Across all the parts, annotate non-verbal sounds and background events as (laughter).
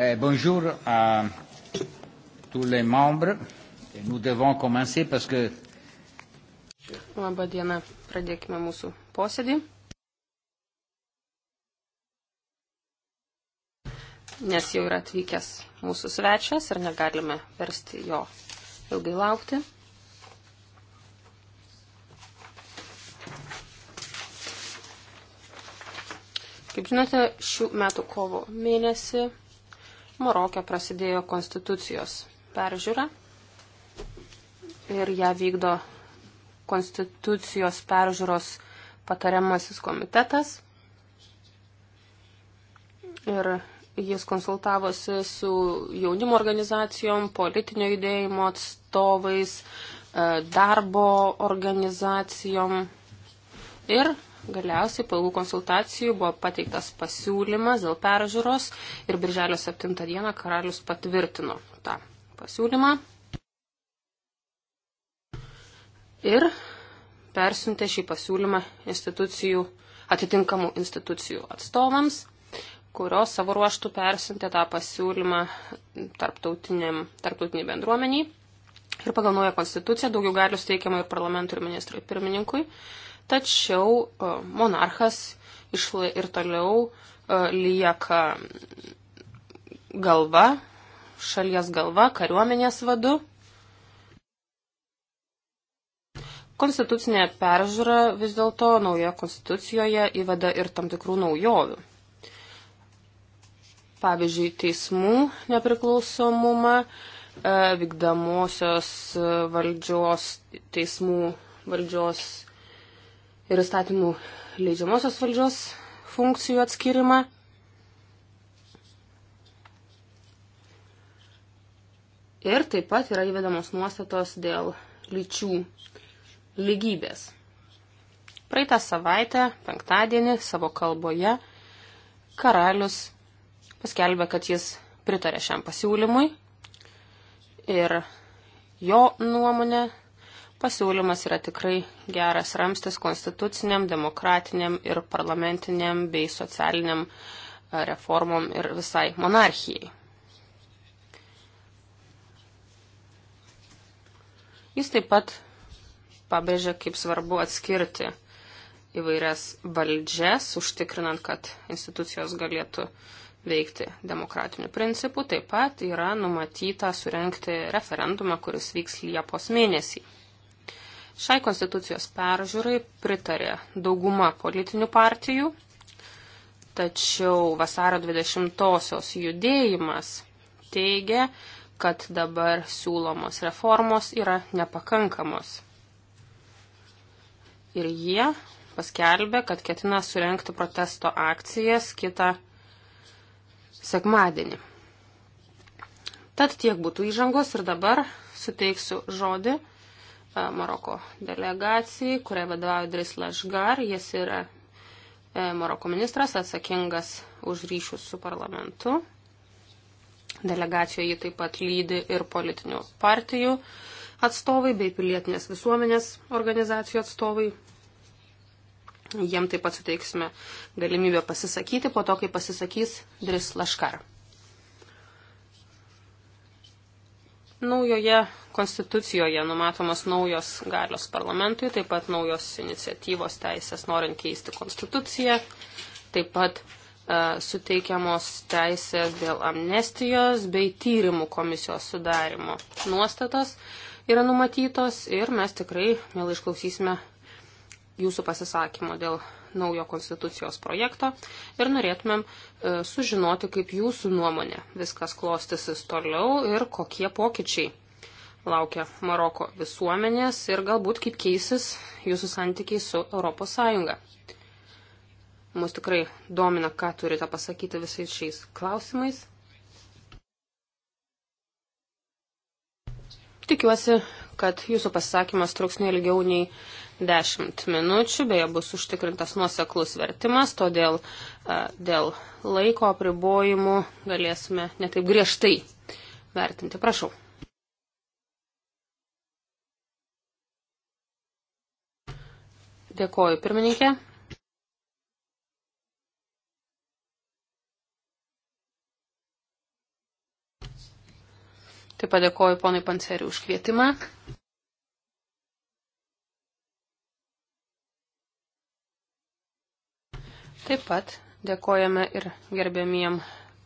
Eh, bonjour à tous les membres. Et nous devons commencer parce que. Labą dieną, pradėkime mūsų posėdį. Nes jau yra atvykęs mūsų svečias ir negalime versti jo ilgai laukti. Kaip žinote, šių metų kovo mėnesį Marokė prasidėjo konstitucijos peržiūra ir ją vykdo konstitucijos peržiūros patariamasis komitetas. Ir jis konsultavosi su jaunimo organizacijom, politinio judėjimo atstovais, e, darbo organizacijom ir Galiausiai po ilgų konsultacijų buvo pateiktas pasiūlymas dėl peržiūros ir birželio 7 dieną karalius patvirtino tą pasiūlymą ir persiuntė šį pasiūlymą institucijų, atitinkamų institucijų atstovams, kurios savo ruoštų persiuntė tą pasiūlymą tarptautiniai bendruomeniai. Ir pagal naują konstituciją daugiau galių steikiama ir parlamentui ir ministrui pirmininkui. pirmininkui tačiau e, monarchas ir toliau e, lieka galva, šalies galva, kariuomenės vadu. Konstitucinė peržiūra vis dėlto naujoje konstitucijoje įveda ir tam tikrų naujovių. Pavyzdžiui, teismų nepriklausomumą, e, vykdamosios valdžios, teismų valdžios ir įstatymų leidžiamosios valdžios funkcijų atskirimą. Ir taip pat yra įvedamos nuostatos dėl lyčių lygybės. Praeitą savaitę, penktadienį, savo kalboje karalius paskelbė, kad jis pritarė šiam pasiūlymui ir jo nuomonė Pasiūlymas yra tikrai geras ramstis konstituciniam, demokratiniam ir parlamentiniam bei socialiniam e, reformom ir visai monarchijai. Jis taip pat pabrėžia, kaip svarbu atskirti įvairias valdžias, užtikrinant, kad institucijos galėtų veikti demokratiniu principu. Taip pat yra numatyta surenkti referendumą, kuris vyks Liepos mėnesį. Šiai konstitucijos peržiūrai pritarė dauguma politinių partijų, tačiau vasaro 20-osios judėjimas teigia, kad dabar siūlomos reformos yra nepakankamos. Ir jie paskelbė, kad ketina surenkti protesto akcijas kitą sekmadienį. Tad tiek būtų įžangos ir dabar suteiksiu žodį Maroko delegacijai, kuriai vadovauja Dris Lašgar. Jis yra e, Maroko ministras atsakingas už ryšius su parlamentu. Delegacijoje jį taip pat lydi ir politinių partijų atstovai bei pilietinės visuomenės organizacijų atstovai. Jiem taip pat suteiksime galimybę pasisakyti po to, kai pasisakys Dris Laškar. Naujoje konstitucijoje numatomos naujos galios parlamentui, taip pat naujos iniciatyvos teisės norint keisti konstituciją, taip pat e, suteikiamos teisės dėl amnestijos bei tyrimų komisijos sudarimo nuostatos yra numatytos ir mes tikrai mielai išklausysime jūsų pasisakymo dėl naujo konstitucijos projekto ir norėtumėm e, sužinoti, kaip jūsų nuomonė viskas klostysis toliau ir kokie pokyčiai laukia Maroko visuomenės ir galbūt kaip keisis jūsų santykiai su ES. Mus tikrai domina, ką turite pasakyti visais šiais klausimais. Tikiuosi, kad jūsų pasisakymas truks neilgiau nei 10 minučių, beje bus užtikrintas nuoseklus vertimas, todėl e, dėl laiko apribojimų galėsime netaip griežtai vertinti. Prašau. Dėkoju, pirmininkė. Taip pat dėkoju ponui Panceriu už kvietimą. Taip pat dėkojame ir gerbėmiem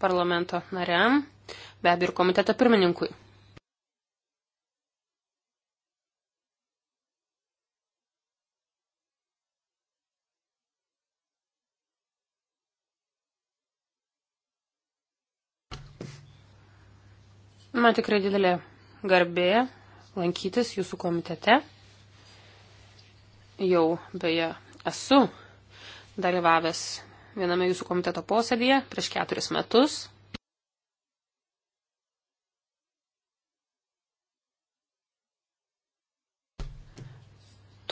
parlamento nariam, be abejo ir komiteto pirmininkui. Man tikrai didelė garbė lankytis jūsų komitete. Jau beje esu dalyvavęs viename jūsų komiteto posėdėje prieš keturis metus.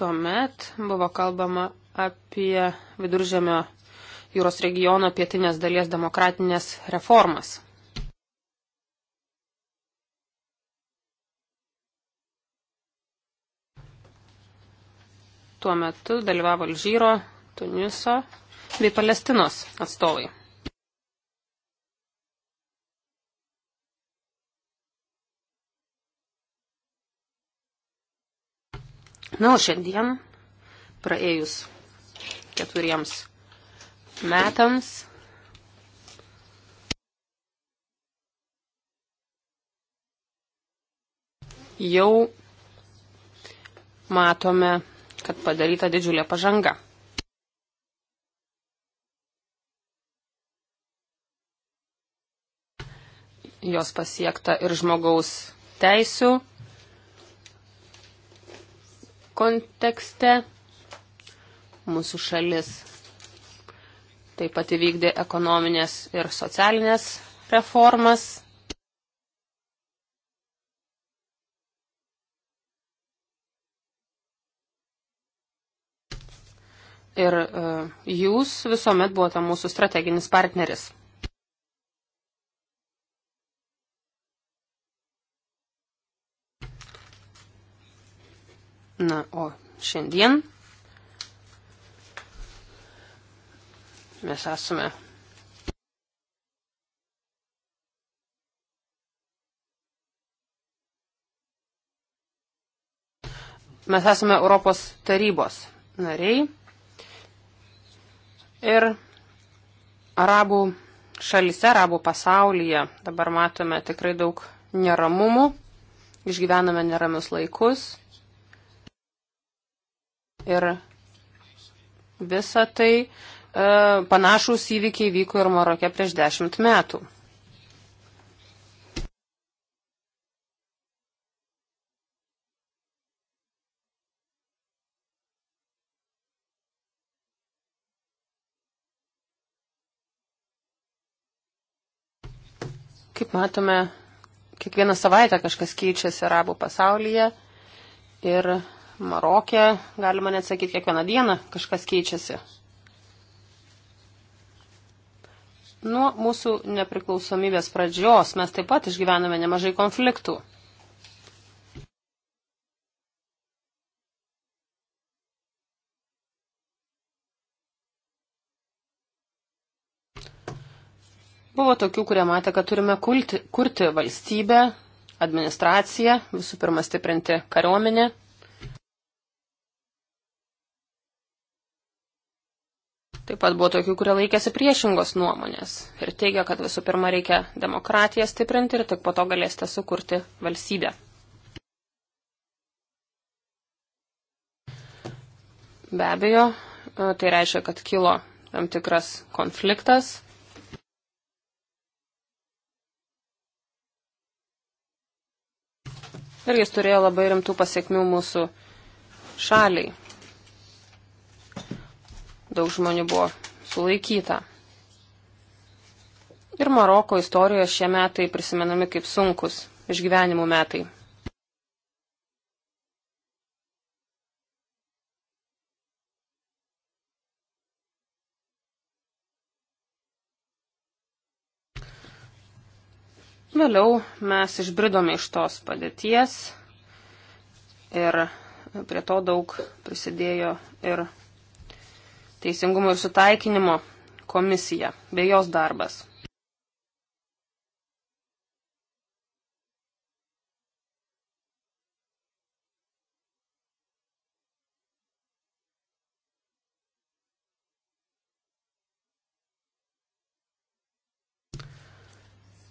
Tuomet buvo kalbama apie viduržėmio jūros regiono pietinės dalies demokratinės reformas. Tuo metu dalyvavo Alžyro Tuniso bei Palestinos atstovai. Na, o šiandien, praėjus keturiems metams, jau matome, kad padaryta didžiulė pažanga. jos pasiekta ir žmogaus teisų kontekste. Mūsų šalis taip pat įvykdė ekonominės ir socialinės reformas. Ir uh, jūs visuomet buvote mūsų strateginis partneris. Na, o šiandien mes esame mes esame Europos tarybos nariai ir arabų šalise, arabų pasaulyje dabar matome tikrai daug neramumų, išgyvename neramius laikus, Ir visa tai e, panašus įvykiai vyko ir Marokė prieš dešimt metų. kaip matome, kiekvieną savaitę kažkas keičiasi arabų pasaulyje ir Marokė, galima net sakyti, kiekvieną dieną kažkas keičiasi. Nuo mūsų nepriklausomybės pradžios mes taip pat išgyvename nemažai konfliktų. Buvo tokių, kurie matė, kad turime kulti, kurti valstybę, administraciją, visų pirma stiprinti kariuomenę, Taip pat buvo tokių, kurie laikėsi priešingos nuomonės ir teigia, kad visų pirma reikia demokratiją stiprinti ir tik po to galėsite sukurti valstybę. Be abejo, tai reiškia, kad kilo tam tikras konfliktas. Ir jis turėjo labai rimtų pasiekmių mūsų šaliai daug žmonių buvo sulaikyta. Ir Maroko istorijoje šie metai prisimenami kaip sunkus išgyvenimų metai. Vėliau mes išbridome iš tos padėties ir prie to daug prisidėjo ir Teisingumo ir sutaikinimo komisija bei jos darbas.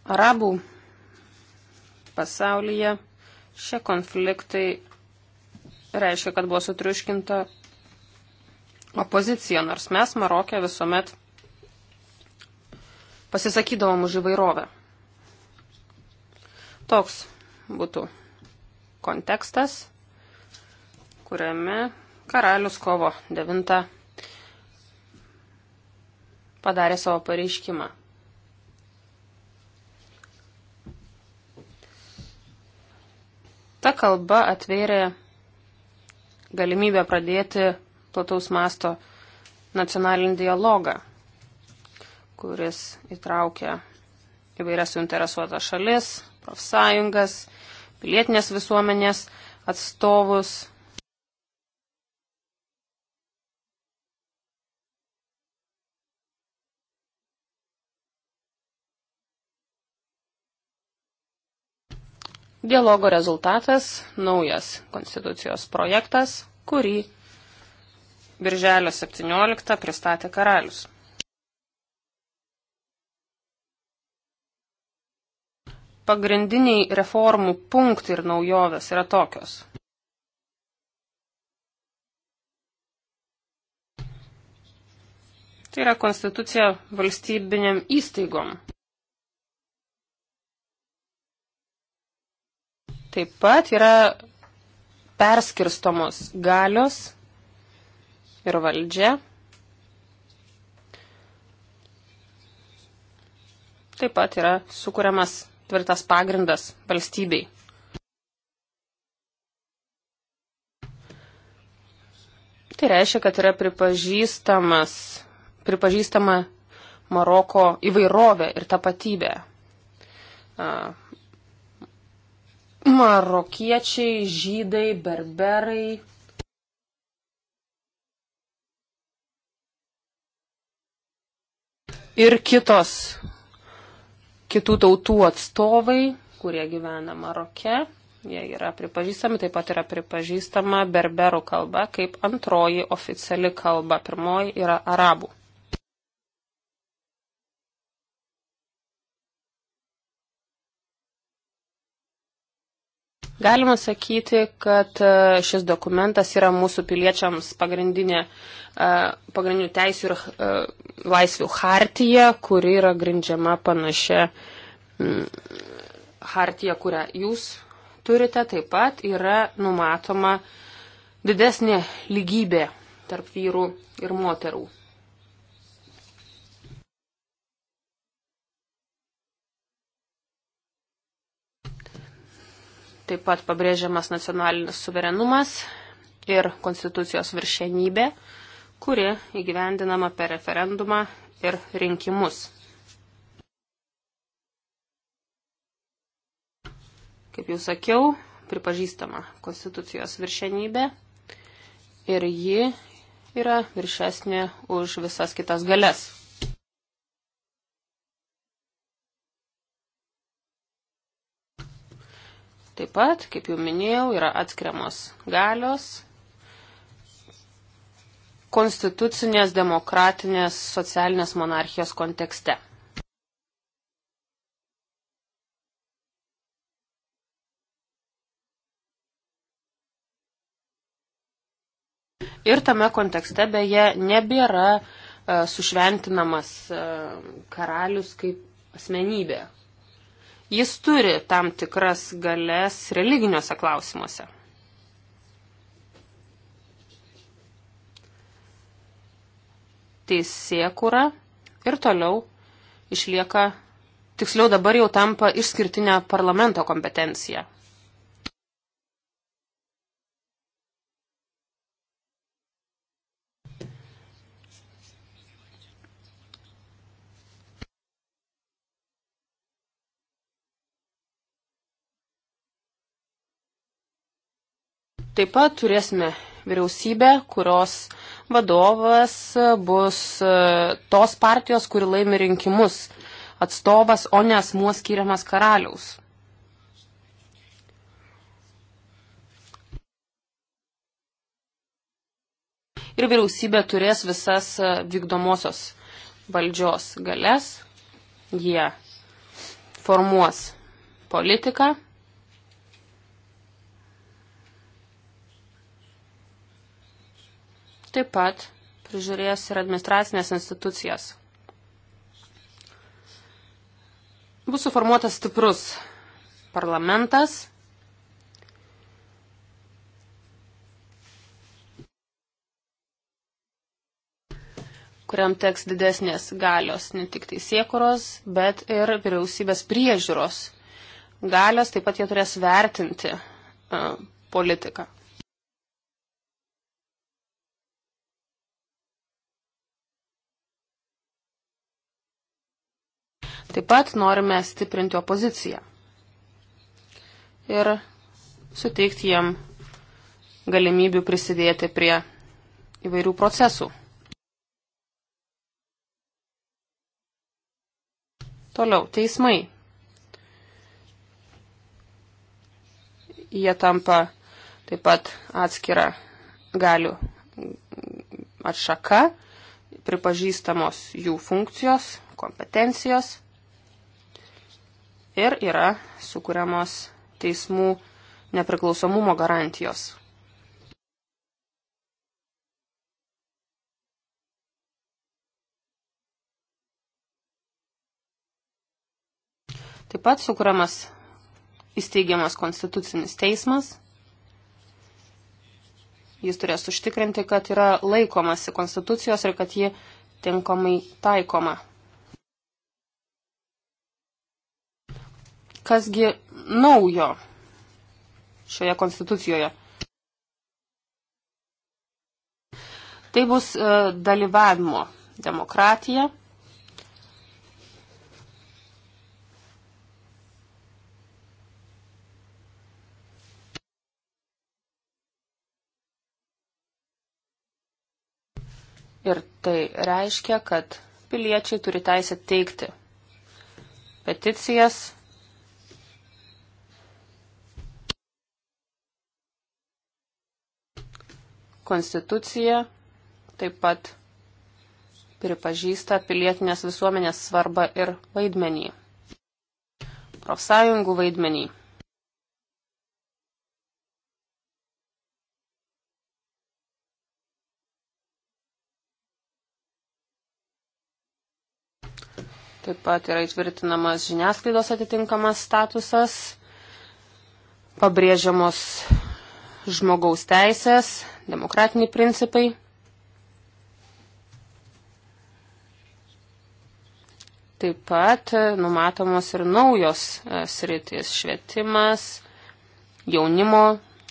Arabų pasaulyje šie konfliktai reiškia, kad buvo sutriuškinta opoziciją, nors mes Marokė visuomet pasisakydavom už įvairovę. Toks būtų kontekstas, kuriame karalius kovo 9 padarė savo pareiškimą. Ta kalba atvėrė galimybę pradėti plataus masto nacionalinį dialogą, kuris įtraukia įvairias suinteresuotas šalis, profsąjungas, pilietinės visuomenės atstovus. Dialogo rezultatas - naujas konstitucijos projektas, kurį Birželio 17 pristatė karalius. Pagrindiniai reformų punktai ir naujovės yra tokios. Tai yra konstitucija valstybiniam įstaigom. Taip pat yra perskirstomos galios ir valdžia. Taip pat yra sukūriamas tvirtas pagrindas valstybei. Tai reiškia, kad yra pripažįstamas, pripažįstama Maroko įvairovė ir tapatybė. Marokiečiai, žydai, berberai, ir kitos kitų tautų atstovai, kurie gyvena Maroke. Jie yra pripažįstami, taip pat yra pripažįstama berberų kalba kaip antroji oficiali kalba, pirmoji yra arabų. Galima sakyti, kad e, šis dokumentas yra mūsų piliečiams pagrindinė, e, pagrindinių teisų ir e, laisvių hartija, kuri yra grindžiama panašia hartija, kurią jūs turite. Taip pat yra numatoma didesnė lygybė tarp vyrų ir moterų. Taip pat pabrėžiamas nacionalinis suverenumas ir konstitucijos viršenybė, kuri įgyvendinama per referendumą ir rinkimus. Kaip jau sakiau, pripažįstama konstitucijos viršenybė ir ji yra viršesnė už visas kitas galės. Taip pat, kaip jau minėjau, yra atskiriamos galios konstitucinės, demokratinės, socialinės monarchijos kontekste. Ir tame kontekste beje nebėra uh, sušventinamas uh, karalius kaip asmenybė, Jis turi tam tikras galės religiniuose klausimuose. Teisėkura ir toliau išlieka, tiksliau dabar jau tampa išskirtinė parlamento kompetencija. Taip pat turėsime vyriausybę, kurios vadovas bus e, tos partijos, kuri laimi rinkimus atstovas, o ne asmuo skiriamas karaliaus. Ir vyriausybė turės visas e, vykdomosios valdžios galės, jie formuos politiką Taip pat prižiūrės ir administracinės institucijas. Bus suformuotas stiprus parlamentas. kuriam teks didesnės galios, ne tik tai siekuros, bet ir vyriausybės priežiūros galios, taip pat jie turės vertinti uh, politiką. Taip pat norime stiprinti opoziciją ir suteikti jiem galimybių prisidėti prie įvairių procesų. Toliau, teismai. Jie tampa taip pat atskira galių atšaka, pripažįstamos jų funkcijos, kompetencijos ir yra sukūriamos teismų nepriklausomumo garantijos. Taip pat sukūriamas įsteigiamas konstitucinis teismas. Jis turės užtikrinti, kad yra laikomasi konstitucijos ir kad ji tinkamai taikoma. kasgi naujo šioje konstitucijoje. Tai bus e, dalyvavimo demokratija. Ir tai reiškia, kad piliečiai turi teisę teikti peticijas, Konstitucija taip pat pripažįsta pilietinės visuomenės svarbą ir vaidmenį, profsąjungų vaidmenį. Taip pat yra įtvirtinamas žiniasklaidos atitinkamas statusas, pabrėžiamos žmogaus teisės, demokratiniai principai. Taip pat e, numatomos ir naujos e, sritis švietimas, jaunimo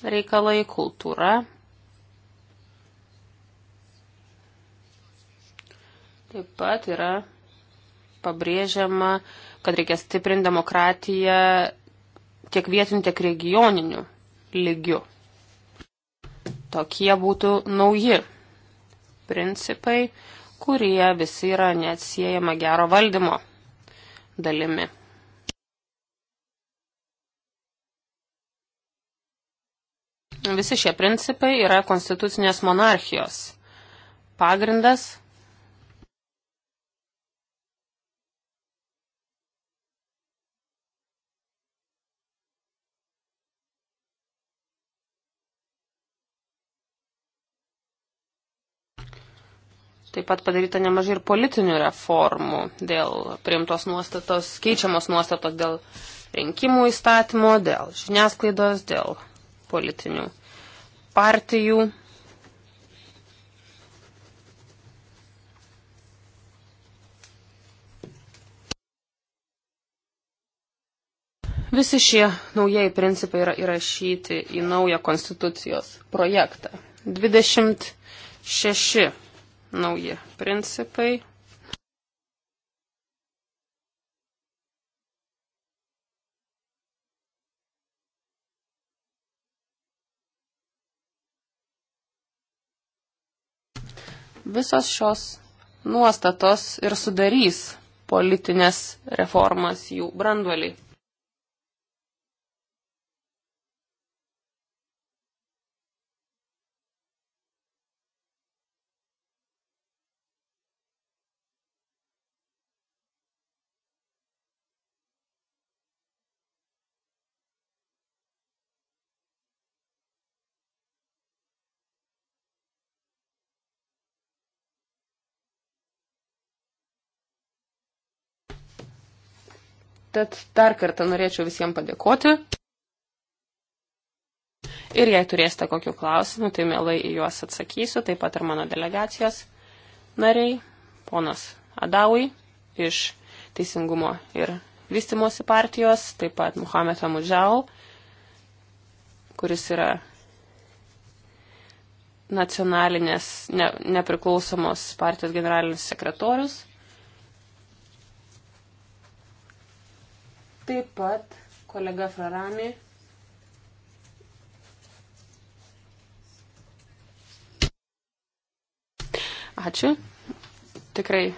reikalai, kultūra. Taip pat yra pabrėžiama, kad reikia stiprinti demokratiją tiek vietiniu, tiek regioniniu lygiu tokie būtų nauji principai, kurie visi yra neatsiejama gero valdymo dalimi. Visi šie principai yra konstitucinės monarchijos. Pagrindas Taip pat padaryta nemažai ir politinių reformų dėl priimtos nuostatos, keičiamos nuostatos dėl rinkimų įstatymo, dėl žiniasklaidos, dėl politinių partijų. Visi šie naujieji principai yra įrašyti į naują konstitucijos projektą. 26 nauji principai. Visos šios nuostatos ir sudarys politinės reformas jų branduoliai. Tad dar kartą norėčiau visiems padėkoti. Ir jei turėsite kokių klausimų, tai mielai į juos atsakysiu, taip pat ir mano delegacijos nariai, ponas Adaui iš Teisingumo ir Vystimosi partijos, taip pat Muhamed Amudžau, kuris yra nacionalinės ne, nepriklausomos partijos generalinis sekretorius. Taip pat kolega Frarami Ačiū. Tikrai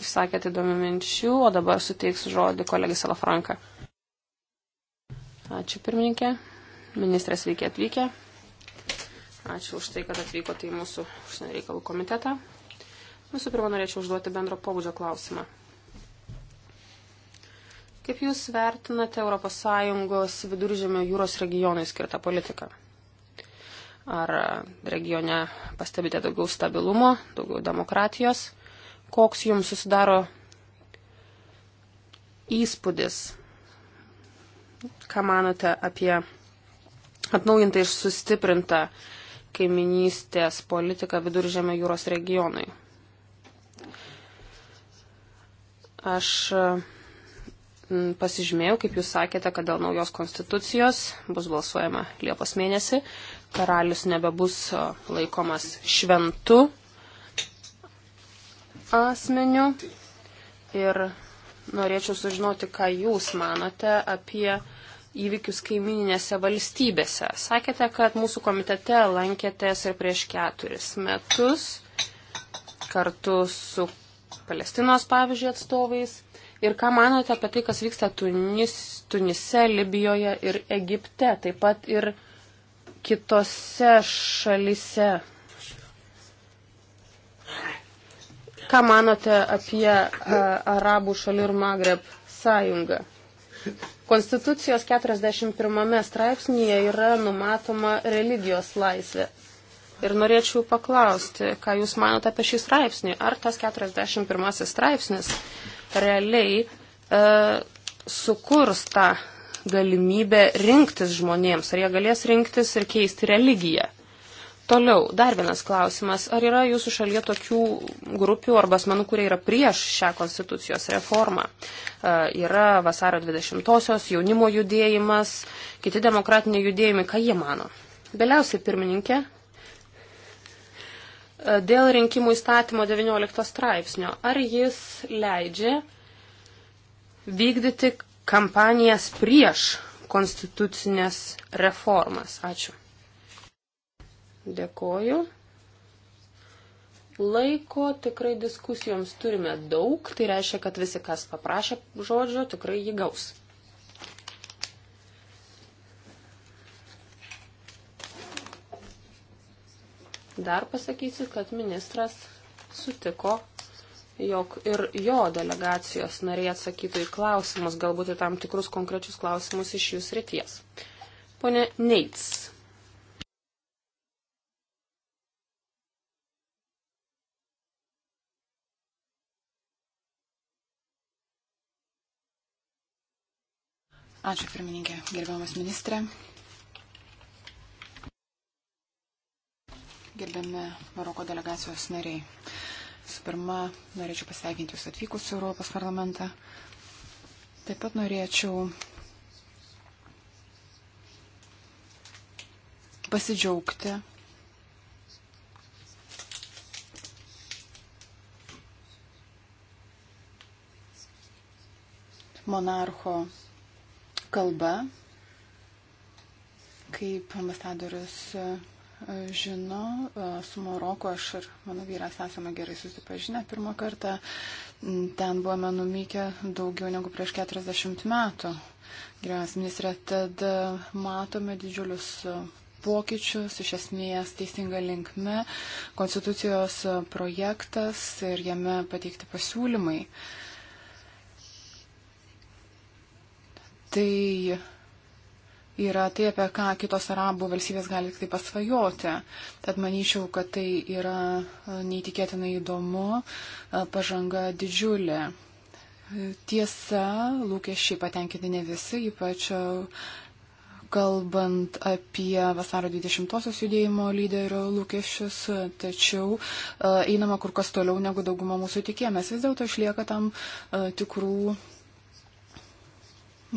išsakėte įdomių minčių, o dabar suteiksiu žodį kolegai Salafranka. Ačiū pirmininkė. Ministras veikia atvykę. Ačiū už tai, kad atvykote tai į mūsų užsienio reikalų komitetą. Visų pirma, norėčiau užduoti bendro pobūdžio klausimą. Kaip Jūs vertinate ES viduržėmio jūros regionui skirtą politiką? Ar regione pastebite daugiau stabilumo, daugiau demokratijos? Koks Jums susidaro įspūdis? Ką manote apie atnaujintą ir sustiprintą kaiminystės politiką viduržėmio jūros regionui? Aš Mm, pasižymėjau, kaip jūs sakėte, kad dėl naujos konstitucijos bus balsuojama Liepos mėnesį. Karalius nebebus laikomas šventu asmeniu. Ir norėčiau sužinoti, ką jūs manote apie įvykius kaimininėse valstybėse. Sakėte, kad mūsų komitete lankėtės ir prieš keturis metus kartu su Palestinos, pavyzdžiui, atstovais Ir ką manote apie tai, kas vyksta Tunis, Tunise, Libijoje ir Egipte, taip pat ir kitose šalise? Ką manote apie a, Arabų šalių ir Magreb sąjungą? Konstitucijos 41 straipsnėje yra numatoma religijos laisvė. Ir norėčiau paklausti, ką Jūs manote apie šį straipsnį. Ar tas 41 straipsnis realiai e, sukurs tą galimybę rinktis žmonėms, ar jie galės rinktis ir keisti religiją. Toliau, dar vienas klausimas. Ar yra jūsų šalyje tokių grupių arba asmenų, kurie yra prieš šią konstitucijos reformą? E, yra vasario 20-osios jaunimo judėjimas, kiti demokratiniai judėjimai, ką jie mano? Vėliausiai, pirmininkė, dėl rinkimų įstatymo 19 straipsnio. Ar jis leidžia vykdyti kampanijas prieš konstitucinės reformas? Ačiū. Dėkoju. Laiko tikrai diskusijoms turime daug, tai reiškia, kad visi, kas paprašė žodžio, tikrai jį gaus. Dar pasakysiu, kad ministras sutiko, jog ir jo delegacijos nariai atsakytų į klausimus, galbūt į tam tikrus konkrečius klausimus iš jūs ryties. Pone Neits. Ačiū, pirmininkė, gerbiamas ministrė. gerbiami Maroko delegacijos nariai. Visų pirma, norėčiau pasveikinti Jūs atvykus į Europos parlamentą. Taip pat norėčiau pasidžiaugti monarcho kalba, kaip ambasadorius žino, e, su Maroku aš ir mano vyras esame gerai susipažinę pirmą kartą. Ten buvome nuvykę daugiau negu prieš 40 metų. Gerbiamas ministrė, tad e, matome didžiulius e, pokyčius, iš esmės teisinga linkme, konstitucijos projektas ir jame pateikti pasiūlymai. Tai yra tai, apie ką kitos arabų valstybės gali tik tai pasvajoti. Tad manyčiau, kad tai yra e, neįtikėtinai įdomu, e, pažanga didžiulė. Tiesa, lūkesčiai patenkinti ne visi, ypač e, kalbant apie vasaro 20-osios judėjimo lyderio lūkesčius, tačiau einama kur kas toliau negu dauguma mūsų tikėjomės. Vis dėlto išlieka tam tikrų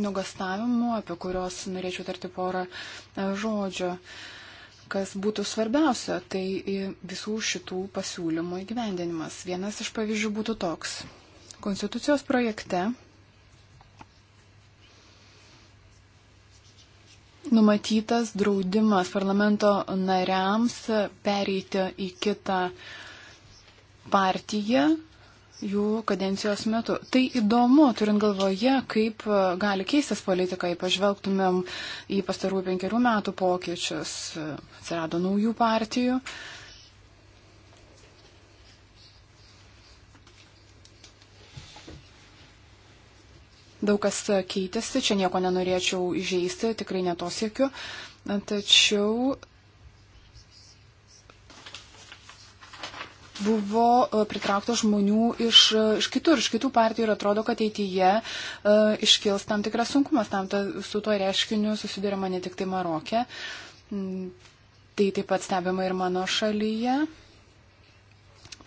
nugastavimų, apie kuriuos norėčiau tarti porą e, žodžių. Kas būtų svarbiausia, tai visų šitų pasiūlymų įgyvendinimas. Vienas iš pavyzdžių būtų toks. Konstitucijos projekte numatytas draudimas parlamento nariams pereiti į kitą partiją jų kadencijos metu. Tai įdomu, turint galvoje, kaip e, gali keistis politika, jei pažvelgtumėm į pastarųjų penkerių metų pokyčius. E, atsirado naujų partijų. Daug kas keitėsi, čia nieko nenorėčiau įžeisti, tikrai netosiekiu. Tačiau buvo e, pritraukta žmonių iš, e, iš kitur, iš kitų partijų ir atrodo, kad ateityje uh, iškils tam tikras sunkumas, tam ta, su tuo reiškiniu susidurima ne tik tai Marokė, mm, tai taip pat stebima ir mano šalyje.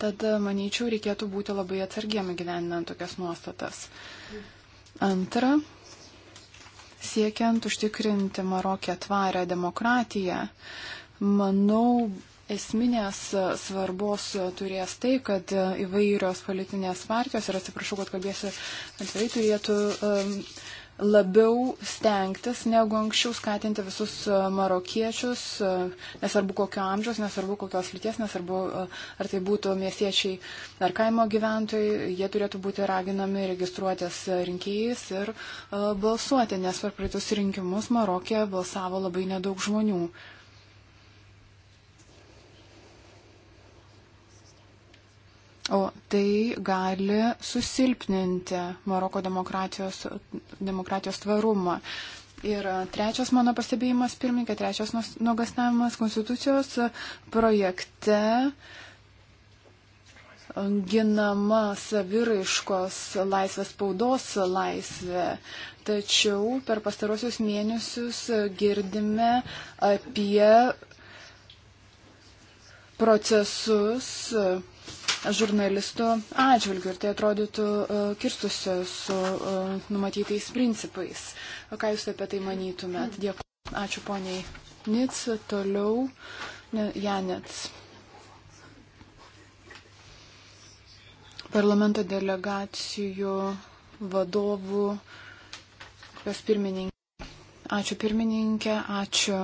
Tad, manyčiau, reikėtų būti labai atsargiam gyveninant tokias nuostatas. Antra, siekiant užtikrinti Marokė tvarę demokratiją, manau, esminės e, svarbos e, turės tai, kad e, įvairios politinės partijos, ir atsiprašau, kad kalbėsiu atvirai, turėtų labiau stengtis negu anksčiau skatinti visus marokiečius, nesvarbu kokio amžiaus, nesvarbu kokios lyties, nesvarbu ar tai būtų miestiečiai ar kaimo gyventojai, jie turėtų būti raginami registruotis rinkėjais ir balsuoti, nes per praeitus rinkimus Marokė balsavo labai nedaug žmonių. O tai gali susilpninti Maroko demokratijos, demokratijos tvarumą. Ir trečias mano pastebėjimas, pirmininkė, trečias nuogastavimas konstitucijos projekte ginama saviraiškos laisvės, spaudos laisvė. Tačiau per pastarosius mėnesius girdime apie procesus žurnalistų atžvilgių ir tai atrodytų e, kirstusi su e, numatytais principais. Ką Jūs apie tai manytumėt? Dėkui. Ačiū poniai Nic, toliau ne, Janets. Parlamento delegacijų vadovų, jos pirmininkė. Ačiū pirmininkė, ačiū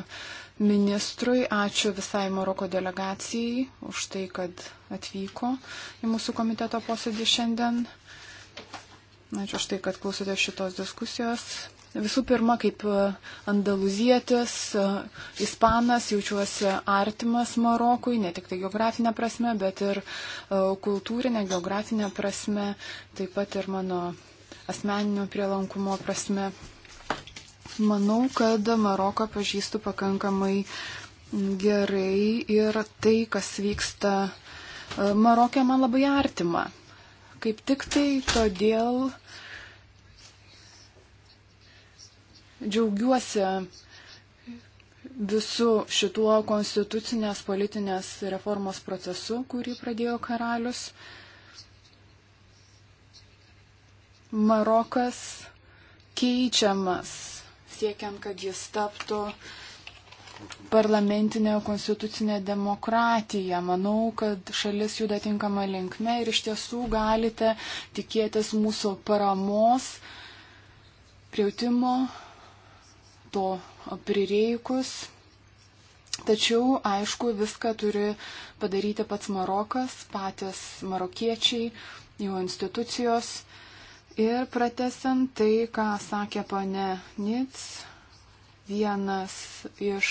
ministrui, ačiū visai Maroko delegacijai už tai, kad atvyko į mūsų komiteto posėdį šiandien. Ačiū už tai, kad klausote šitos diskusijos. Visų pirma, kaip e, andaluzietis, e, ispanas, jaučiuosi artimas Marokui, ne tik tai geografinė prasme, bet ir e, kultūrinė, geografinė prasme, taip pat ir mano asmeninio prielankumo prasme. Manau, kad Maroką pažįstu pakankamai gerai ir tai, kas vyksta e, Marokė, man labai artima. Kaip tik tai todėl džiaugiuosi visų šituo konstitucinės politinės reformos procesu, kurį pradėjo karalius. Marokas keičiamas siekiant, kad jis taptų parlamentinė konstitucinė demokratija. Manau, kad šalis juda tinkama linkme ir iš tiesų galite tikėtis mūsų paramos, prieutimo, to prireikus. Tačiau, aišku, viską turi padaryti pats Marokas, patys marokiečiai, jų institucijos. Ir pratesant tai, ką sakė pane Nits, vienas iš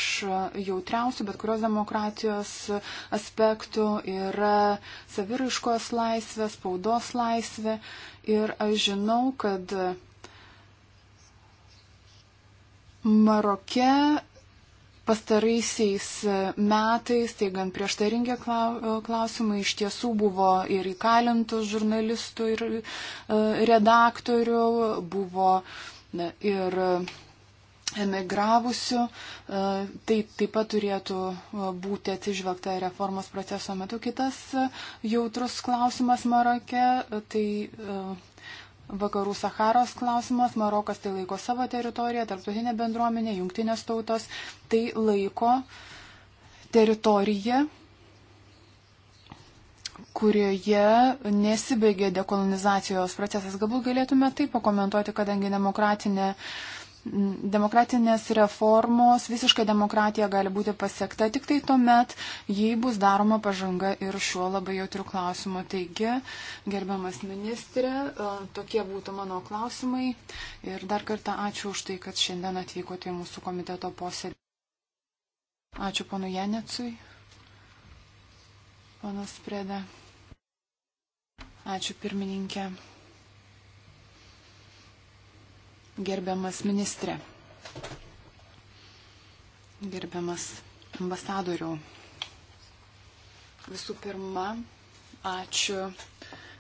jautriausių bet kurios demokratijos aspektų yra saviraiškos laisvė, spaudos laisvė. Ir aš žinau, kad Maroke pastaraisiais e, metais, tai gan prieštaringi e, klausimai, iš tiesų buvo ir įkalintų žurnalistų, ir e, redaktorių, buvo na, ir emigravusių. Tai taip pat turėtų būti atsižvelgta reformos proceso metu. Kitas jautrus klausimas Marokė, tai Vakarų Saharos klausimas, Marokas tai laiko savo teritoriją, tarptautinė bendruomenė, jungtinės tautos tai laiko teritoriją, kurioje nesibaigė dekolonizacijos procesas. Galbūt galėtume tai pakomentuoti, kadangi demokratinė uh, Demokratinės reformos, visiška demokratija gali būti pasiekta tik tai tuomet, jei bus daroma pažanga ir šiuo labai jautriu klausimu. Taigi, gerbiamas ministrė, e, tokie būtų mano klausimai ir dar kartą ačiū už tai, kad šiandien atvykote į mūsų komiteto posėdį. Ačiū ponu Janecui. Panas Preda. Ačiū pirmininkė gerbiamas ministrė, gerbiamas ambasadoriau. Visų pirma, ačiū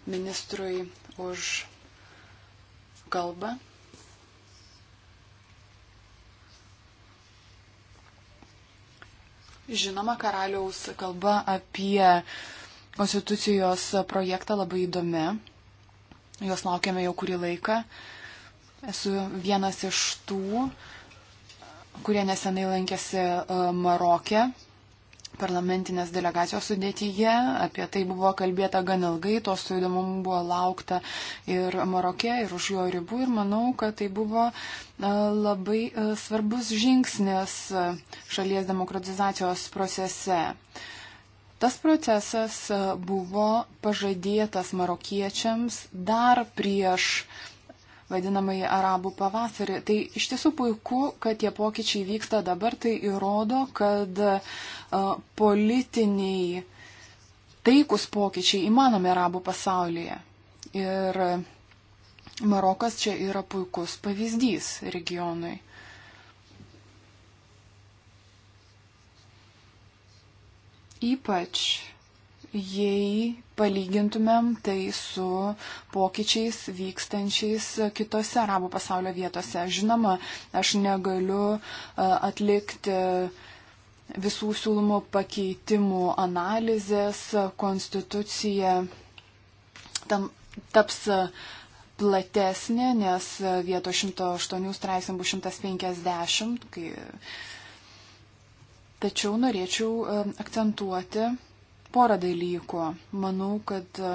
ministrui už kalbą. Žinoma, karaliaus kalba apie konstitucijos projektą labai įdomi. Jos laukiame jau kurį laiką. Esu vienas iš tų, kurie nesenai lankėsi e, Marokė parlamentinės delegacijos sudėtyje. Apie tai buvo kalbėta gan ilgai, to su įdomumu buvo laukta ir Marokė, ir už jo ribų. Ir manau, kad tai buvo e, labai e, svarbus žingsnis šalies demokratizacijos procese. Tas procesas buvo pažadėtas marokiečiams dar prieš vadinamąjį arabų pavasarį. Tai iš tiesų puiku, kad tie pokyčiai vyksta dabar, tai įrodo, kad politiniai taikus pokyčiai įmanomi arabų pasaulyje. Ir Marokas čia yra puikus pavyzdys regionui. Ypač jei palygintumėm tai su pokyčiais vykstančiais kitose arabų pasaulio vietose. Žinoma, aš negaliu e, atlikti visų siūlomų pakeitimų analizės, konstitucija tam, taps platesnė, nes vieto 108 straipsnių bus 150. Kai... Tačiau norėčiau e, akcentuoti porą dalykų. Manau, kad e,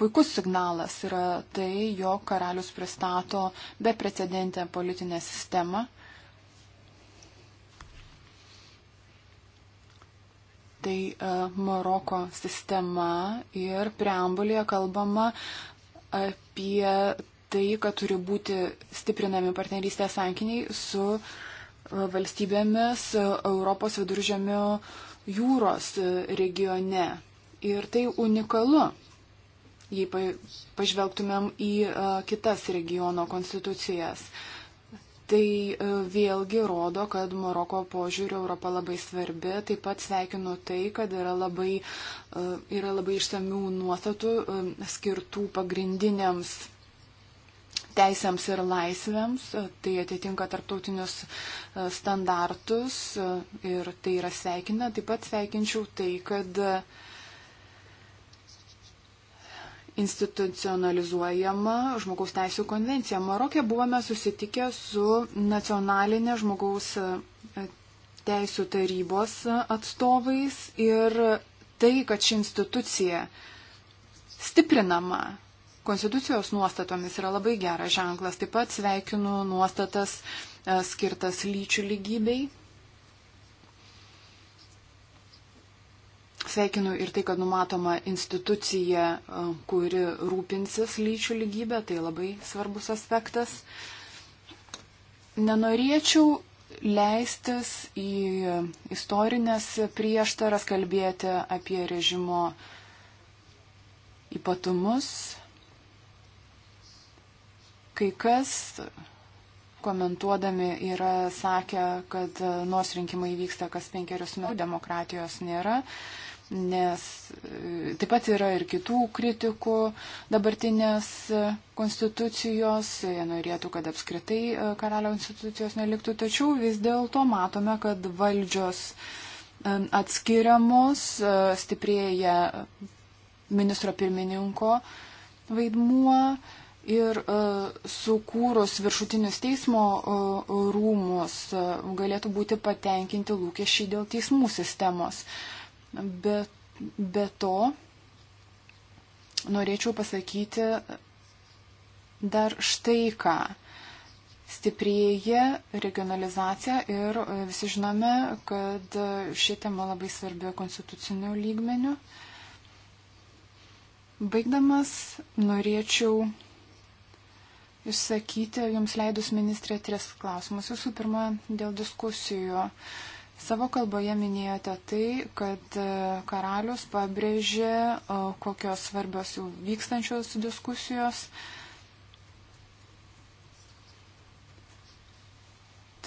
puikus signalas yra tai, jog karalius pristato beprecedentę politinę sistemą. Tai e, Maroko sistema ir preambulėje kalbama apie tai, kad turi būti stiprinami partnerystės sankiniai su e, valstybėmis Europos viduržėmio jūros e, regione. Ir tai unikalu, jei pažvelgtumėm į e, kitas regiono konstitucijas. Tai e, vėlgi rodo, kad Maroko požiūriu Europa labai svarbi. Taip pat sveikinu tai, kad yra labai, yra labai išsamių nuostatų skirtų pagrindiniams teisėms ir laisvėms, tai atitinka tarptautinius e, standartus e, ir tai yra sveikina. Taip pat sveikinčiau tai, kad institucionalizuojama žmogaus teisų konvencija. Marokė buvome susitikę su nacionalinė žmogaus e, teisų tarybos atstovais ir tai, kad ši institucija stiprinama Konstitucijos nuostatomis yra labai geras ženklas. Taip pat sveikinu nuostatas e, skirtas lyčių lygybei. Sveikinu ir tai, kad numatoma institucija, e, kuri rūpinsis lyčių lygybę, tai labai svarbus aspektas. Nenorėčiau leistis į istorinės prieštaras, kalbėti apie režimo ypatumus, Kai kas komentuodami yra sakę, kad nors rinkimai vyksta kas penkerius metus, demokratijos nėra, nes e, taip pat yra ir kitų kritikų dabartinės konstitucijos, jie norėtų, kad apskritai e, karalio institucijos neliktų, tačiau vis dėlto matome, kad valdžios e, atskiriamos, stiprėja ministro pirmininko vaidmuo Ir e, sukūrus viršutinius teismo e, rūmus e, galėtų būti patenkinti lūkesčiai dėl teismų sistemos. Be, be to, norėčiau pasakyti dar štai ką. Stiprėja regionalizacija ir visi žinome, kad ši tema labai svarbi konstitucinių lygmenių. Baigdamas, norėčiau išsakyti jums leidus ministrė tris klausimus. Visų pirma, dėl diskusijų. Savo kalboje minėjote tai, kad e, karalius pabrėžė, e, kokios svarbios jau vykstančios diskusijos.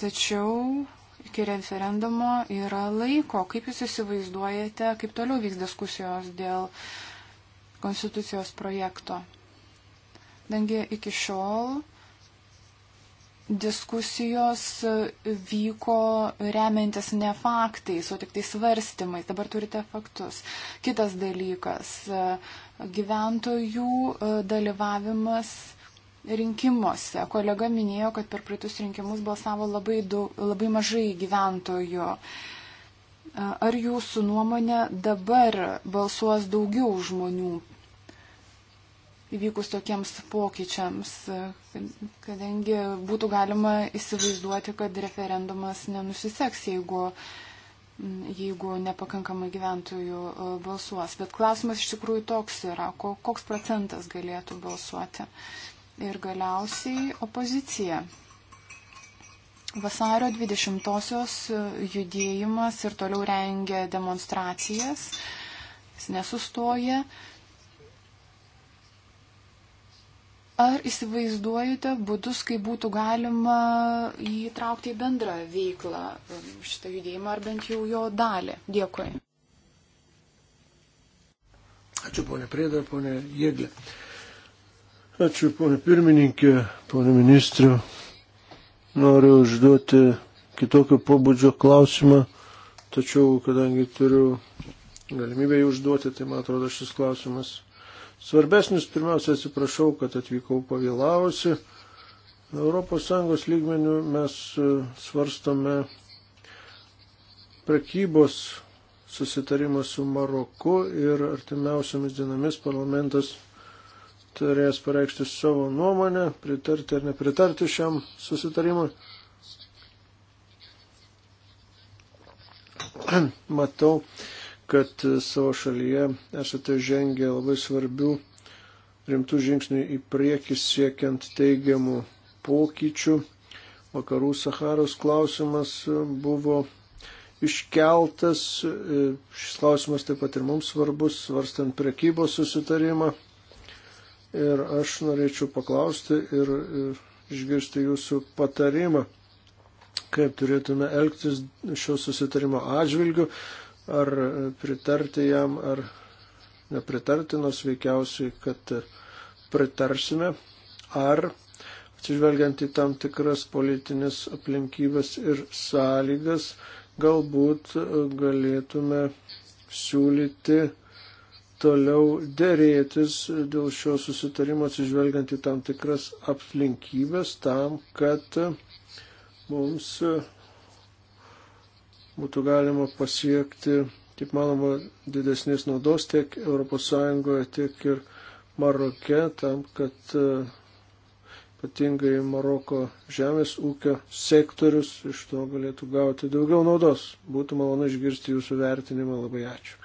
Tačiau iki referendumo yra laiko. Kaip jūs įsivaizduojate, kaip toliau vyks diskusijos dėl konstitucijos projekto? Dangi iki šiol diskusijos vyko remiantis ne faktais, o tik tai svarstymais. Dabar turite faktus. Kitas dalykas - gyventojų e, dalyvavimas rinkimuose. Kolega minėjo, kad per praeitus rinkimus balsavo labai, daug, labai mažai gyventojų. E, ar jūsų nuomonė dabar balsuos daugiau žmonių įvykus tokiems pokyčiams, kadangi būtų galima įsivaizduoti, kad referendumas nenusiseks, jeigu, jeigu nepakankamai gyventojų e, balsuos. Bet klausimas iš tikrųjų toks yra, koks procentas galėtų balsuoti. Ir galiausiai opozicija. Vasario 20-osios e, judėjimas ir toliau rengia demonstracijas, jis nesustoja. Ar įsivaizduojate būdus, kaip būtų galima įtraukti į bendrą veiklą um, šitą judėjimą ar bent jau jo dalį? Dėkui. Ačiū ponė Prieda, ponė Jėglė. Ačiū ponė pirmininkė, ponė ministrių. Noriu užduoti kitokio pobūdžio klausimą, tačiau kadangi turiu galimybę jį užduoti, tai man atrodo šis klausimas svarbesnis. Pirmiausia, atsiprašau, kad atvykau pavėlavusi. ES lygmenių mes e, svarstame prekybos susitarimą su Maroku ir artimiausiamis dienomis parlamentas turės pareikšti savo nuomonę, pritarti ar nepritarti šiam susitarimui. Matau, kad savo šalyje esate žengę labai svarbių rimtų žingsnių į priekį siekiant teigiamų pokyčių. Vakarų Saharos klausimas buvo iškeltas, šis klausimas taip pat ir mums svarbus, svarstant prekybos susitarimą. Ir aš norėčiau paklausti ir išgirsti jūsų patarimą, kaip turėtume elgtis šio susitarimo atžvilgiu, ar pritarti jam, ar nepritarti, nors veikiausiai, kad pritarsime, ar atsižvelgiant į tam tikras politinės aplinkybės ir sąlygas, galbūt galėtume siūlyti toliau dėrėtis dėl šio susitarimo atsižvelgiant į tam tikras aplinkybės tam, kad mums būtų galima pasiekti, kaip manoma, didesnės naudos tiek ES, tiek ir Maroke, tam, kad e, ypatingai Maroko žemės ūkio sektorius iš to galėtų gauti daugiau naudos. Būtų malonu išgirsti jūsų vertinimą. Labai ačiū.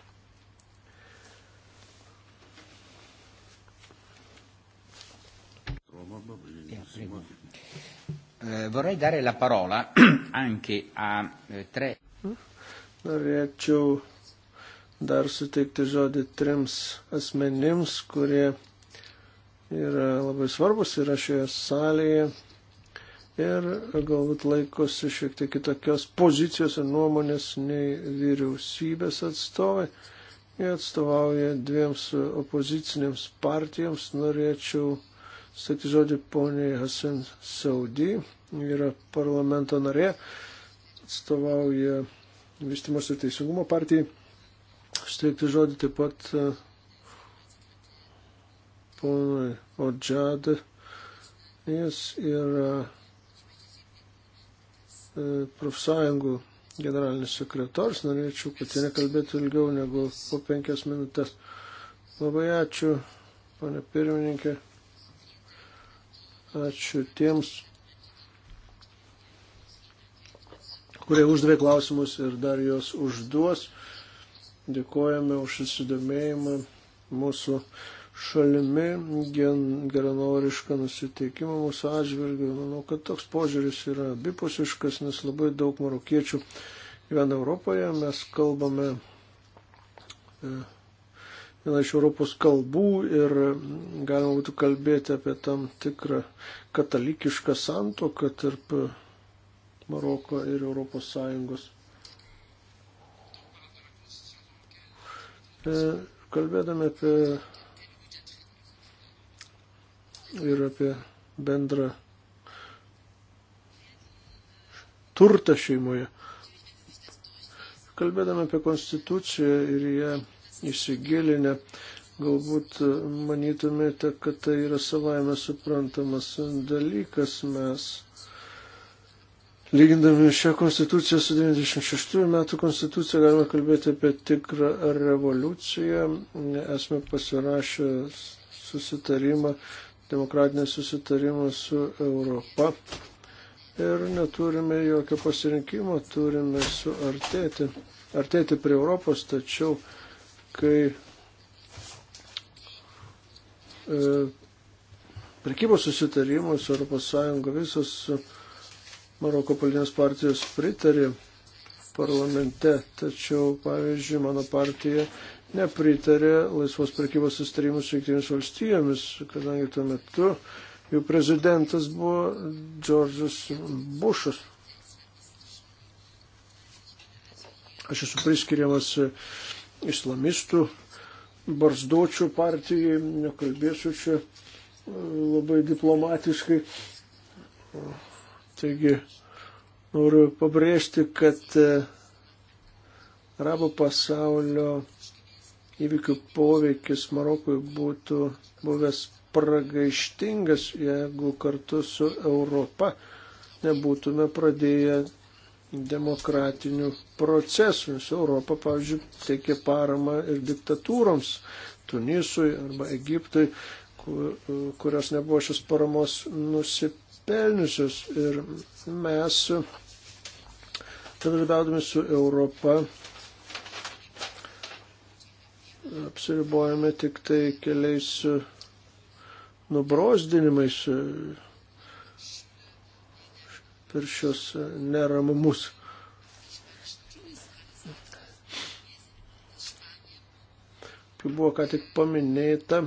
Eh, vorrei dare la parola (clears throat) anche a eh, tre. Norėčiau dar suteikti žodį trims asmenims, kurie yra labai svarbus, yra šioje salėje ir galbūt laikosi šiek tiek kitokios pozicijos ir nuomonės nei vyriausybės atstovai. Jie atstovauja dviems opozicinėms partijoms. Norėčiau sakyti žodį poniai Hasan Saudy, yra parlamento narė atstovauja Vystimos ir Teisingumo partijai. Steigti žodį taip pat e, ponui Odžad. Jis yra e, profsąjungų generalinis sekretorius. Norėčiau, kad jie nekalbėtų ilgiau negu po penkias minutės. Labai ačiū, pane pirmininkė. Ačiū tiems kurie uždavė klausimus ir dar juos užduos. Dėkojame už susidomėjimą mūsų šalimi, geranorišką nusiteikimą mūsų atžvilgių. Manau, kad toks požiūris yra abipusiškas, nes labai daug marokiečių gyvena Europoje. Mes kalbame e, vieną iš Europos kalbų ir galima būtų kalbėti apie tam tikrą katalikišką santoką tarp Maroko ir Europos Sąjungos. E, kalbėdami apie ir apie bendrą turtą šeimoje. Kalbėdami apie konstituciją ir ją įsigilinę, galbūt manytumėte, kad tai yra savaime suprantamas dalykas. Mes Lygindami šią konstituciją su 96 metų konstitucija galime kalbėti apie tikrą revoliuciją. Esame pasirašę susitarimą, demokratinį susitarimą su Europa. Ir neturime jokio pasirinkimo, turime suartėti, artėti prie Europos, tačiau kai e, prekybos susitarimus Europos Sąjunga visos su Maroko politinės partijos pritarė parlamente, tačiau, pavyzdžiui, mano partija nepritarė laisvos prekybos sustarimus su Junktinėmis valstijomis, kadangi tuo metu jų prezidentas buvo Džordžas Bušas. Aš esu priskiriamas islamistų, barzdočių partijai, nekalbėsiu čia labai diplomatiškai. Taigi noriu pabrėžti, kad e, arabo pasaulio įvykių poveikis Marokui būtų buvęs pragaištingas, jeigu kartu su Europa nebūtume pradėję demokratinių procesų, nes Europa, pavyzdžiui, teikia paramą ir diktatūroms, Tunisui arba Egiptui, kurios nebuvo šios paramos nusipirkti pasipelniusius ir mes, bendradarbiaudami su Europa, apsiribojame tik tai keliais nubrozdinimais per šios neramumus. Kaip buvo ką tik paminėta,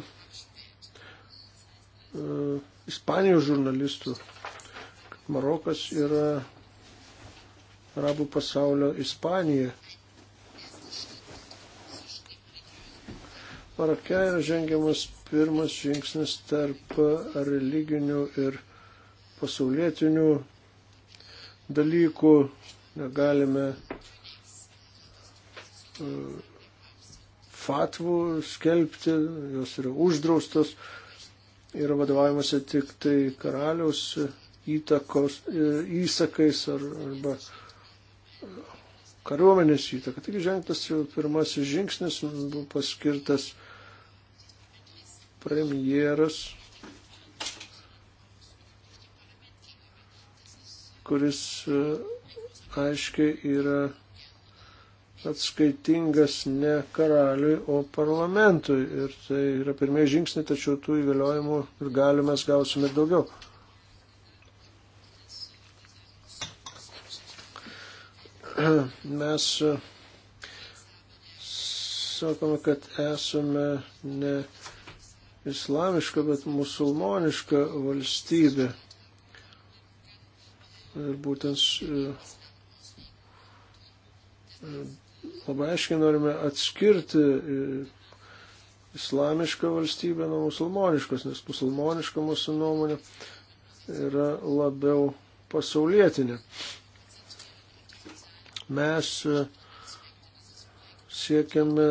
Ispanijos žurnalistų, kad Marokas yra arabų pasaulio Ispanija. Marake yra žengiamas pirmas žingsnis tarp religinių ir pasaulietinių dalykų. Negalime e, fatvų skelbti, jos yra uždraustos yra vadovavimasi tik tai karaliaus įtakos, e, įsakais ar, arba kariuomenės įtaka. Taigi žengtas jau pirmasis žingsnis buvo paskirtas premjeras, kuris e, aiškiai yra atskaitingas ne karaliui, o parlamentui. Ir tai yra pirmieji žingsniai, tačiau tų įgaliojimų ir galime mes gausime ir daugiau. Mes sakome, kad esame ne islamiška, bet musulmoniška valstybė. Ir būtent labai aiškiai norime atskirti e, islamišką valstybę nuo musulmoniškos, nes musulmoniška mūsų nuomonė yra labiau pasaulietinė. Mes e, siekiame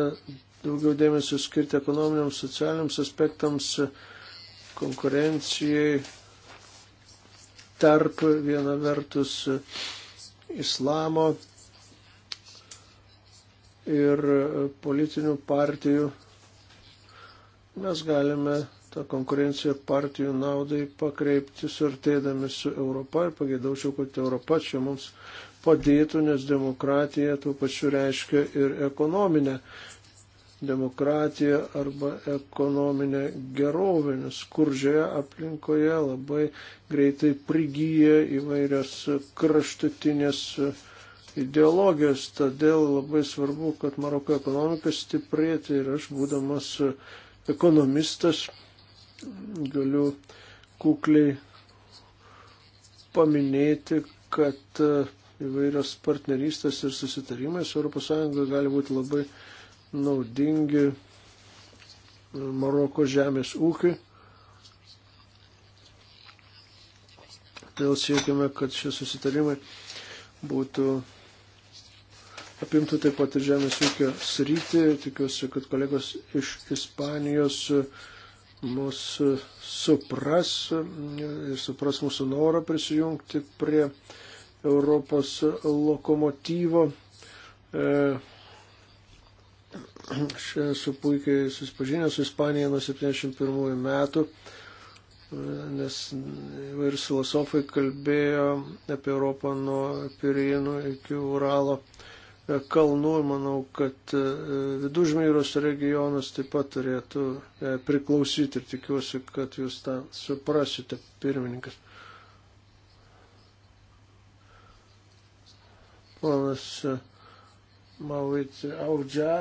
daugiau dėmesio skirti ekonominiams, socialiniams aspektams, e, konkurencijai tarp viena vertus islamo ir politinių partijų, mes galime tą konkurenciją partijų naudai pakreipti, surtėdami su Europa ir pagėdaučiau, kad Europa čia mums padėtų, nes demokratija tuo pačiu reiškia ir ekonominę demokratiją arba ekonominę gerovę, nes skurdžioje aplinkoje labai greitai prigyja įvairios kraštutinės uh, ideologijos, todėl labai svarbu, kad Maroko ekonomika stiprėtų ir aš, būdamas ekonomistas, galiu kukliai paminėti, kad įvairios partnerystės ir susitarimai su ES gali būti labai naudingi Maroko žemės ūkiui. Todėl siekime, kad šie susitarimai būtų apimtų taip pat ir žemės ūkio sritį. Tikiuosi, kad kolegos iš Ispanijos e, mus e, supras e, ir supras mūsų norą prisijungti prie Europos lokomotyvo. Aš esu puikiai susipažinęs su Ispanija nuo 71 metų, nes įvairius filosofai kalbėjo apie Europą nuo Pirinų iki Uralo. Uh, kalnų ir manau, kad e, vidužmyros regionas taip pat turėtų e, priklausyti ir tikiuosi, kad jūs tą suprasite, pirmininkas. Ponas e, Mauit Audžia.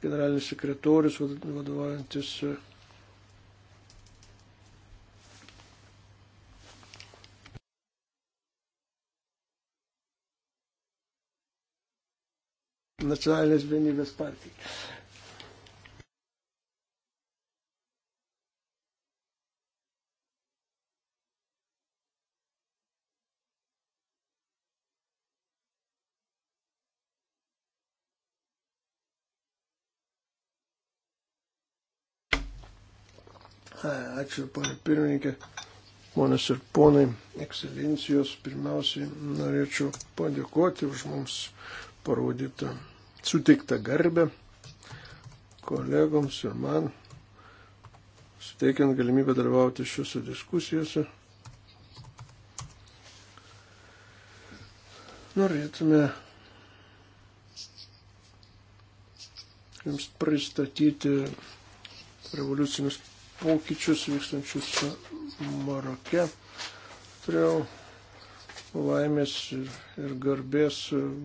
Generalinis sekretorius vadovaujantis nacionalinės vienybės partijai. Ačiū, ponė pirmininkė, ponas ir ponai, ekscelencijos. Pirmiausiai norėčiau padėkoti už mums parodytą suteiktą garbę kolegoms ir man, suteikiant galimybę dalyvauti šiuose diskusijose. Norėtume jums pristatyti revoliucinius pokyčius vykstančius Maroke. Turėjau laimės ir, ir garbės,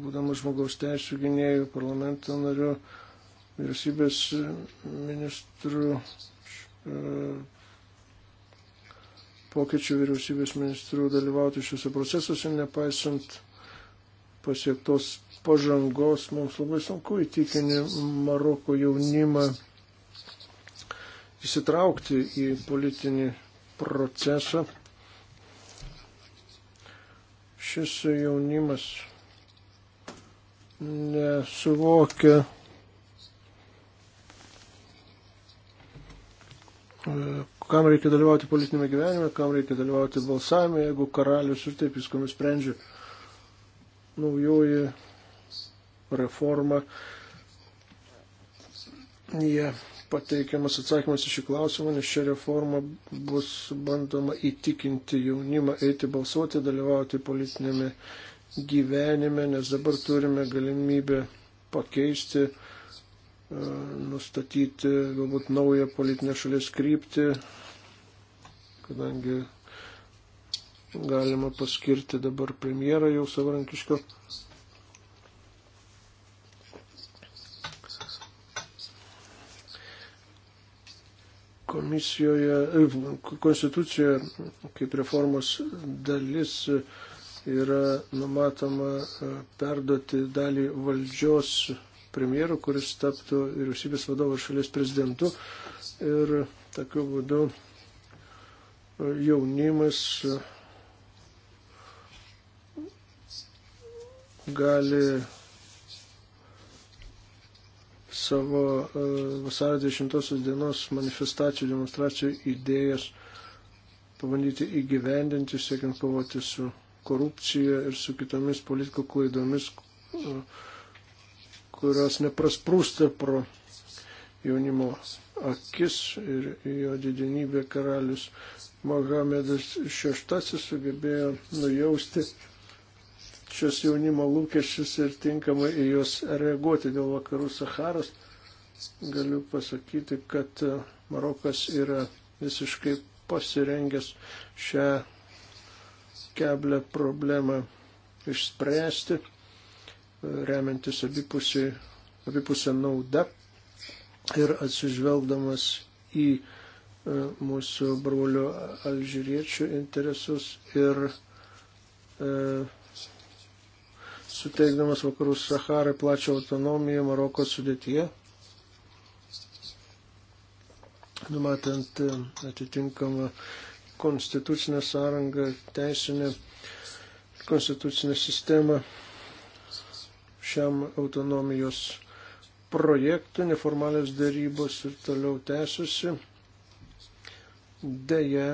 būdamas žmogaus teisų gynėjų, parlamento nariu, vyriausybės ministru, e, pokyčių vyriausybės ministru dalyvauti šiuose procesuose, nepaisant pasiektos pažangos, mums labai sunku įtikinti Maroko jaunimą įsitraukti į politinį procesą šis jaunimas nesuvokia e, kam reikia dalyvauti politinėme gyvenime, kam reikia dalyvauti balsavime, jeigu karalius ir taip viskomis sprendžia naujoji reforma. Jie yeah pateikiamas atsakymas iš įklausimą, nes šią reformą bus bandoma įtikinti jaunimą eiti balsuoti, dalyvauti politinėme gyvenime, nes dabar turime galimybę pakeisti, e, nustatyti galbūt naują politinę šalies kryptį, kadangi galima paskirti dabar premjerą jau savarankiško komisijoje, e, konstitucijoje kaip reformos dalis yra numatoma e, perduoti dalį valdžios premjerų, kuris taptų vyriausybės vadovo šalies prezidentu. Ir tokiu būdu e, jaunimas gali savo e, vasario 20 dienos manifestacijų, demonstracijų idėjas pabandyti įgyvendinti, siekiant kovoti su korupcija ir su kitomis politikų klaidomis, e, kurios neprasprūsta pro jaunimo akis ir jo didinybė karalius Mohamedas VI sugebėjo nujausti šios jaunimo lūkesčius ir tinkamai į juos reaguoti dėl vakarų Saharos. Galiu pasakyti, kad e, Marokas yra visiškai pasirengęs šią keblę problemą išspręsti, e, remiantis abipusį, abipusę naudą ir atsižvelgdamas į e, mūsų brolių alžyriečių interesus ir e, suteikdamas vakarų Saharai plačią autonomiją Maroko sudėtyje, numatant e, atitinkamą konstitucinę sąrangą, teisinę konstitucinę sistemą šiam autonomijos projektui, neformalios darybos ir toliau tęsiasi. Deja,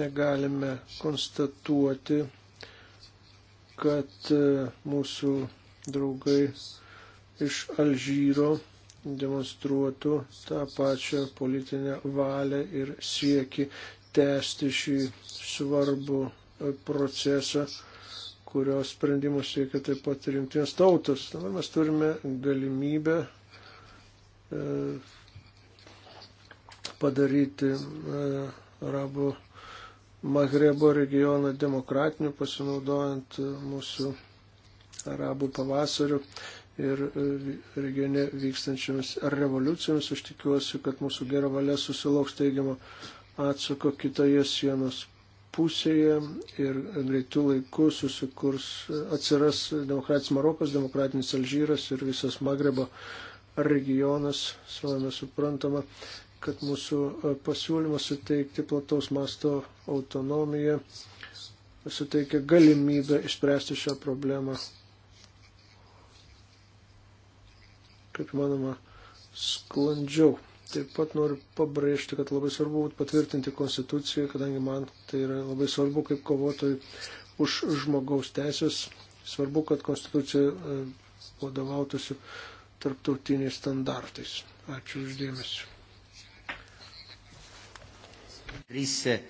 negalime konstatuoti kad e, mūsų draugai iš Alžyro demonstruotų tą pačią politinę valią ir sieki tęsti šį svarbų e, procesą, kurio sprendimus siekia taip pat ir jungtinės tautos. Dabar mes turime galimybę e, padaryti arabų Magrebo regioną demokratiniu, pasinaudojant mūsų arabų pavasariu ir e, regione vykstančiamis revoliucijomis. Aš tikiuosi, kad mūsų gera valia susilauks teigiamo atsako kitoje sienos pusėje ir greitų laikų susikurs, e, atsiras demokratinis Marokas, demokratinis Alžyras ir visas Magrebo regionas, savame suprantama, kad mūsų e, pasiūlymas suteikti plataus masto autonomiją suteikia galimybę išspręsti šią problemą. Kaip manoma, sklandžiau. Taip pat noriu pabrėžti, kad labai svarbu būtų patvirtinti konstituciją, kadangi man tai yra labai svarbu kaip kovotojai už žmogaus teisės. Svarbu, kad konstitucija e, vadovautųsi tarptautiniais standartais. Ačiū uždėmesi. E,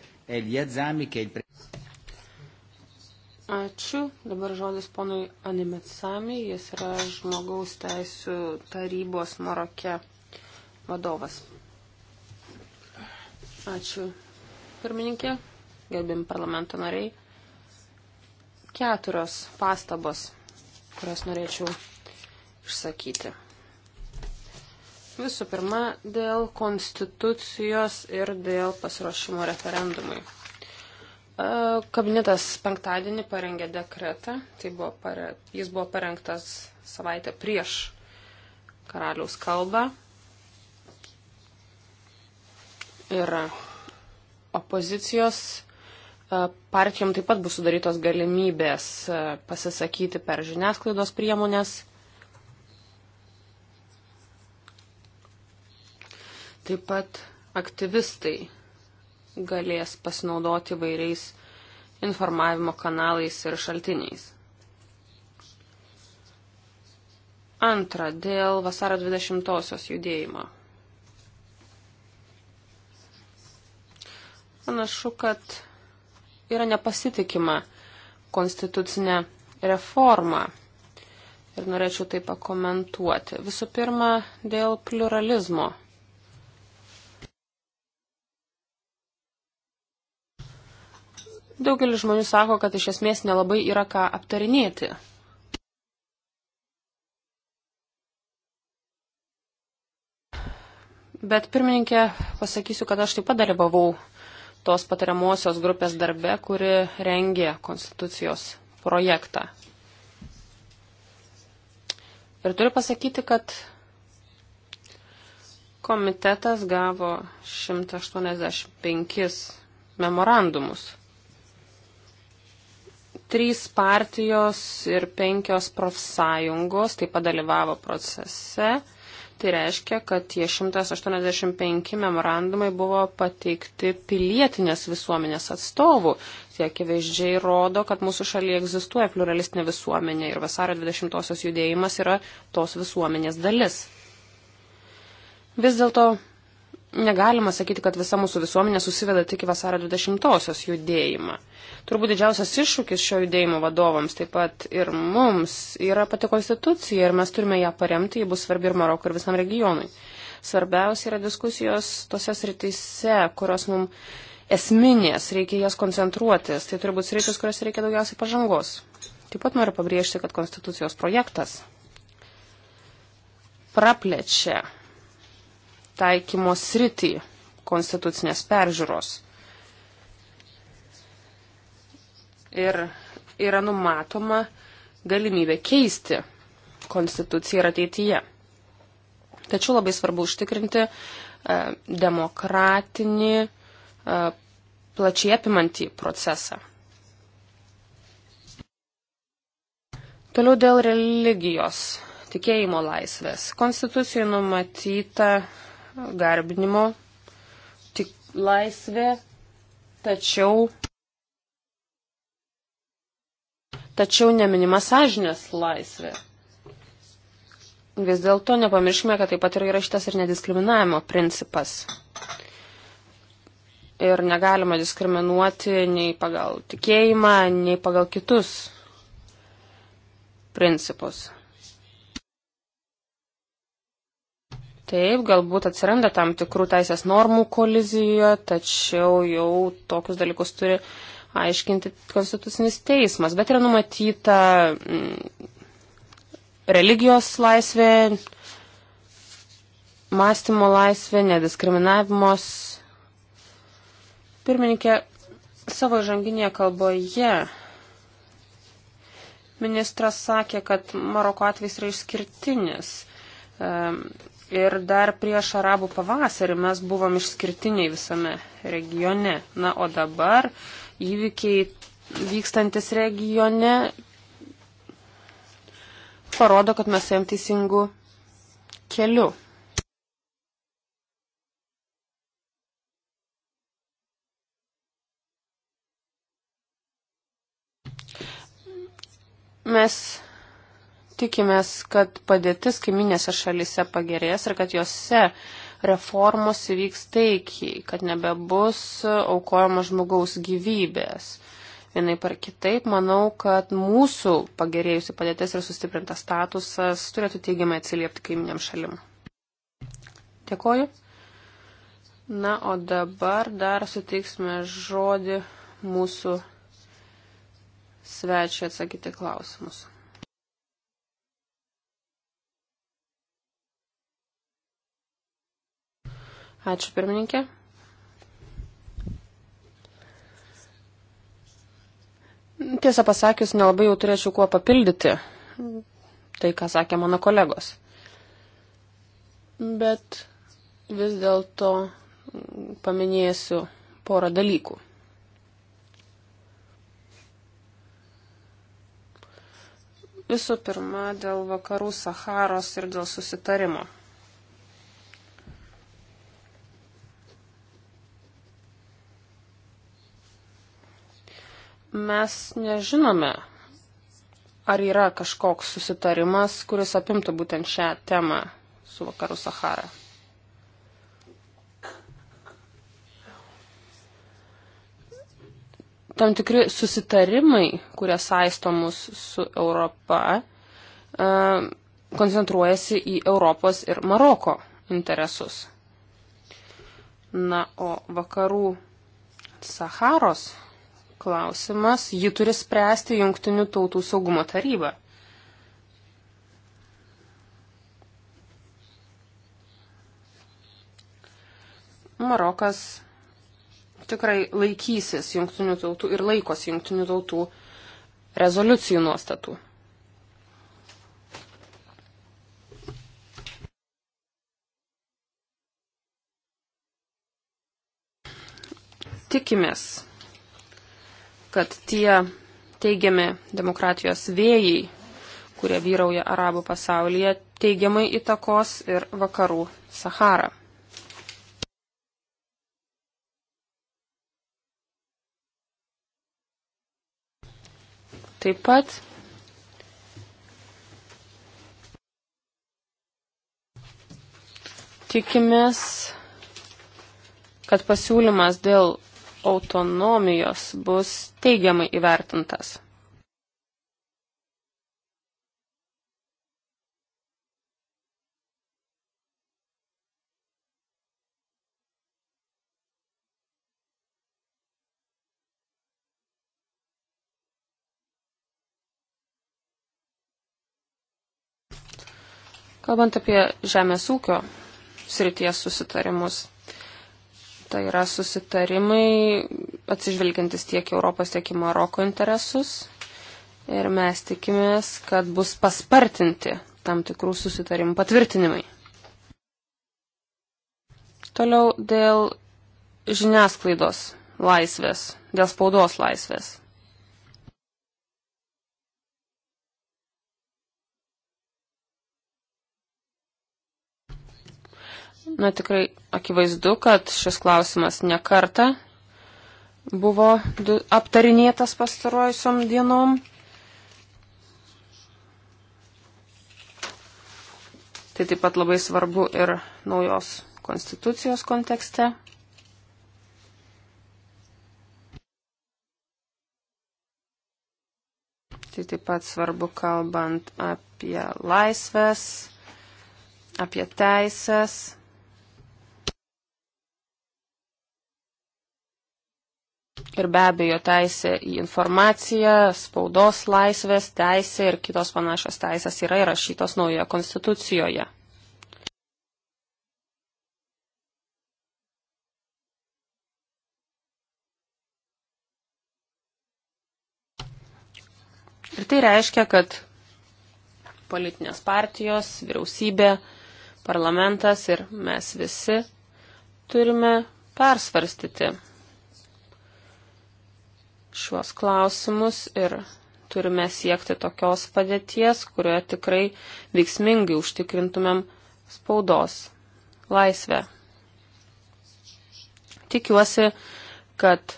Ačiū. Dabar žodis ponui Animetsami. Jis yra žmogaus teisų tarybos Maroke vadovas. Ačiū. Pirmininkė, gerbim parlamento nariai. Keturios pastabos, kurias norėčiau išsakyti. Visų pirma, dėl konstitucijos ir dėl pasiruošimo referendumui. E, kabinetas penktadienį parengė dekretą, tai buvo pare... jis buvo parengtas savaitę prieš karaliaus kalbą. Ir opozicijos e, partijom taip pat bus sudarytos galimybės e, pasisakyti per žiniasklaidos priemonės. Taip pat aktyvistai galės pasinaudoti vairiais informavimo kanalais ir šaltiniais. Antra, dėl vasaro 20-osios judėjimo. Panašu, kad yra nepasitikima konstitucinė reforma. Ir norėčiau tai pakomentuoti. Visų pirma, dėl pluralizmo Daugelis žmonių sako, kad iš esmės nelabai yra ką aptarinėti. Bet pirmininkė, pasakysiu, kad aš taip pat dalyvavau tos patariamosios grupės darbe, kuri rengė konstitucijos projektą. Ir turiu pasakyti, kad komitetas gavo 185 memorandumus. Trys partijos ir penkios profsąjungos taip pat dalyvavo procese. Tai reiškia, kad tie 185 memorandumai buvo pateikti pilietinės visuomenės atstovų. Tie akivaizdžiai rodo, kad mūsų šalyje egzistuoja pluralistinė visuomenė ir vasario 20-osios judėjimas yra tos visuomenės dalis. Vis dėlto negalima sakyti, kad visa mūsų visuomenė susiveda tik į vasaro 20-osios judėjimą. Turbūt didžiausias iššūkis šio judėjimo vadovams, taip pat ir mums, yra pati konstitucija ir mes turime ją paremti, ji bus svarbi ir Marokui, ir visam regionui. Svarbiausia yra diskusijos tose sritise, kurios mums esminės, reikia jas koncentruotis, tai turi būti sritis, kurios reikia daugiausiai pažangos. Taip pat noriu pabrėžti, kad konstitucijos projektas praplečia taikymo sritį konstitucinės peržiūros. Ir yra numatoma galimybė keisti konstituciją ir ateityje. Tačiau labai svarbu užtikrinti e, demokratinį, e, plačiai apimantį procesą. Toliau dėl religijos, tikėjimo laisvės. Konstitucijai numatyta garbinimo, tik laisvė, tačiau, tačiau neminima sąžinės laisvė. Vis dėlto nepamirškime, kad taip pat yra įrašytas ir nediskriminavimo principas. Ir negalima diskriminuoti nei pagal tikėjimą, nei pagal kitus principus. Taip, galbūt atsiranda tam tikrų teisės normų kolizijoje, tačiau jau tokius dalykus turi aiškinti konstitucinis teismas. Bet yra numatyta mm, religijos laisvė, mąstymo laisvė, nediskriminavimas. Pirmininkė savo žanginėje kalboje ministras sakė, kad Maroko atvejs yra išskirtinis Ir dar prieš arabų pavasarį mes buvom išskirtiniai visame regione. Na, o dabar įvykiai vykstantis regione parodo, kad mes ėjom teisingų kelių. Mes Tikimės, kad padėtis kaiminėse šalise pagerės ir kad jose reformos įvyks taikiai, kad nebebus aukojama žmogaus gyvybės. Vienai par kitaip, manau, kad mūsų pagerėjusi padėtis ir sustiprintas statusas turėtų teigiamai atsiliepti kaiminiam šalim. Dėkoju. Na, o dabar dar suteiksime žodį mūsų svečiui atsakyti klausimus. Ačiū pirmininkė. Tiesą pasakius, nelabai jau turėčiau kuo papildyti tai, ką sakė mano kolegos. Bet vis dėlto paminėsiu porą dalykų. Visų pirma, dėl vakarų Saharos ir dėl susitarimo. mes nežinome, ar yra kažkoks susitarimas, kuris apimtų būtent šią temą su Vakarų Sahara. Tam tikri susitarimai, kurie saisto mus su Europa, e, koncentruojasi į Europos ir Maroko interesus. Na, o vakarų Saharos klausimas, jį turi spręsti Junktinių tautų saugumo taryba. Marokas tikrai laikysis Junktinių tautų ir laikosi Junktinių tautų rezoliucijų nuostatų. Tikimės, kad tie teigiami demokratijos vėjai, kurie vyrauja arabų pasaulyje, teigiamai įtakos ir vakarų Saharą. Taip pat tikimės, kad pasiūlymas dėl autonomijos bus teigiamai įvertintas. Kalbant apie žemės ūkio srities susitarimus, Tai yra susitarimai atsižvelgiantis tiek Europos, tiek į Maroko interesus. Ir mes tikimės, kad bus paspartinti tam tikrų susitarimų patvirtinimai. Toliau dėl žiniasklaidos laisvės, dėl spaudos laisvės. Na tikrai akivaizdu, kad šis klausimas nekarta buvo aptarinėtas pastaruojusiom dienom. Tai taip pat labai svarbu ir naujos konstitucijos kontekste. Tai taip pat svarbu kalbant apie laisvės, apie teisės. Ir be abejo teisė į informaciją, spaudos laisvės teisė ir kitos panašios teisės yra įrašytos naujoje konstitucijoje. Ir tai reiškia, kad politinės partijos, vyriausybė, parlamentas ir mes visi turime persvarstyti šiuos klausimus ir turime siekti tokios padėties, kurioje tikrai veiksmingai užtikrintumėm spaudos laisvę. Tikiuosi, kad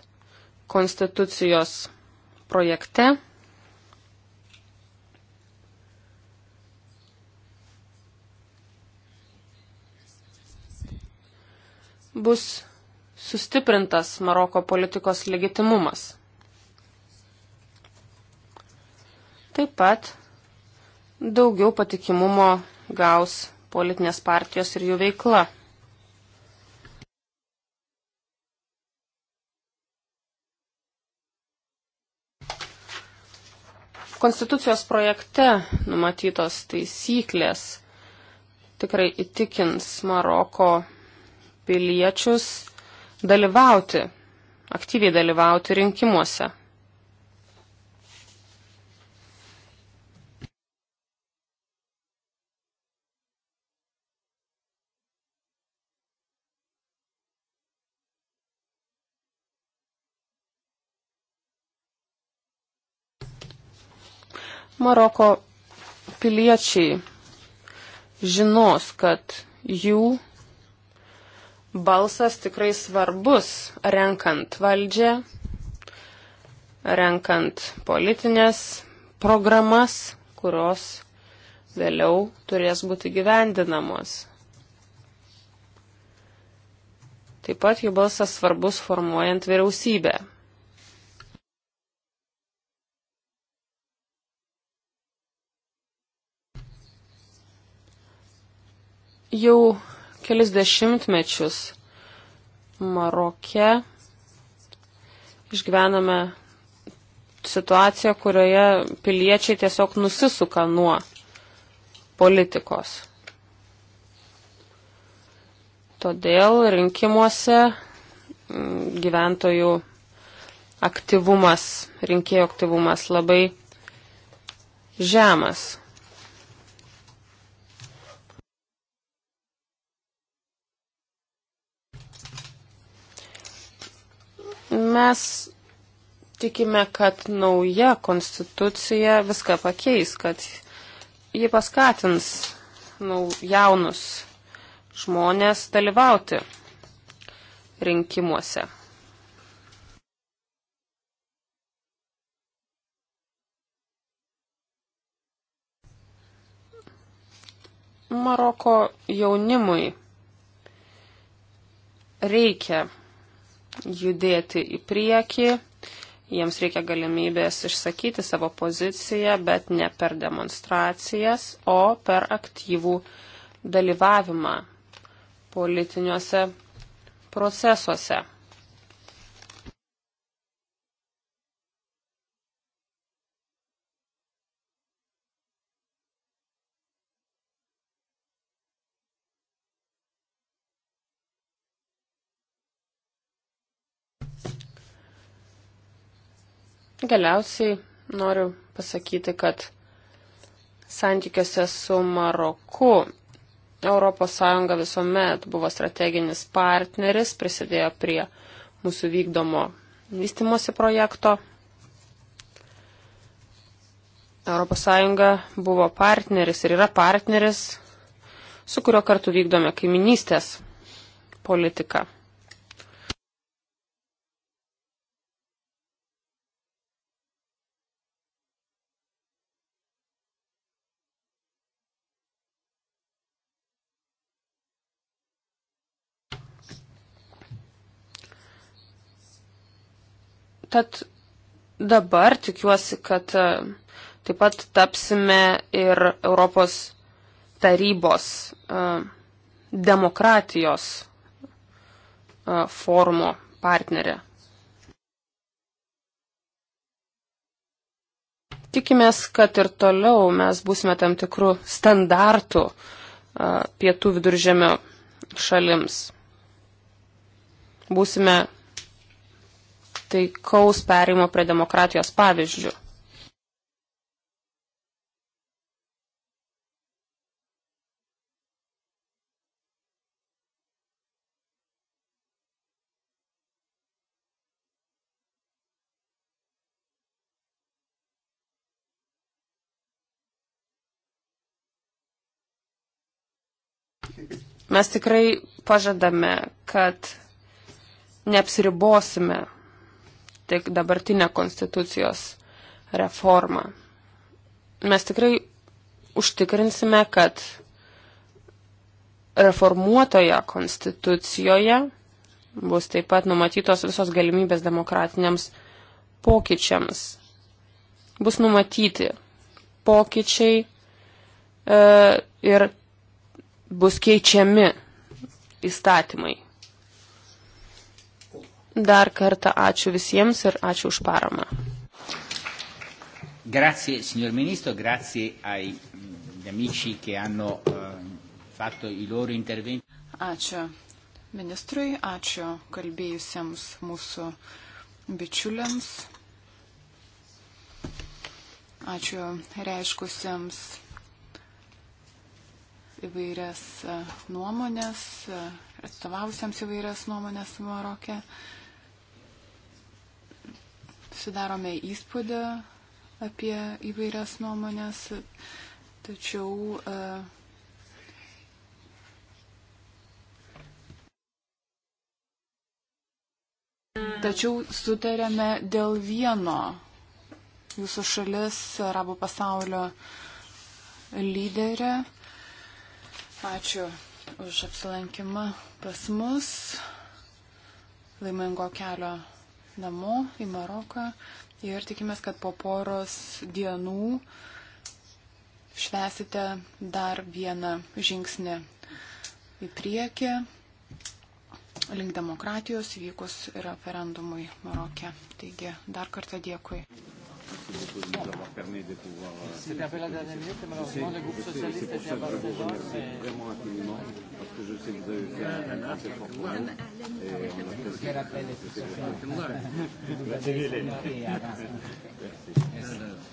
konstitucijos projekte bus sustiprintas Maroko politikos legitimumas. Taip pat daugiau patikimumo gaus politinės partijos ir jų veikla. Konstitucijos projekte numatytos taisyklės tikrai įtikins Maroko piliečius dalyvauti, aktyviai dalyvauti rinkimuose. Maroko piliečiai žinos, kad jų balsas tikrai svarbus renkant valdžią, renkant politinės programas, kurios vėliau turės būti gyvendinamos. Taip pat jų balsas svarbus formuojant vyriausybę. Jau kelis dešimtmečius Maroke išgyvename situaciją, kurioje piliečiai tiesiog nusisuka nuo politikos. Todėl rinkimuose mm, gyventojų aktyvumas, rinkėjų aktyvumas labai žemas. Mes tikime, kad nauja konstitucija viską pakeis, kad ji paskatins nau, jaunus žmonės dalyvauti rinkimuose. Maroko jaunimui reikia judėti į priekį, jiems reikia galimybės išsakyti savo poziciją, bet ne per demonstracijas, o per aktyvų dalyvavimą politiniuose procesuose. Galiausiai noriu pasakyti, kad santykiuose su Maroku ES visuomet buvo strateginis partneris, prisidėjo prie mūsų vykdomo vystimosi projekto. ES buvo partneris ir yra partneris, su kurio kartu vykdome kaiminystės politiką. Tad dabar tikiuosi, kad e, taip pat tapsime ir Europos tarybos e, demokratijos e, forumo partnerė. Tikimės, kad ir toliau mes būsime tam tikrų standartų pietų viduržėmio šalims. Būsime taikaus perimo prie demokratijos pavyzdžių. Mes tikrai pažadame, kad neapsiribosime tik dabartinę konstitucijos reformą. Mes tikrai užtikrinsime, kad reformuotoje konstitucijoje bus taip pat numatytos visos galimybės demokratiniams pokyčiams. Bus numatyti pokyčiai e, ir bus keičiami įstatymai. Dar kartą ačiū visiems ir ačiū už paramą. Grazie, signor Ministro, grazie agli mm, amici che hanno uh, fatto i loro interventi. Ačiū ministrui, ačiū kalbėjusiems mūsų bičiuliams, ačiū reiškusiems įvairias eh, nuomonės, eh, atstovavusiems įvairias nuomonės Marokė sudarome įspūdį apie įvairias nuomonės, tačiau e, Tačiau sutarėme dėl vieno jūsų šalis, arabų pasaulio lyderė. Ačiū už apsilankimą pas mus. Laimingo kelio namo į Maroką ir tikimės, kad po poros dienų švesite dar vieną žingsnį į priekį link demokratijos vykus referendumui Marokė. Taigi dar kartą dėkui. Merci beaucoup de nous avoir permis de pouvoir. C'était un peu la dernière minute, et malheureusement, sais, le groupe socialiste était C'est pour ça que je vous remercie mais... vraiment infiniment, parce que je sais que vous avez fait un grand effort pour nous. Et on apprécie. Grazie mille.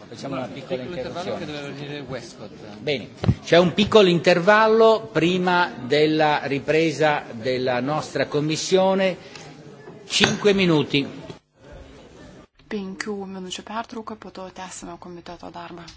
Facciamo una piccola interruzione. che doveva venire Westcott. Bene, c'è un piccolo intervallo prima della ripresa della nostra commissione. Cinque minuti penkių minučių pertrauką, po to tęsime komiteto darbą.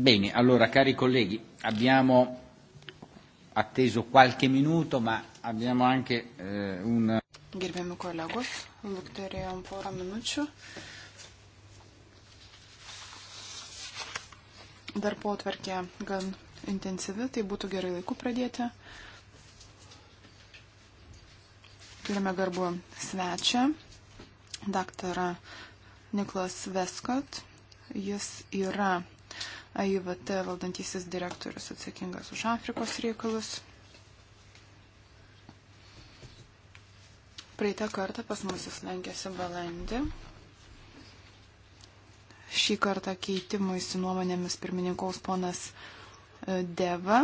Bene, allora cari colleghi, abbiamo atteso qualche minuto, ma abbiamo anche eh, un. Gerbiami kolegos, lukterėjom porą minučių. Dar po atverkė gan intensyvi, tai būtų gerai laiku pradėti. Turime garbų svečią, daktarą Niklas Veskot. Jis yra AIVT valdantysis direktorius atsakingas už Afrikos reikalus. Praeitą kartą pas mus jis lankėsi balandį. Šį kartą keitimui su nuomonėmis pirmininkaus ponas e, Deva.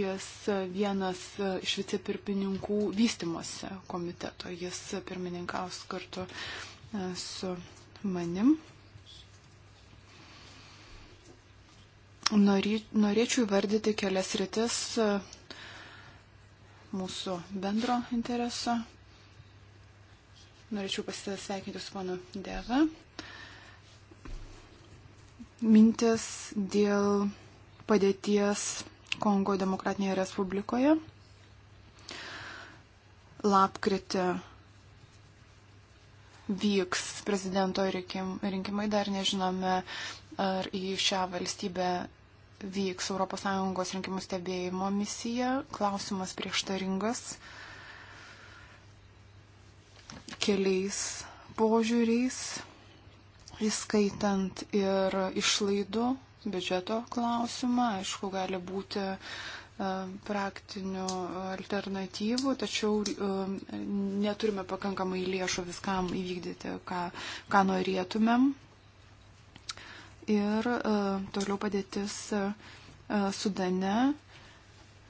Jis vienas e, iš vicepirmininkų vystimuose komiteto. Jis pirmininkaus kartu e, su manim. norėčiau įvardyti kelias rytis e, mūsų bendro intereso. Norėčiau pasisveikinti su panu Deva. Mintis dėl padėties Kongo Demokratinėje Respublikoje. Lapkritį vyks prezidento rinkimai, dar nežinome, ar į šią valstybę vyks ES rinkimų stebėjimo misija. Klausimas prieštaringas keliais požiūriais, įskaitant ir išlaidų biudžeto klausimą. Aišku, gali būti e, praktinių alternatyvų, tačiau e, neturime pakankamai lėšų viskam įvykdyti, ką, ką norėtumėm ir e, toliau padėtis e, Sudane.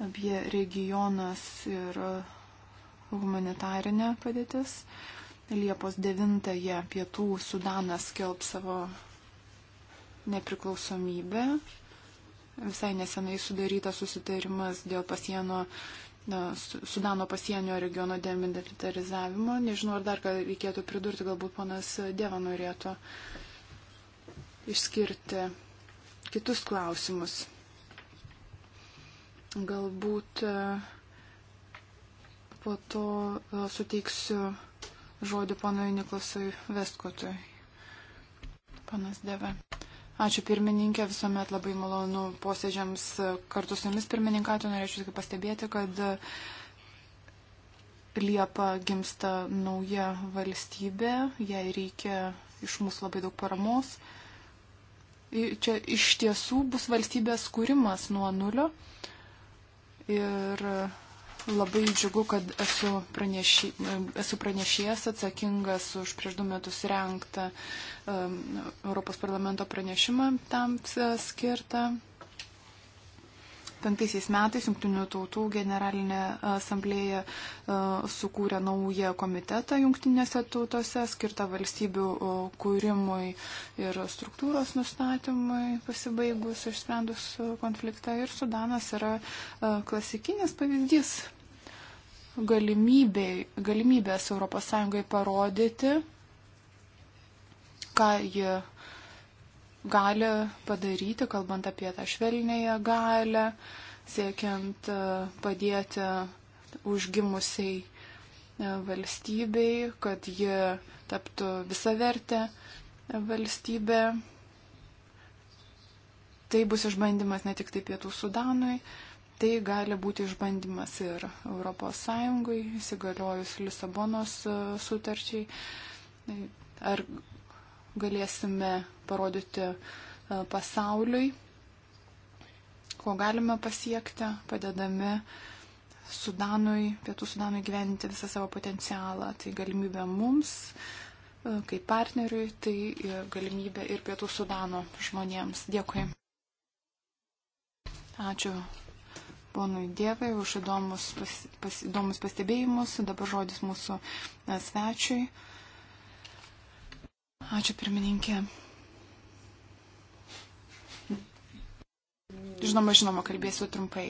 Abie regionas ir e, humanitarinė padėtis. Liepos 9-ąją pietų Sudanas skelb savo nepriklausomybę. Visai nesenai sudarytas susitarimas dėl pasieno, Sudano pasienio regiono demilitarizavimo. Nežinau, ar dar ką reikėtų pridurti, galbūt ponas Dieva norėtų. Uh, išskirti kitus klausimus. Galbūt e, po to e, suteiksiu žodį panui Niklasui Vestkotui. Panas Deve. Ačiū pirmininkė, visuomet labai malonu posėdžiams e, kartu su jumis pirmininkatė. Norėčiau tik pastebėti, kad Liepa gimsta nauja valstybė, jai reikia iš mūsų labai daug paramos. Uh, čia iš tiesų bus valstybės kūrimas nuo nulio. Ir labai džiugu, kad esu, praneši, esu pranešėjas atsakingas už prieš du metus renktą um, Europos parlamento pranešimą tam skirtą. 2005 metais Junktinių tautų generalinė asamblėja e, sukūrė naują komitetą Junktinėse tautose, skirtą valstybių e, kūrimui ir struktūros nustatymui pasibaigus išsprendus konfliktą. Ir Sudanas yra e, klasikinis pavyzdys galimybės ES parodyti, ką jie gali padaryti, kalbant apie tą švelnėje galę, siekiant e, padėti užgimusiai e, valstybei, kad ji taptų visavertė e, valstybė. Tai bus išbandymas ne tik tai Pietų Sudanui, tai gali būti išbandymas ir ES įsigaliojus Lisabonos sutarčiai. Ar galėsime parodyti e, pasauliui, ko galime pasiekti, padedami Sudanui, Pietų Sudanui gyventi visą savo potencialą. Tai galimybė mums, e, kaip partneriui, tai e, galimybė ir Pietų Sudano žmonėms. Dėkui. Ačiū ponui Dievai už įdomus, pas, pas, įdomus pastebėjimus. Dabar žodis mūsų svečiui. Ačiū pirmininkė. Žinoma, žinoma, kalbėsiu trumpai,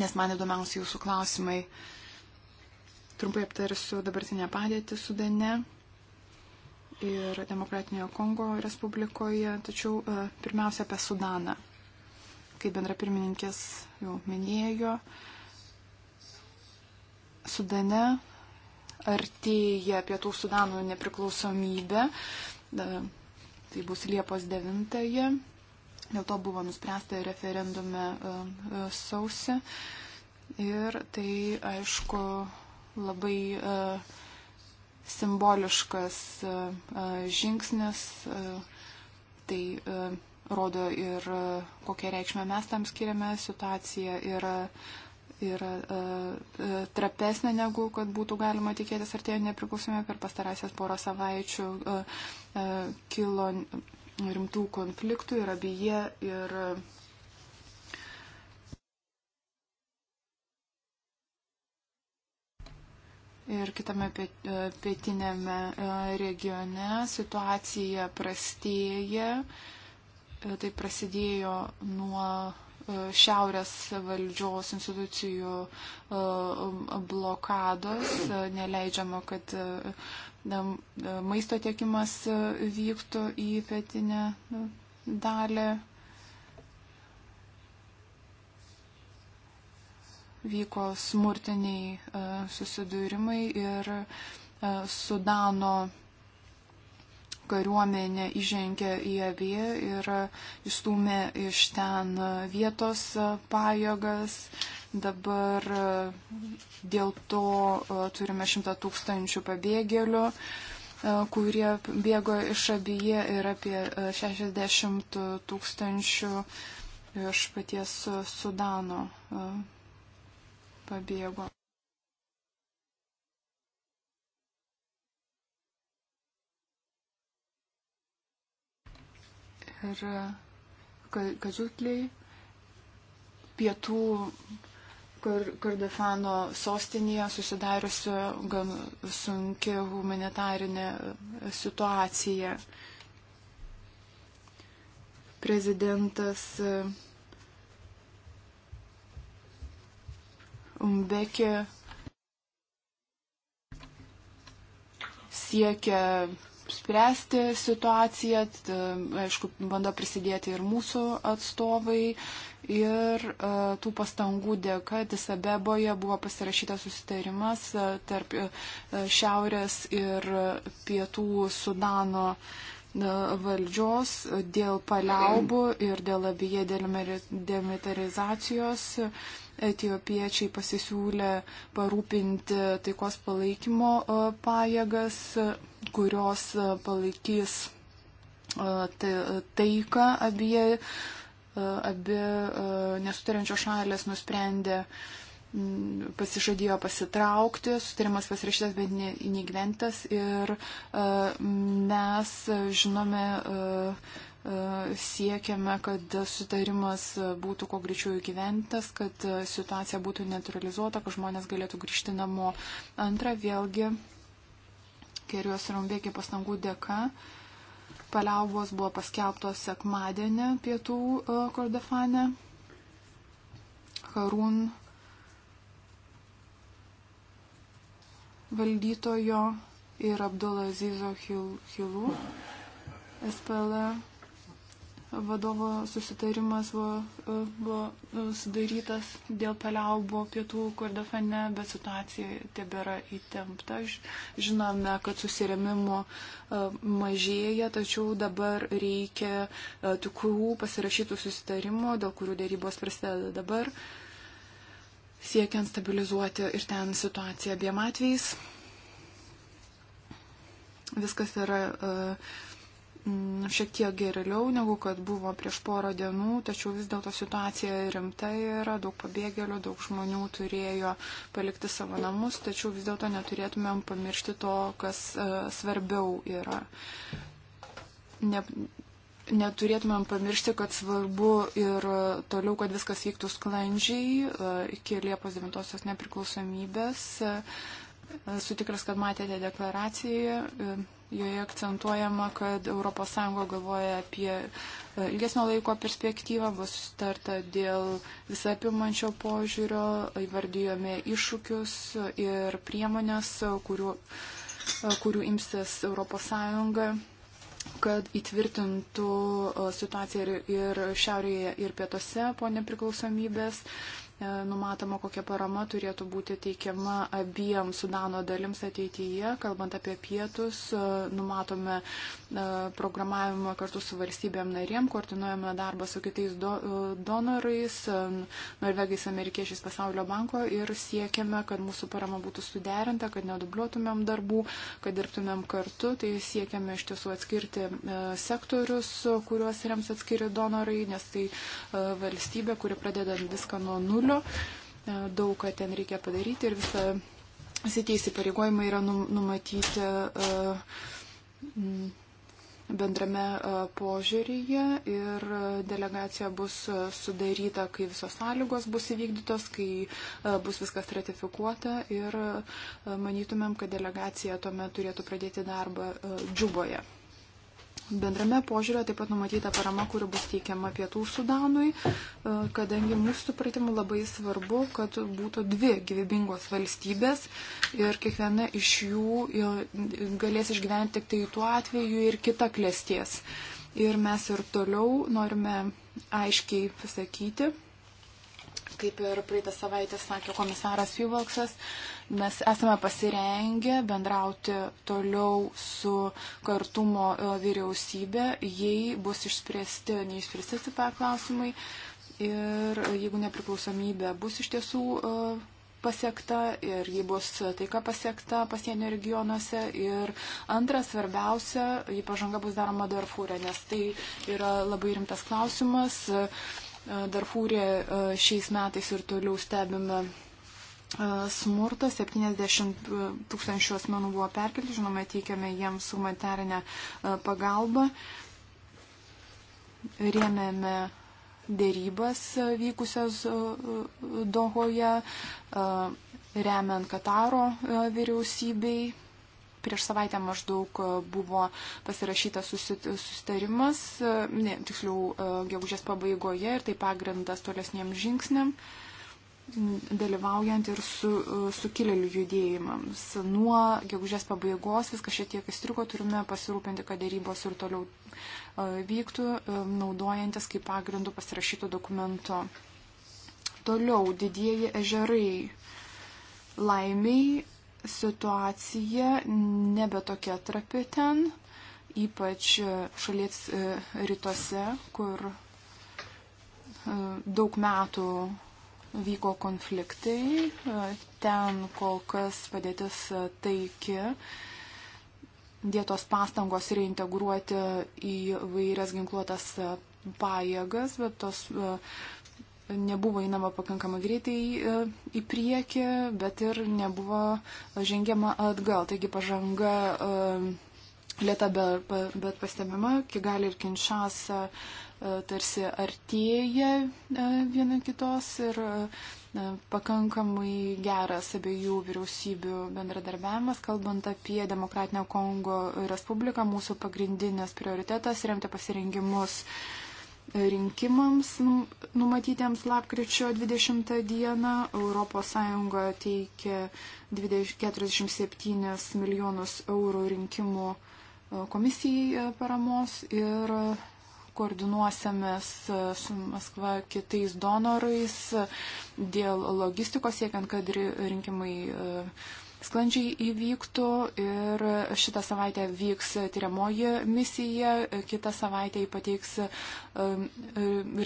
nes man įdomiausi jūsų klausimai. Trumpai aptarsiu dabartinę padėtį Sudane ir Demokratinėje Kongo Respublikoje, tačiau e, pirmiausia apie Sudaną. Kaip bendra pirmininkės jau minėjo, Sudane artėja Pietų Sudano nepriklausomybė. Tai bus Liepos 9. Dėl to buvo nuspręsta referendume e, e, sausi. Ir tai, aišku, labai e, simboliškas žingsnis. Tai rodo ir kokią reikšmę mes tam skiriame. Situacija yra yra e, e, trapesnė negu kad būtų galima tikėtis artėjant nepriklausomybę per pastarąsias porą savaičių e, kilo rimtų konfliktų ir abieje ir ir kitame pietinėme regione situacija prastėja. Tai prasidėjo nuo E, šiaurės valdžios institucijų e, blokados, e, neleidžiama, kad maisto tiekimas vyktų į pietinę dalį. Vyko smurtiniai susidūrimai ir Sudano kariuomenė įžengė į avį ir išstumė iš ten vietos pajėgas. Dabar dėl to e, turime šimtą tūkstančių pabėgėlių e, kurie bėgo iš abiejų ir apie 60 e, tūkstančių iš paties Sudano pabėgo. ir Kazutliai, pietų Kardifano sostinėje susidariusi gan sunki humanitarinė situacija. Prezidentas Umbekė eh, siekia spręsti situaciją, aišku, bando prisidėti ir mūsų atstovai. Ir e, tų pastangų dėka Disabeboje buvo pasirašytas susitarimas e, tarp e, Šiaurės ir Pietų Sudano valdžios dėl paliaubų ir dėl abie demilitarizacijos. Etijopiečiai pasisiūlė parūpinti taikos palaikymo pajėgas, kurios palaikys taiką abie, abie nesutariančios šalės nusprendė uh, Mm, pasižadėjo pasitraukti, sutarimas pasirašytas, bet neįgyventas ir e, mes žinome, e, e, siekiame, kad sutarimas būtų kuo greičiau įgyventas, kad situacija būtų neutralizuota, kad žmonės galėtų grįžti namo. Antra, vėlgi, kerios rumbėkiai pastangų dėka. Paliaubos buvo paskelbtos sekmadienį pietų Kordofane. Harun valdytojo ir Abdulazizo Hilų SPLA vadovo susitarimas buvo, buvo sudarytas dėl paliaubų pietų Kordofane, bet situacija tebėra įtempta. Žinome, kad susiremimo e, mažėja, tačiau dabar reikia e, tikrų pasirašytų susitarimų, dėl kurių dėrybos prasideda dabar siekiant stabilizuoti ir ten situaciją abiem atvejais. Viskas yra uh, šiek tiek geriau negu kad buvo prieš porą dienų, tačiau vis dėlto situacija rimta yra, daug pabėgėlių, daug žmonių turėjo palikti savo namus, tačiau vis dėlto neturėtumėm pamiršti to, kas uh, svarbiau yra. Ne, neturėtumėm pamiršti, kad svarbu ir toliau, kad viskas vyktų sklandžiai e, iki Liepos 9 nepriklausomybės. E, Sutikras, kad matėte deklaraciją, e, joje akcentuojama, kad ES galvoja apie ilgesnio laiko perspektyvą, bus starta dėl visapimančio požiūrio, įvardyjome iššūkius ir priemonės, kurių, kurių imsis ES kad įtvirtintų situaciją ir šiaurėje, ir pietuose po nepriklausomybės. E, numatoma, kokia parama turėtų būti teikiama abiem Sudano dalims ateityje. Kalbant apie pietus, e, numatome E, programavimą kartu su valstybėm narėm, koordinuojame darbą su kitais do, e, donorais, e, norvegais, amerikiečiais, pasaulio banko ir siekiame, kad mūsų parama būtų suderinta, kad nedubliuotumėm darbų, kad dirbtumėm kartu. Tai siekiame iš tiesų atskirti sektorius, kuriuos rems atskiri donorai, nes tai valstybė, kuri pradeda viską nuo nulio, daug ką ten reikia padaryti ir visą visi tie įsipareigojimai yra numatyti uh, bendrame e, požiūryje ir delegacija bus e, sudaryta, kai visos sąlygos bus įvykdytos, kai e, bus viskas ratifikuota ir manytumėm, kad delegacija tuomet turėtų pradėti darbą džiuboje. Bendrame požiūrė taip pat numatyta parama, kuri bus teikiama pietų Sudanui, e, kadangi mūsų supratimu labai svarbu, kad būtų dvi gyvybingos valstybės ir kiekviena iš jų galės išgyventi tik tai tuo atveju ir kita klėsties. Ir mes ir toliau norime aiškiai pasakyti, kaip ir praeitą savaitę sakė komisaras Juvoksas, mes esame pasirengę bendrauti toliau su kartumo e, vyriausybė, jei bus išspręsti neišspręsti paklausimai ir jeigu nepriklausomybė bus iš tiesų e, pasiekta ir ji bus taika pasiekta pasienio regionuose. Ir antras, svarbiausia, jį pažanga bus daroma Darfūrė, nes tai yra labai rimtas klausimas. Darfūrė e, šiais metais ir toliau stebime e, smurtą. 70 e, tūkstančių asmenų buvo perkelti, žinoma, teikiame jiems humanitarinę pagalbą. Rėmėme dėrybas vykusias Dohoje, remiant Kataro vyriausybei Prieš savaitę maždaug e, buvo pasirašytas susitarimas, e, ne, tiksliau, e, gegužės pabaigoje ir tai pagrindas tolesniem žingsniam dalyvaujant ir su, sukilėlių judėjimams. Nuo gegužės pabaigos viskas šiek tiek įstrigo, turime pasirūpinti, kad dėrybos ir toliau vyktų, naudojantis kaip pagrindų pasirašyto dokumento. Toliau didieji ežerai. Laimiai situacija nebe tokia trapi ten, ypač e, šalies e, rytuose, kur e, daug metų vyko konfliktai, ten kol kas padėtis taiki. Dėtos pastangos reintegruoti į vairias ginkluotas pajėgas, bet tos nebuvo einama pakankamai greitai e, į priekį, bet ir nebuvo žengiama atgal. Taigi pažanga e, lieta, bet pastebima, Kigali ir Kinšasa e, tarsi artėja viena kitos ir pakankamai geras abiejų vyriausybių bendradarbiavimas. Kalbant apie Demokratinę Kongo Respubliką, mūsų pagrindinės prioritetas remti pasirengimus uh, rinkimams numatytiems lapkričio 20 dieną. ES teikia 47 milijonus eurų rinkimų e, komisijai e, paramos ir koordinuosimės e, su Maskva kitais donorais dėl logistikos, siekiant, kad rinkimai sklandžiai įvyktų ir šitą savaitę vyks tyriamoji misija, kitą savaitę jį pateiks um,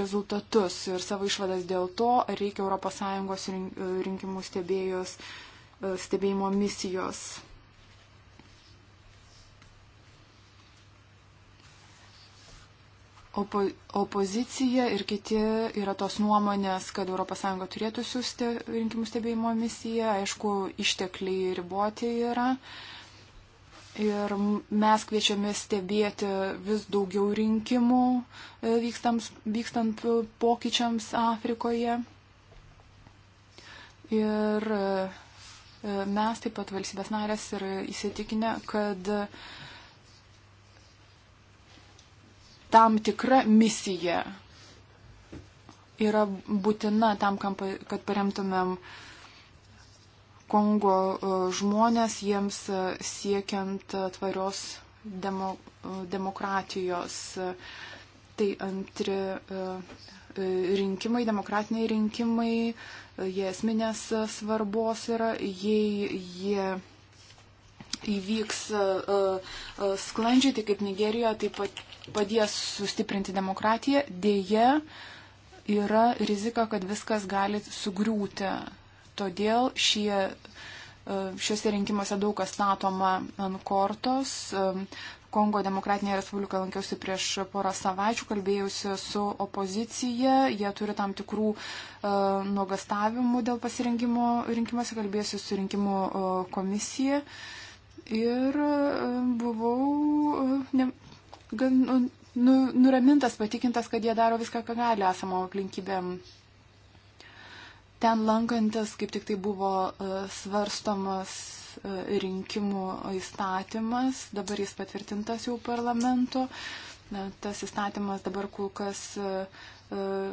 rezultatus ir savo išvadas dėl to, ar reikia ES rinkimų stebėjos, uh, stebėjimo misijos. opo, opozicija ir kiti yra tos nuomonės, kad ES turėtų siūsti rinkimų stebėjimo misiją. Aišku, ištekliai riboti yra. Ir mes kviečiame stebėti vis daugiau rinkimų e, vykstams, vykstant pokyčiams Afrikoje. Ir e, e, mes taip pat valstybės narės yra įsitikinę, kad uh, tam tikra misija yra būtina tam, kad paremtumėm Kongo e, žmonės jiems e, siekiant e, tvarios demo, demokratijos. Tai antri rinkimai, demokratiniai rinkimai, jie esminės svarbos yra, jei jie įvyks sklandžiai, tai kaip Nigerijoje, taip pat padės sustiprinti demokratiją, dėje yra rizika, kad viskas gali sugriūti. Todėl šie, e, šiuose rinkimuose daug kas statoma ant kortos. E, Kongo Demokratinėje Respublikoje lankiausi prieš porą savaičių, kalbėjausi su opozicija, jie turi tam tikrų uh, nuogastavimų dėl pasirinkimo rinkimuose, kalbėjausi su rinkimų uh, komisija. Ir uh, buvau uh, ne, gan nu, nu, nuramintas, patikintas, kad jie daro viską, ką gali esamo aplinkybėm. Ten lankantis kaip tik tai buvo uh, svarstomas e, rinkimų įstatymas, dabar jis patvirtintas jau parlamento. Na, tas įstatymas dabar kol kas uh, E,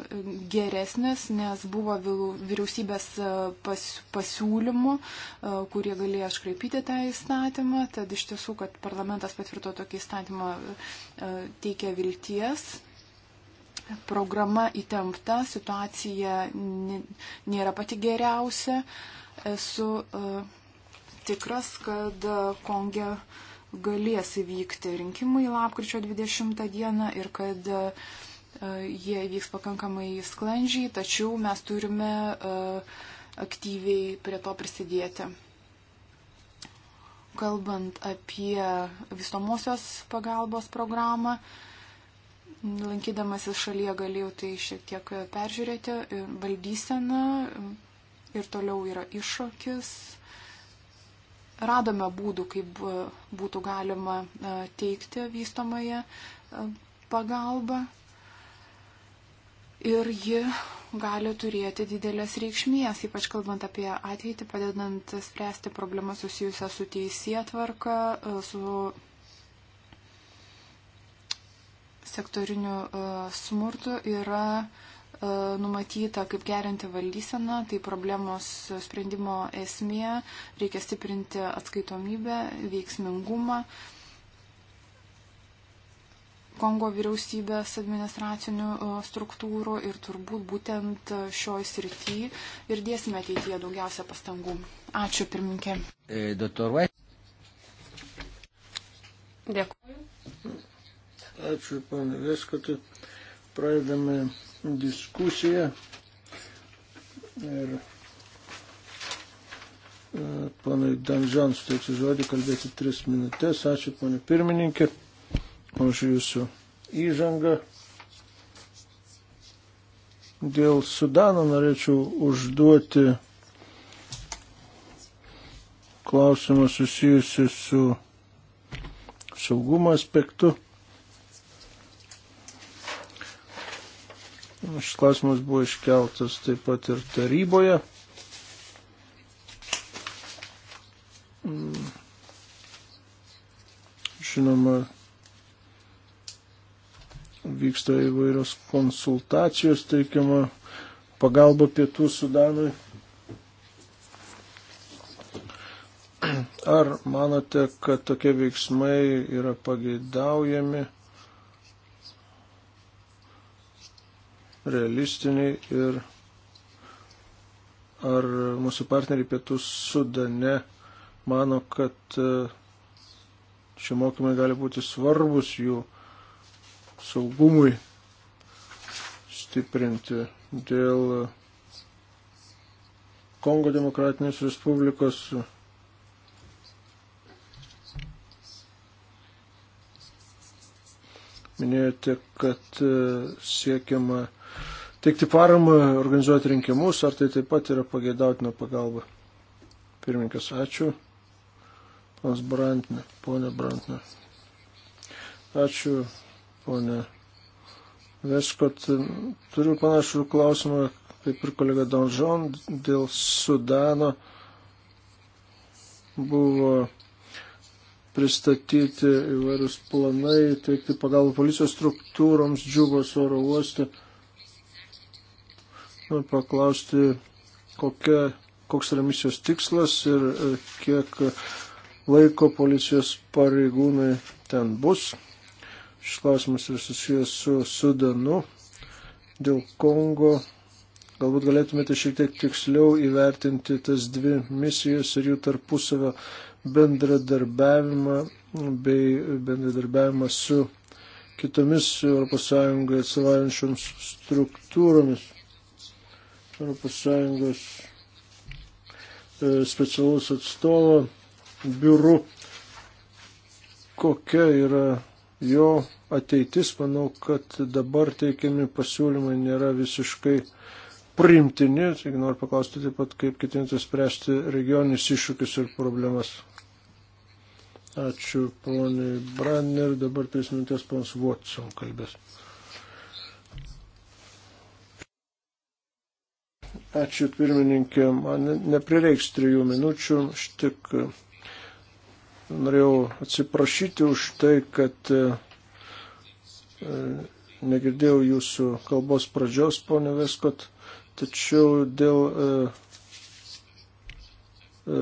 geresnis, nes buvo vyriausybės e, pasiūlymų, e, kurie galėjo iškraipyti tą įstatymą. Tad iš tiesų, kad parlamentas patvirto tokį įstatymą, teikia vilties. Programa įtempta, situacija nėra pati geriausia. Esu tikras, kad Konge galės įvykti rinkimai lapkričio 20 dieną ir kad uh, E, jie vyks pakankamai sklandžiai, tačiau mes turime e, aktyviai prie to prisidėti. Kalbant apie visomosios pagalbos programą, lankydamasis šalyje galėjau tai šiek tiek peržiūrėti. E, valdysena ir toliau yra iššūkis. Radome būdų, kaip būtų galima teikti vystomąją pagalbą ir ji gali turėti didelės reikšmės, ypač kalbant apie ateitį, padedant spręsti problemas susijusią su teisėtvarka, su sektoriniu e, smurtu yra e, numatyta, kaip gerinti valdyseną, tai problemos sprendimo esmė, reikia stiprinti atskaitomybę, veiksmingumą, Kongo vyriausybės administracinių e, struktūrų ir turbūt būtent e, šioj srity ir dėsime ateityje daugiausia pastangų. Ačiū, pirminkė. E, Doktoruoj. Dėkuoju. Ačiū, pana Veskotui. Pradedame diskusiją. Ir panai Danžans, tai žodį kalbėti tris minutės. Ačiū, pana pirmininkė už jūsų įžangą. Dėl Sudano norėčiau užduoti klausimą susijusi su saugumo aspektu. Šis klausimas buvo iškeltas taip pat ir taryboje. Žinoma, vyksta įvairios konsultacijos teikiama pagalba pietų Sudanui. Ar manote, kad tokie veiksmai yra pageidaujami, realistiniai ir ar mūsų partneriai pietų Sudane mano, kad e, šie mokymai gali būti svarbus jų saugumui stiprinti dėl Kongo Demokratinės Respublikos minėjote, kad e, siekiama teikti paramą, organizuoti rinkimus, ar tai taip pat yra pageidautina pagalba? Pirmininkas, ačiū. Ponas Brantinė, ponė Brantinė. Ačiū ponė Veškot. Turiu panašų klausimą, kaip ir kolega Donžon, dėl Sudano buvo pristatyti įvairius planai, teikti pagalbą policijos struktūroms džiugos oro uoste. Noriu paklausti, kokia, koks yra misijos tikslas ir e, kiek laiko policijos pareigūnai ten bus. Šis klausimas yra susijęs su Sudanu. Dėl Kongo galbūt galėtumėte šiek tiek tiksliau įvertinti tas dvi misijas ir jų tarpusavio bendradarbiavimą bei bendradarbiavimą su kitomis ES atsivaujančioms struktūromis. ES e, specialus atstovo biuru, kokia yra jo ateitis, manau, kad dabar teikiami pasiūlymai nėra visiškai priimtini. Taigi noriu paklausti taip pat, kaip ketinti spręsti regioninis iššūkis ir problemas. Ačiū poniai Branner, dabar tris minutės pons Watson kalbės. Ačiū pirmininkė, man neprireiks trijų minučių, štik norėjau atsiprašyti už tai, kad e, e, negirdėjau jūsų kalbos pradžios, ponė Veskot, tačiau dėl e, e,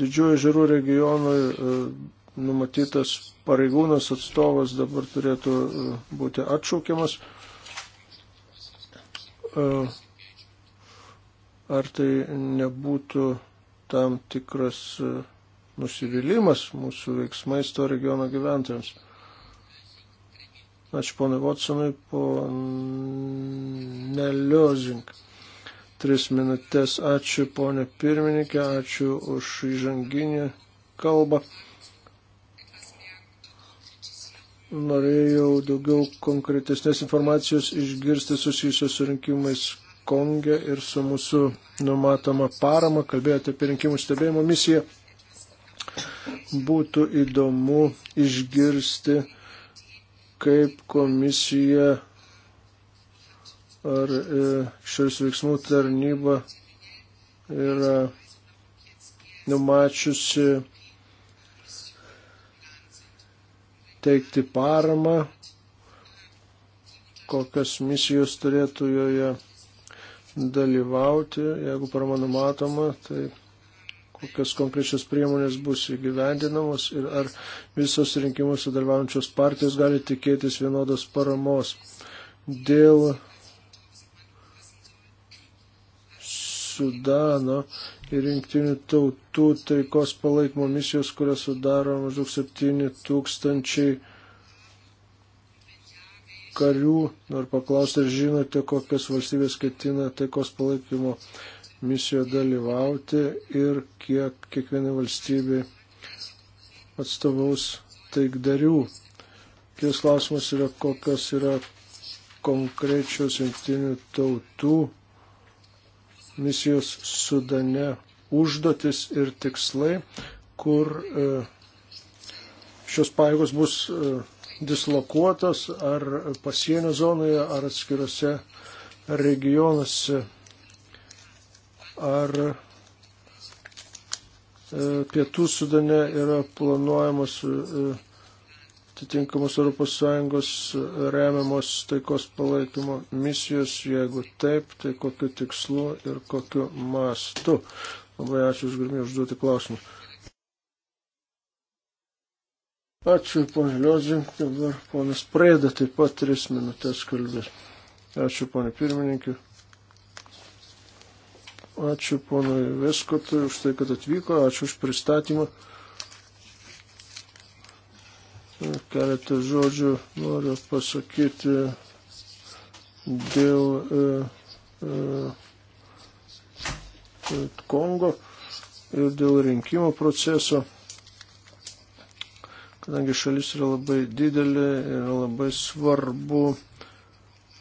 didžiųjų žirų regionui e, numatytas pareigūnas atstovas dabar turėtų e, būti atšaukiamas. E, ar tai nebūtų tam tikras e, nusivylimas mūsų veiksmais to regiono gyventojams. Ačiū ponui Watsonui, ponė Liozink. Tris minutės. Ačiū ponė pirmininkė, ačiū už įžanginį kalbą. Norėjau daugiau konkretesnės informacijos išgirsti susijusios su rinkimais Konge ir su mūsų numatoma parama. Kalbėjote apie rinkimų stebėjimo misiją. Būtų įdomu išgirsti, kaip komisija ar e, šios veiksmų tarnyba yra numačiusi teikti paramą, kokias misijos turėtų joje dalyvauti, jeigu parama numatoma, tai kokios konkrečios priemonės bus įgyvendinamos ir ar visos rinkimus sudalyvaujančios partijos gali tikėtis vienodos paramos. Dėl Sudano ir rinktinių tautų taikos palaikymo misijos, kurias sudaro maždaug 7 tūkstančiai karių. Noriu paklausti, ar žinote, kokias valstybės ketina taikos palaikymo misijos misijoje dalyvauti ir kiek kiekviena valstybė atstovaus taikdarių. Kies klausimas yra, kokios yra konkrečios jungtinių tautų misijos sudane užduotis ir tikslai, kur e, šios paėgos bus e, dislokuotos ar pasienio zonoje, ar atskirose regionuose ar e, Pietų Sudane yra planuojamos e, atitinkamos ES remiamos taikos palaikymo misijos, jeigu taip, tai kokiu tikslu ir kokiu mastu. Labai ačiū už galimybę užduoti klausimą. Ačiū, ponė Liozin, dabar ponas Prėda taip pat tris minutės kalbės. Ačiū, ponė pirmininkė. Ačiū ponui Veskotui už tai, kad atvyko, ačiū už pristatymą. Keletą žodžių noriu pasakyti dėl e, e, Kongo ir dėl rinkimo proceso kadangi šalis yra labai didelė, yra labai svarbu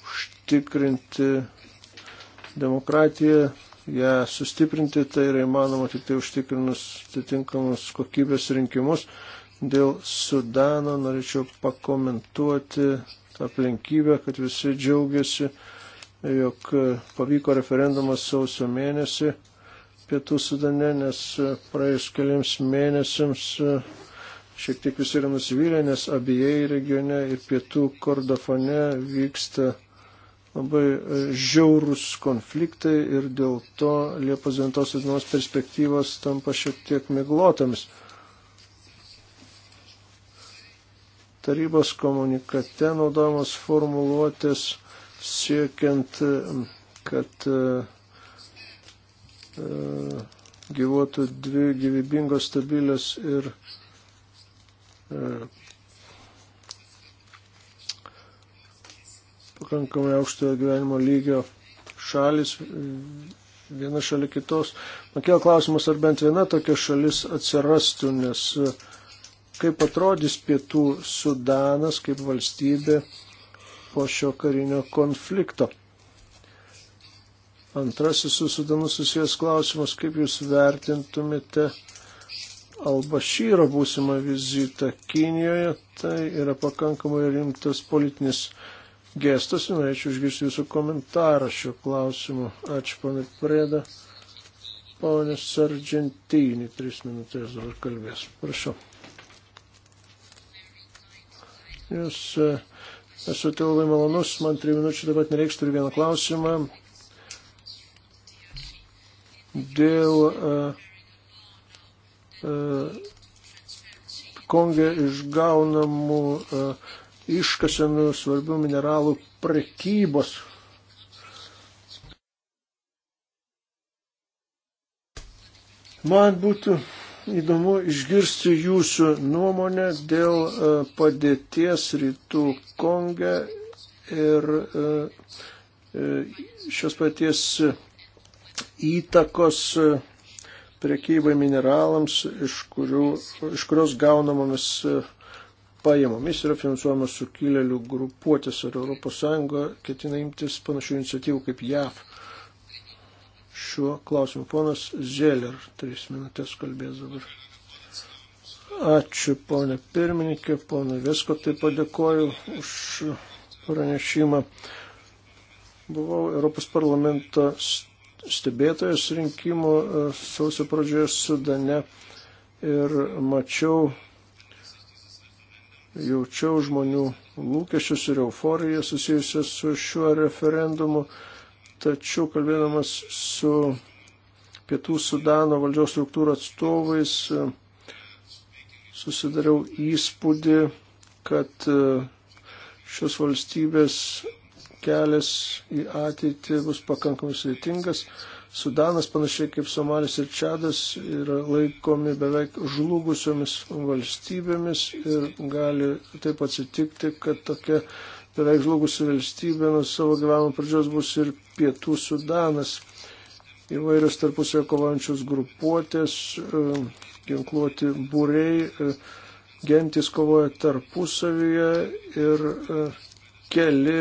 užtikrinti demokratiją ją sustiprinti, tai yra įmanoma tik tai užtikrinus atitinkamus kokybės rinkimus. Dėl Sudano norėčiau pakomentuoti aplinkybę, kad visi džiaugiasi, jog pavyko referendumas sausio mėnesį pietų sudane, nes praėjus keliams mėnesiams šiek tiek visi yra nusivylę, nes abiejai regione ir pietų Kordofane vyksta labai e, žiaurūs konfliktai ir dėl to Liepos 9 dienos perspektyvos tampa šiek tiek miglotomis. Tarybos komunikate naudojamos formuluotės siekiant, e, kad e, gyvuotų dvi gyvybingos, stabilios ir pakankamai aukšto gyvenimo lygio šalis viena šalia kitos. Man kėl klausimas, ar bent viena tokia šalis atsirastų, nes e, kaip atrodys pietų Sudanas kaip valstybė po šio karinio konflikto. Antrasis su Sudanu susijęs klausimas, kaip jūs vertintumėte Albašyro būsimą vizitą Kinijoje, tai yra pakankamai rimtas politinis gestas, norėčiau išgirsti jūsų komentarą šiuo klausimu. Ačiū, ponai Prėda. Pone Sargentinį, tris minutės dabar kalbės. Prašau. Jūs e, esate labai malonus, man trijų minučių taip pat nereiks, turiu vieną klausimą. Dėl uh, uh, Konge išgaunamų uh, iškasenų svarbių mineralų prekybos. Man būtų įdomu išgirsti jūsų nuomonę dėl e, padėties rytų Konge ir e, e, šios paties įtakos prekybai mineralams, iš, kurių, iš kurios gaunamomis pajamomis yra finansuojamas sukilėlių grupuotės ir ES ketina imtis panašių iniciatyvų kaip JAV. Šiuo klausimu ponas Zeller, tris minutės kalbės dabar. Ačiū ponė pirmininkė, ponė Vesko, taip padėkoju už pranešimą. Buvau Europos parlamento stebėtojas rinkimų e, sausio pradžioje Sudane ir mačiau jaučiau žmonių lūkesčius ir euforiją susijusią su šiuo referendumu, tačiau kalbėdamas su Pietų Sudano valdžios struktūrų atstovais susidariau įspūdį, kad e, šios valstybės kelias į ateitį bus pakankamai sveitingas. Sudanas, panašiai kaip Somalis ir Čadas, yra laikomi beveik žlugusiomis valstybėmis ir gali taip atsitikti, kad tokia beveik žlugusi valstybė nuo savo gyvenimo pradžios bus ir pietų Sudanas. Įvairios tarpusio kovojančios grupuotės, e, ginkluoti būrei, e, gentis kovoja tarpusavyje ir e, keli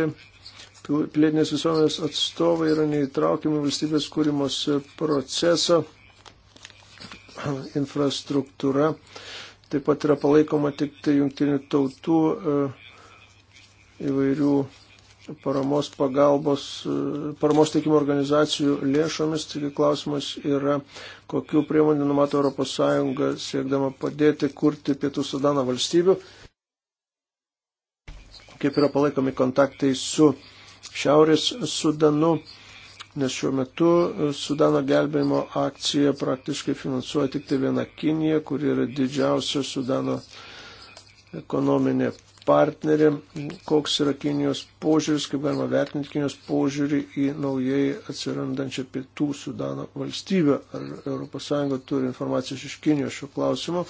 pilietinės visuomenės atstovai yra neįtraukiami valstybės kūrimos proceso (clears throat) infrastruktūra. Taip pat yra palaikoma tik tai jungtinių tautų e, įvairių paramos pagalbos, e, paramos teikimo organizacijų lėšomis. Taigi klausimas yra, kokiu priemonių numato ES siekdama padėti kurti Pietų Sudano valstybių, kaip yra palaikomi kontaktai su uh, Šiaurės Sudanu, nes šiuo metu e, Sudano gelbėjimo akciją praktiškai finansuoja tik tai viena Kinija, kuri yra didžiausia Sudano ekonominė partnerė, koks yra Kinijos požiūris, kaip galima vertinti Kinijos požiūrį į naujai atsirandančią pietų Sudano valstybę. Ar ES turi informacijos iš Kinijos šiuo klausimu?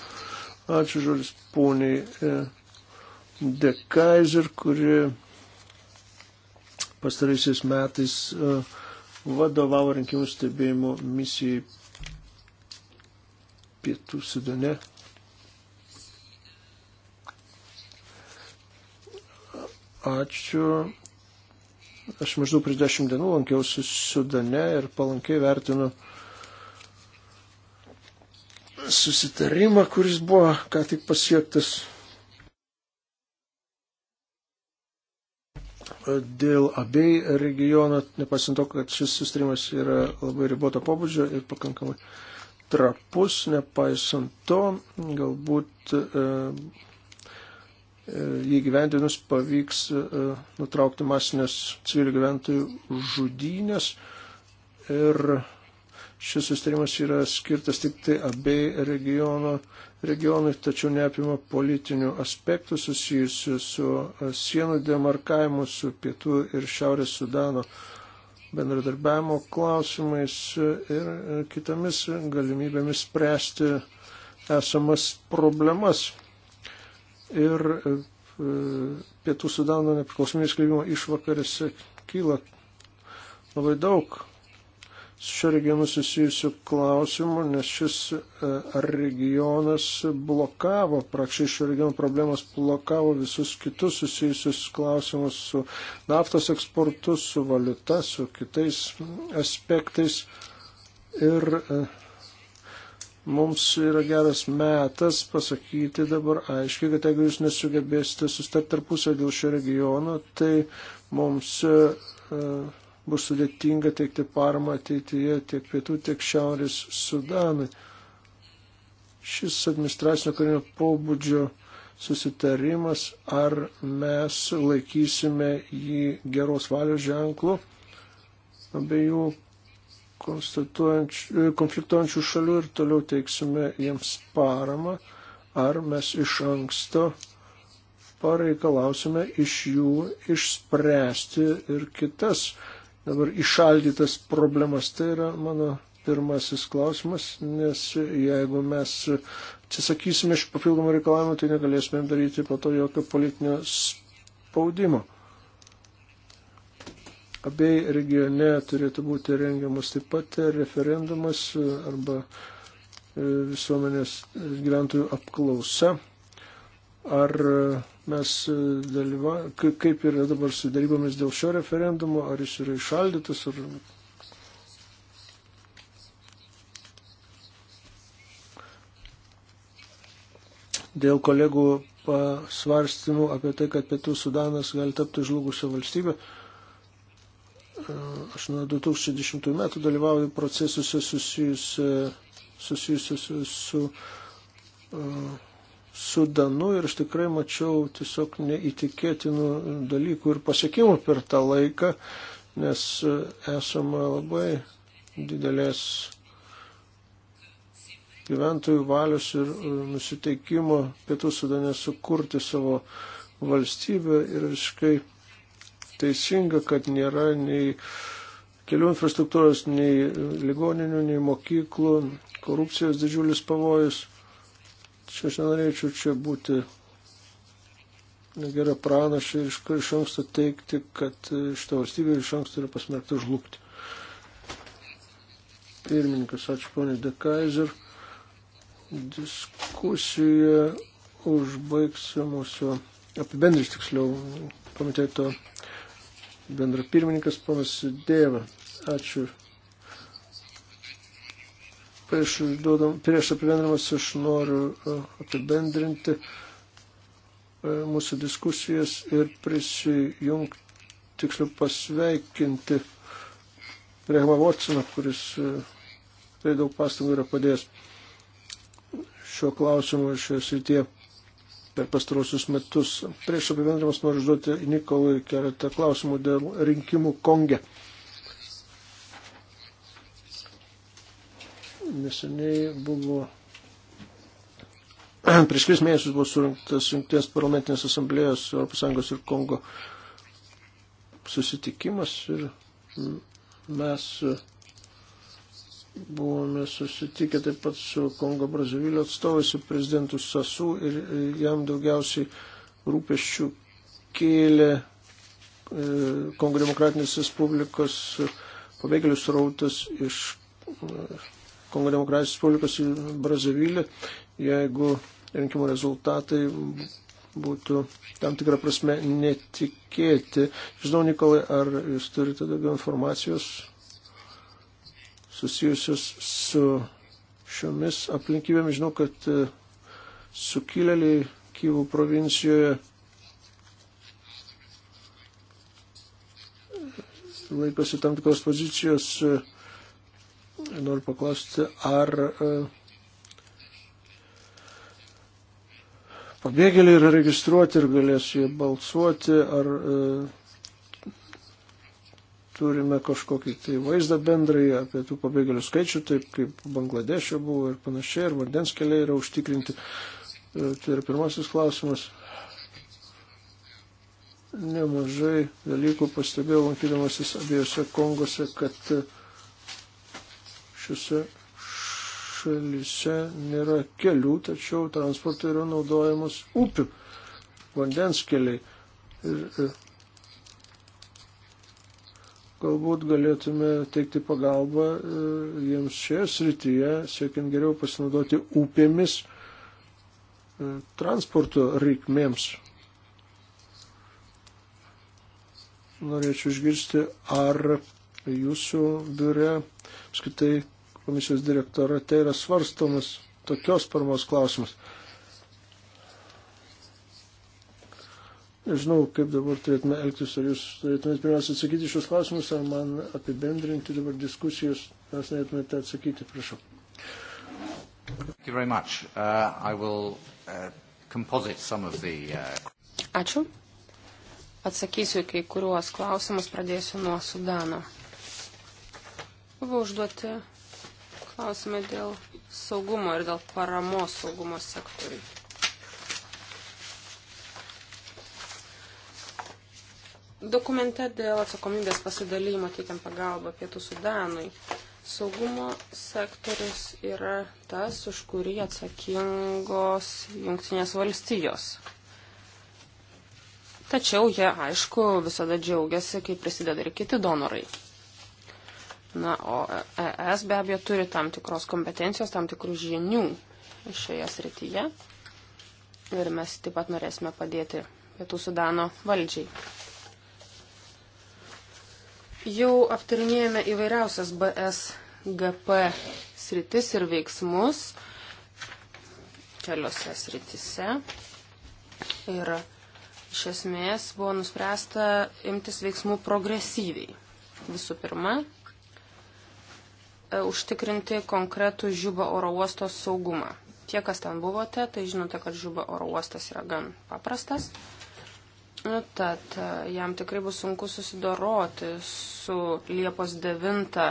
Ačiū žodis poniai e, Dekaiser, kuri pastaraisiais metais e, vadovavo rinkimų stebėjimo misijai Pietų Sudane. Ačiū. Aš maždaug prieš dešimt dienų lankiausi Sudane ir palankiai vertinu susitarimą, kuris buvo ką tik pasiektas dėl abiej regiono, nepasinto, kad šis sustarimas yra labai riboto pobūdžio ir pakankamai trapus, nepaisant to, galbūt e, e, jį gyvendinus pavyks e, nutraukti masinės civilių gyventojų žudynės ir Šis sustarimas yra skirtas tik tai abiej regiono, regionui, tačiau neapima politinių aspektų susijusių su e, sienų demarkavimu, su pietų ir šiaurės Sudano bendradarbiavimo klausimais ir e, kitomis galimybėmis spręsti esamas problemas. Ir e, pietų Sudano nepriklausomybės klyvimo išvakarėse kyla labai daug su šio regionu susijusių klausimų, nes šis e, regionas blokavo, prakščiai šio regiono problemas blokavo visus kitus susijusius klausimus su naftos eksportu, su valiuta, su kitais aspektais. Ir e, mums yra geras metas pasakyti dabar aiškiai, kad jeigu jūs nesugebėsite sustarti tarpusą dėl šio regiono, tai mums. Uh, bus sudėtinga teikti paramą ateityje tiek pietų, tiek šiaurės Sudanui. Šis administracinio karinio pobūdžio susitarimas, ar mes laikysime jį geros valios ženklu abiejų konfliktuojančių šalių ir toliau teiksime jiems paramą, ar mes iš anksto pareikalausime iš jų išspręsti ir kitas dabar išaldytas problemas. Tai yra mano pirmasis klausimas, nes jeigu mes atsisakysime iš papildomų reikalavimų, tai negalėsime daryti po to jokio politinio spaudimo. Abiej regione turėtų būti rengiamas taip pat referendumas arba e, visuomenės gyventojų apklausa, ar mes e, dalyva, kaip yra dabar su darybomis dėl šio referendumo, ar jis yra išaldytas, ar. Dėl kolegų pasvarstymų apie tai, kad Pietų Sudanas gali tapti žlugusią valstybę, e, aš nuo 2010 metų dalyvauju procesuose susijusiuose su. su, su, su, su Sudanu ir aš tikrai mačiau tiesiog neįtikėtinų dalykų ir pasiekimų per tą laiką, nes e, esame labai didelės gyventojų valios ir e, nusiteikimo pietų sudane sukurti savo valstybę ir visiškai teisinga, kad nėra nei kelių infrastruktūros, nei ligoninių, nei mokyklų, korupcijos didžiulis pavojus. Čia aš nenorėčiau čia būti negera pranašai ir iš, iš anksto teikti, kad šitą valstybę iš anksto yra pasmerkta žlugti. Pirmininkas, ačiū ponė Dekaiser. Diskusiją užbaigsiu mūsų apibendris tiksliau komiteto bendrapirmininkas ponas Dėva. Ačiū Prieš, duodam, prieš apibendrimas aš noriu e, apibendrinti e, mūsų diskusijas ir prisijungti, tiksliau pasveikinti Rehma Watsoną, kuris e, tai daug pastangų yra padėjęs šio klausimo šioje srityje per pastarosius metus. Prieš apibendrimas noriu užduoti Nikolui keletą klausimų dėl rinkimų Konge. Neseniai buvo, (clears throat) prieš kelis mėnesius buvo surinktas Junktinės parlamentinės asamblėjos ES ir Kongo susitikimas ir mes buvome susitikę taip pat su Kongo Brazavilio atstovais, su prezidentu Sasu ir jam daugiausiai rūpeščių kėlė e, Kongo Demokratinės Respublikos pabėgėlių srautas iš Kongo Demokratijos Respublikos į Brazavilį, jeigu rinkimų rezultatai būtų tam tikrą prasme netikėti. Žinau, Nikolai, ar jūs turite daugiau informacijos susijusios su šiomis aplinkybėmis? Žinau, kad e, sukilėliai Kyvų provincijoje e, laikosi tam tikros pozicijos e, noriu paklausti, ar e, pabėgėliai yra registruoti ir galės jie balsuoti, ar e, turime kažkokį tai vaizdą bendrai apie tų pabėgėlių skaičių, taip kaip Bangladešio buvo ir panašiai, ir vandens keliai yra užtikrinti. E, tai yra pirmasis klausimas. Nemažai dalykų pastebėjau lankydamasis abiejose Kongose, kad šiuose šalyse nėra kelių, tačiau transportui yra naudojamos upių, vandens keliai. Ir e, galbūt galėtume teikti pagalbą e, jiems šioje srityje, siekiant geriau pasinaudoti upėmis e, transporto reikmėms. Norėčiau išgirsti, ar jūsų biure apskritai komisijos direktorate yra svarstomas tokios paramos klausimas. Nežinau, kaip dabar turėtume elgtis, ar jūs turėtumėte pirmiausia atsakyti šios klausimus, ar man apibendrinti dabar diskusijos, mes norėtumėte atsakyti, prašau. Uh, uh, uh, Ačiū. Atsakysiu kai kuriuos klausimus, pradėsiu nuo Sudano. Buvo užduoti Klausime dėl saugumo ir dėl paramos saugumo sektoriui. Dokumente dėl atsakomybės pasidalymo teikiant pagalbą Pietų Sudanui. Saugumo sektorius yra tas, už kurį atsakingos jungtinės valstijos. Tačiau jie, aišku, visada džiaugiasi, kai prisideda ir kiti donorai. Na, o ES be abejo turi tam tikros kompetencijos, tam tikrų žinių šioje srityje. Ir mes taip pat norėsime padėti Pietų Sudano valdžiai. Jau aptarinėjome įvairiausias BSGP sritis ir veiksmus keliose sritise. Ir iš esmės buvo nuspręsta imtis veiksmų progresyviai. Visų pirma, E, užtikrinti konkretų žybo oro uosto saugumą. Tie, kas ten buvote, tai žinote, kad žybo oro uostas yra gan paprastas. Nu, tad e, jam tikrai bus sunku susidoroti su Liepos 9 e,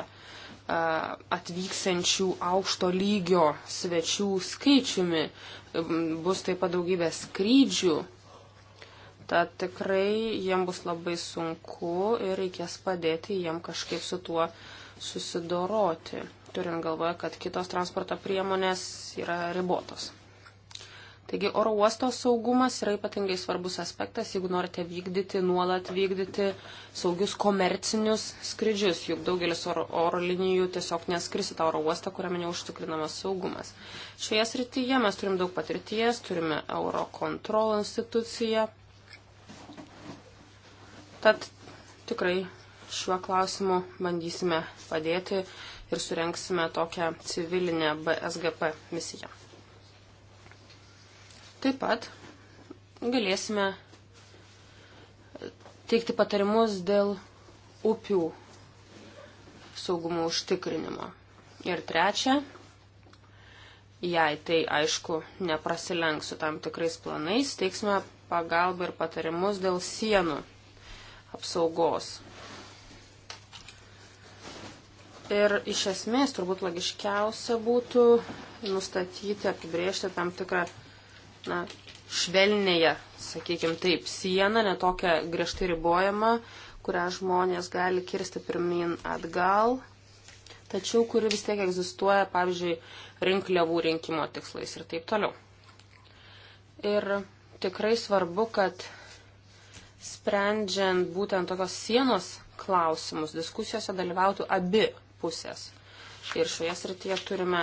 atvyksiančių aukšto lygio svečių skaičiumi. Bus taip pat daugybė skrydžių. Tad tikrai jiem bus labai sunku ir reikės padėti jiem kažkaip su tuo uh, susidoroti, turint galvoje, kad kitos transporto priemonės yra ribotos. Taigi oro uosto saugumas yra ypatingai svarbus aspektas, jeigu norite vykdyti, nuolat vykdyti saugius komercinius skrydžius, juk daugelis oro, oro linijų tiesiog neskris į tą oro uostą, kuriame neužtikrinamas saugumas. Šioje srityje mes turim daug patirties, turime Eurocontrol instituciją. Tad tikrai šiuo klausimu, bandysime padėti ir surenksime tokią civilinę BSGP misiją. Taip pat galėsime teikti patarimus dėl upių saugumo užtikrinimo. Ir trečia, jei tai aišku neprasilenks su tam tikrais planais, teiksime pagalbą ir patarimus dėl sienų apsaugos. Ir iš esmės turbūt logiškiausia būtų nustatyti, apibriežti tam tikrą na, švelnėje, sakykime taip, sieną, netokią griežtai ribojamą, kurią žmonės gali kirsti pirmin atgal, tačiau kuri vis tiek egzistuoja, pavyzdžiui, rinkliavų rinkimo tikslais ir taip toliau. Ir tikrai svarbu, kad sprendžiant būtent tokios sienos klausimus diskusijose dalyvautų abi pusės. Ir šioje srityje turime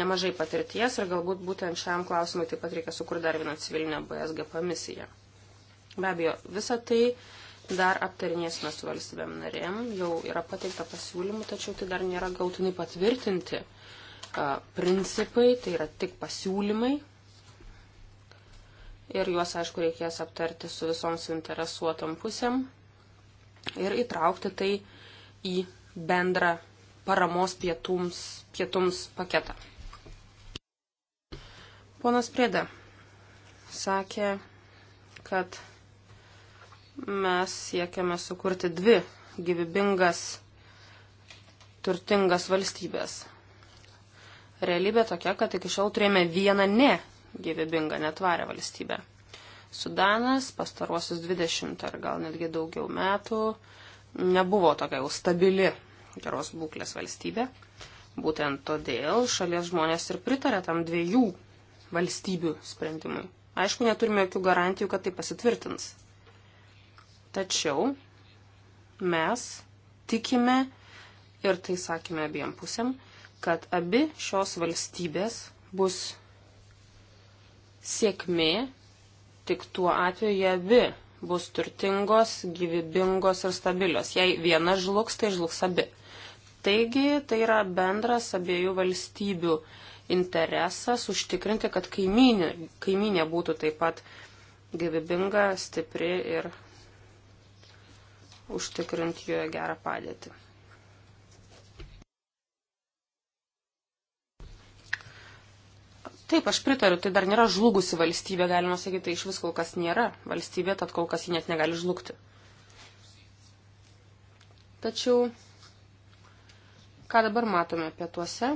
nemažai patirties ir galbūt būtent šiam klausimui taip pat reikia sukurti dar vieną civilinę BSGP misiją. Be abejo, visą tai dar aptarinėsime su valstybėm narėm, jau yra pateikta pasiūlymų, tačiau tai dar nėra gautinai patvirtinti principai, tai yra tik pasiūlymai. Ir juos, aišku, reikės aptarti su visom suinteresuotom pusėm ir įtraukti tai į bendrą paramos pietums, pietums paketą. Ponas Prieda sakė, kad mes siekiame sukurti dvi gyvybingas, turtingas valstybės. Realybė tokia, kad iki šiol turėjome vieną ne gyvybingą, netvarę valstybę. Sudanas pastaruosius 20 ar gal netgi daugiau metų nebuvo tokia jau stabili geros būklės valstybė. Būtent todėl šalies žmonės ir pritarė tam dviejų valstybių sprendimui. Aišku, neturime jokių garantijų, kad tai pasitvirtins. Tačiau mes tikime ir tai sakėme abiem pusėm, kad abi šios valstybės bus sėkmė tik tuo atveju, jei abi bus turtingos, gyvybingos ir stabilios. Jei viena žlugs, tai žlugs abi. Taigi tai yra bendras abiejų valstybių interesas užtikrinti, kad kaiminė, kaiminė būtų taip pat gyvybinga, stipri ir užtikrinti joje gerą padėtį. Taip, aš pritariu, tai dar nėra žlugusi valstybė, galima sakyti, tai iš vis kol kas nėra valstybė, tad kol kas ji net negali žlugti. Tačiau Ką dabar matome pietuose?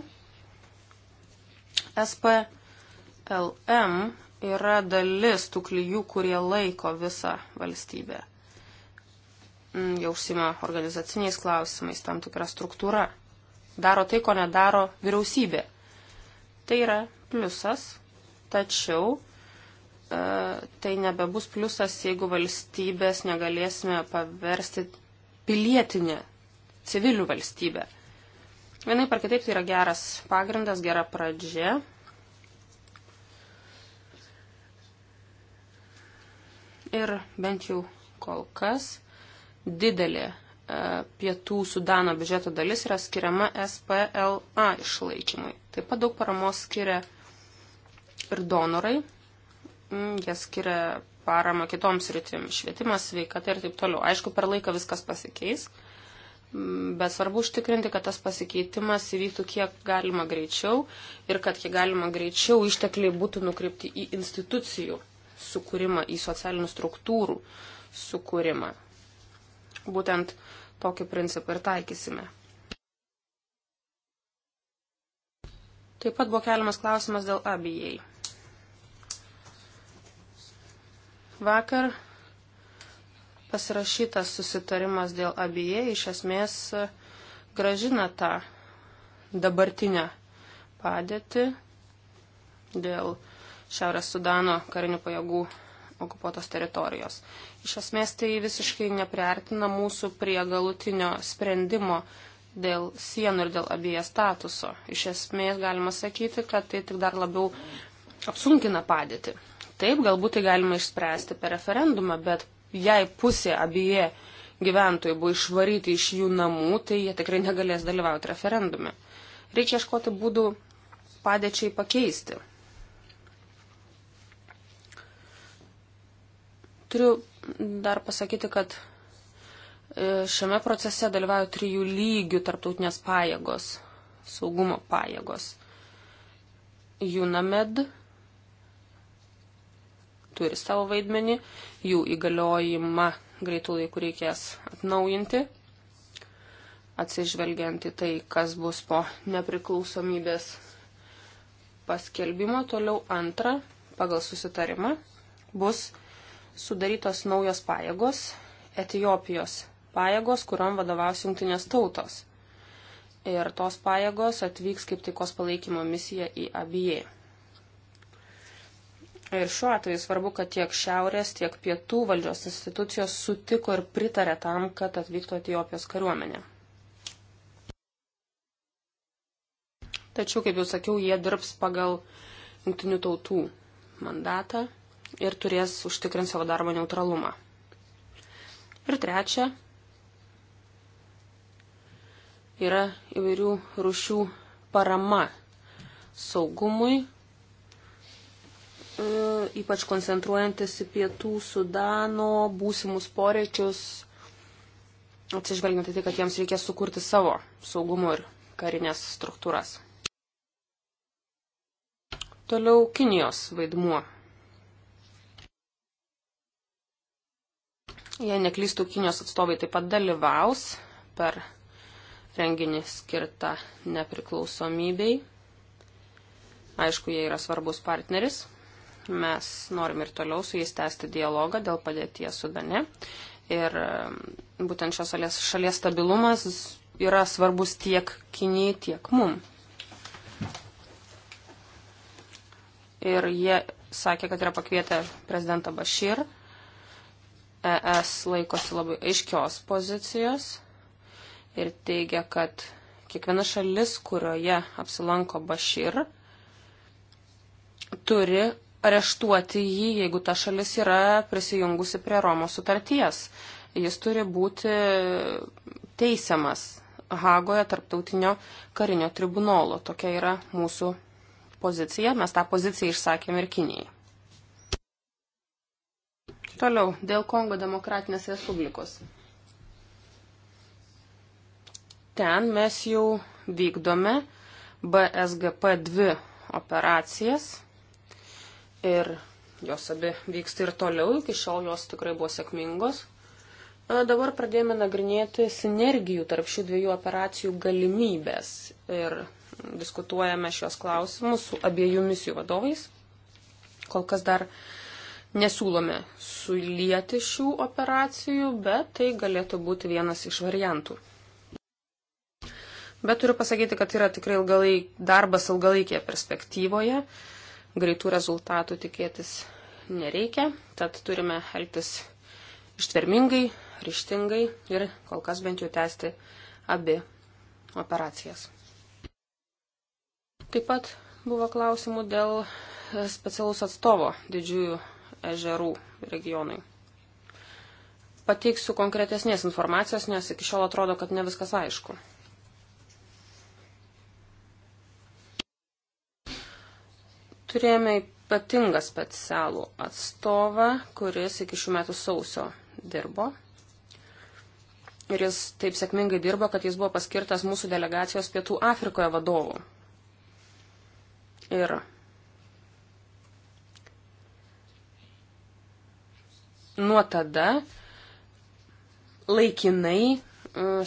SPLM yra dalis tų klyjų, kurie laiko visą valstybę. Mm, Jau užsima organizaciniais klausimais, tam tikra struktūra. Daro tai, ko nedaro vyriausybė. Tai yra pliusas, tačiau e, tai nebebus pliusas, jeigu valstybės negalėsime paversti pilietinę civilių valstybę. Vienai par kitaip tai yra geras pagrindas, gera pradžia. Ir bent jau kol kas didelė e, pietų Sudano biudžeto dalis yra skiriama SPLA išlaikymui. Taip pat daug paramos skiria ir donorai. Mm, jie skiria paramą kitoms rytims - švietimas, sveikata ir taip toliau. Aišku, per laiką viskas pasikeis. Mm, bet svarbu užtikrinti, kad tas pasikeitimas įvyktų kiek galima greičiau ir kad kiek galima greičiau ištekliai būtų nukreipti į institucijų sukūrimą, į socialinių struktūrų sukūrimą. Būtent tokį principą ir taikysime. Taip pat buvo keliamas klausimas dėl abijai. Vakar pasirašytas susitarimas dėl abie iš esmės gražina tą dabartinę padėtį dėl Šiaurės Sudano karinių pajėgų okupuotos teritorijos. Iš esmės tai visiškai nepriartina mūsų prie galutinio sprendimo dėl sienų ir dėl abieje statuso. Iš esmės galima sakyti, kad tai tik dar labiau apsunkina padėtį. Taip, galbūt tai galima išspręsti per referendumą, bet jei pusė abie gyventojų buvo išvaryti iš jų namų, tai jie tikrai negalės dalyvauti referendume. Reikia ieškoti būdų padėčiai pakeisti. Turiu dar pasakyti, kad e, šiame procese dalyvauja trijų lygių tarptautinės pajėgos, saugumo pajėgos. UNAMED, turi savo vaidmenį, jų įgaliojimą greitų laikų reikės atnaujinti, atsižvelgiant į tai, kas bus po nepriklausomybės paskelbimo. Toliau antra, pagal susitarimą, bus sudarytos naujos pajėgos, Etijopijos pajėgos, kuriam vadovaus jungtinės tautos. Ir tos pajėgos atvyks kaip taikos palaikymo misija į Abijai. Ir šiuo atveju svarbu, kad tiek šiaurės, tiek pietų valdžios institucijos sutiko ir pritarė tam, kad atvyktų Etijopijos kariuomenė. Tačiau, kaip jau sakiau, jie dirbs pagal jungtinių tautų mandatą ir turės užtikrinti savo darbo neutralumą. Ir trečia, yra įvairių rušių parama saugumui E, ypač koncentruojantis į pietų Sudano būsimus poreikius, atsižvelgiant į tai, kad jiems reikės sukurti savo saugumo ir karinės struktūras. Toliau Kinijos vaidmuo. Jei neklystų, Kinijos atstovai taip pat dalyvaus per renginį skirtą nepriklausomybei. Aišku, jie yra svarbus partneris Mes norim ir toliau su jais tęsti dialogą dėl padėties Sudane. Ir būtent šios šalies, šalies stabilumas yra svarbus tiek Kinijai, tiek mum. Ir jie sakė, kad yra pakvietę prezidentą Bashir. ES laikosi labai aiškios pozicijos ir teigia, kad kiekviena šalis, kurioje apsilanko Bashir, turi areštuoti jį, jeigu ta šalis yra prisijungusi prie Romos sutarties. Jis turi būti teisiamas Hagoje tarptautinio karinio tribunolo. Tokia yra mūsų pozicija. Mes tą poziciją išsakėm ir Kinijai. Toliau, dėl Kongo demokratinės respublikos. Ten mes jau vykdome BSGP 2 operacijas Ir jos abi vyksta ir toliau, iki šiol jos tikrai buvo sėkmingos. Dabar pradėjome nagrinėti sinergijų tarp šių dviejų operacijų galimybės ir diskutuojame šios klausimus su abiejų misijų vadovais. Kol kas dar nesiūlome sulieti šių operacijų, bet tai galėtų būti vienas iš variantų. Bet turiu pasakyti, kad yra tikrai ilgalaik, darbas ilgalaikėje perspektyvoje greitų rezultatų tikėtis nereikia, tad turime elgtis ištvermingai, ryštingai ir kol kas bent jau tęsti abi operacijas. Taip pat buvo klausimų dėl specialus atstovo didžiųjų ežerų regionui. Pateiksiu konkretesnės informacijos, nes iki šiol atrodo, kad ne viskas aišku. Turėjome ypatingą specialų atstovą, kuris iki šių metų sausio dirbo. Ir jis taip sėkmingai dirbo, kad jis buvo paskirtas mūsų delegacijos Pietų Afrikoje vadovu. Ir nuo tada laikinai e,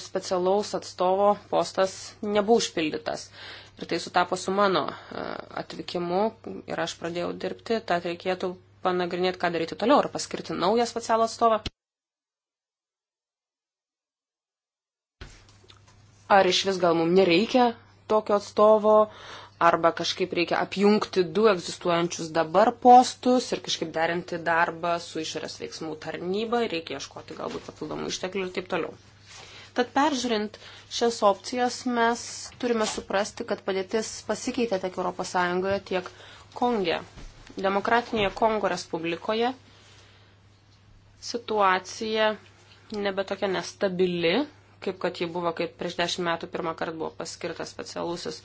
specialaus atstovo postas nebuvo užpildytas. Ir tai sutapo su mano e, atvykimu ir aš pradėjau dirbti, tad reikėtų panagrinėti, ką daryti toliau, ar paskirti naują specialų atstovą. Ar iš vis gal mums nereikia tokio atstovo, arba kažkaip reikia apjungti du egzistuojančius dabar postus ir kažkaip derinti darbą su išorės veiksmų tarnyba, reikia ieškoti galbūt papildomų išteklių ir taip toliau. Tad peržiūrint šias opcijas mes turime suprasti, kad padėtis pasikeitė tiek ES, tiek Konge. Demokratinėje Kongo Respublikoje situacija nebe tokia nestabili, kaip kad ji buvo, kaip prieš dešimt metų pirmą kartą buvo paskirtas specialusis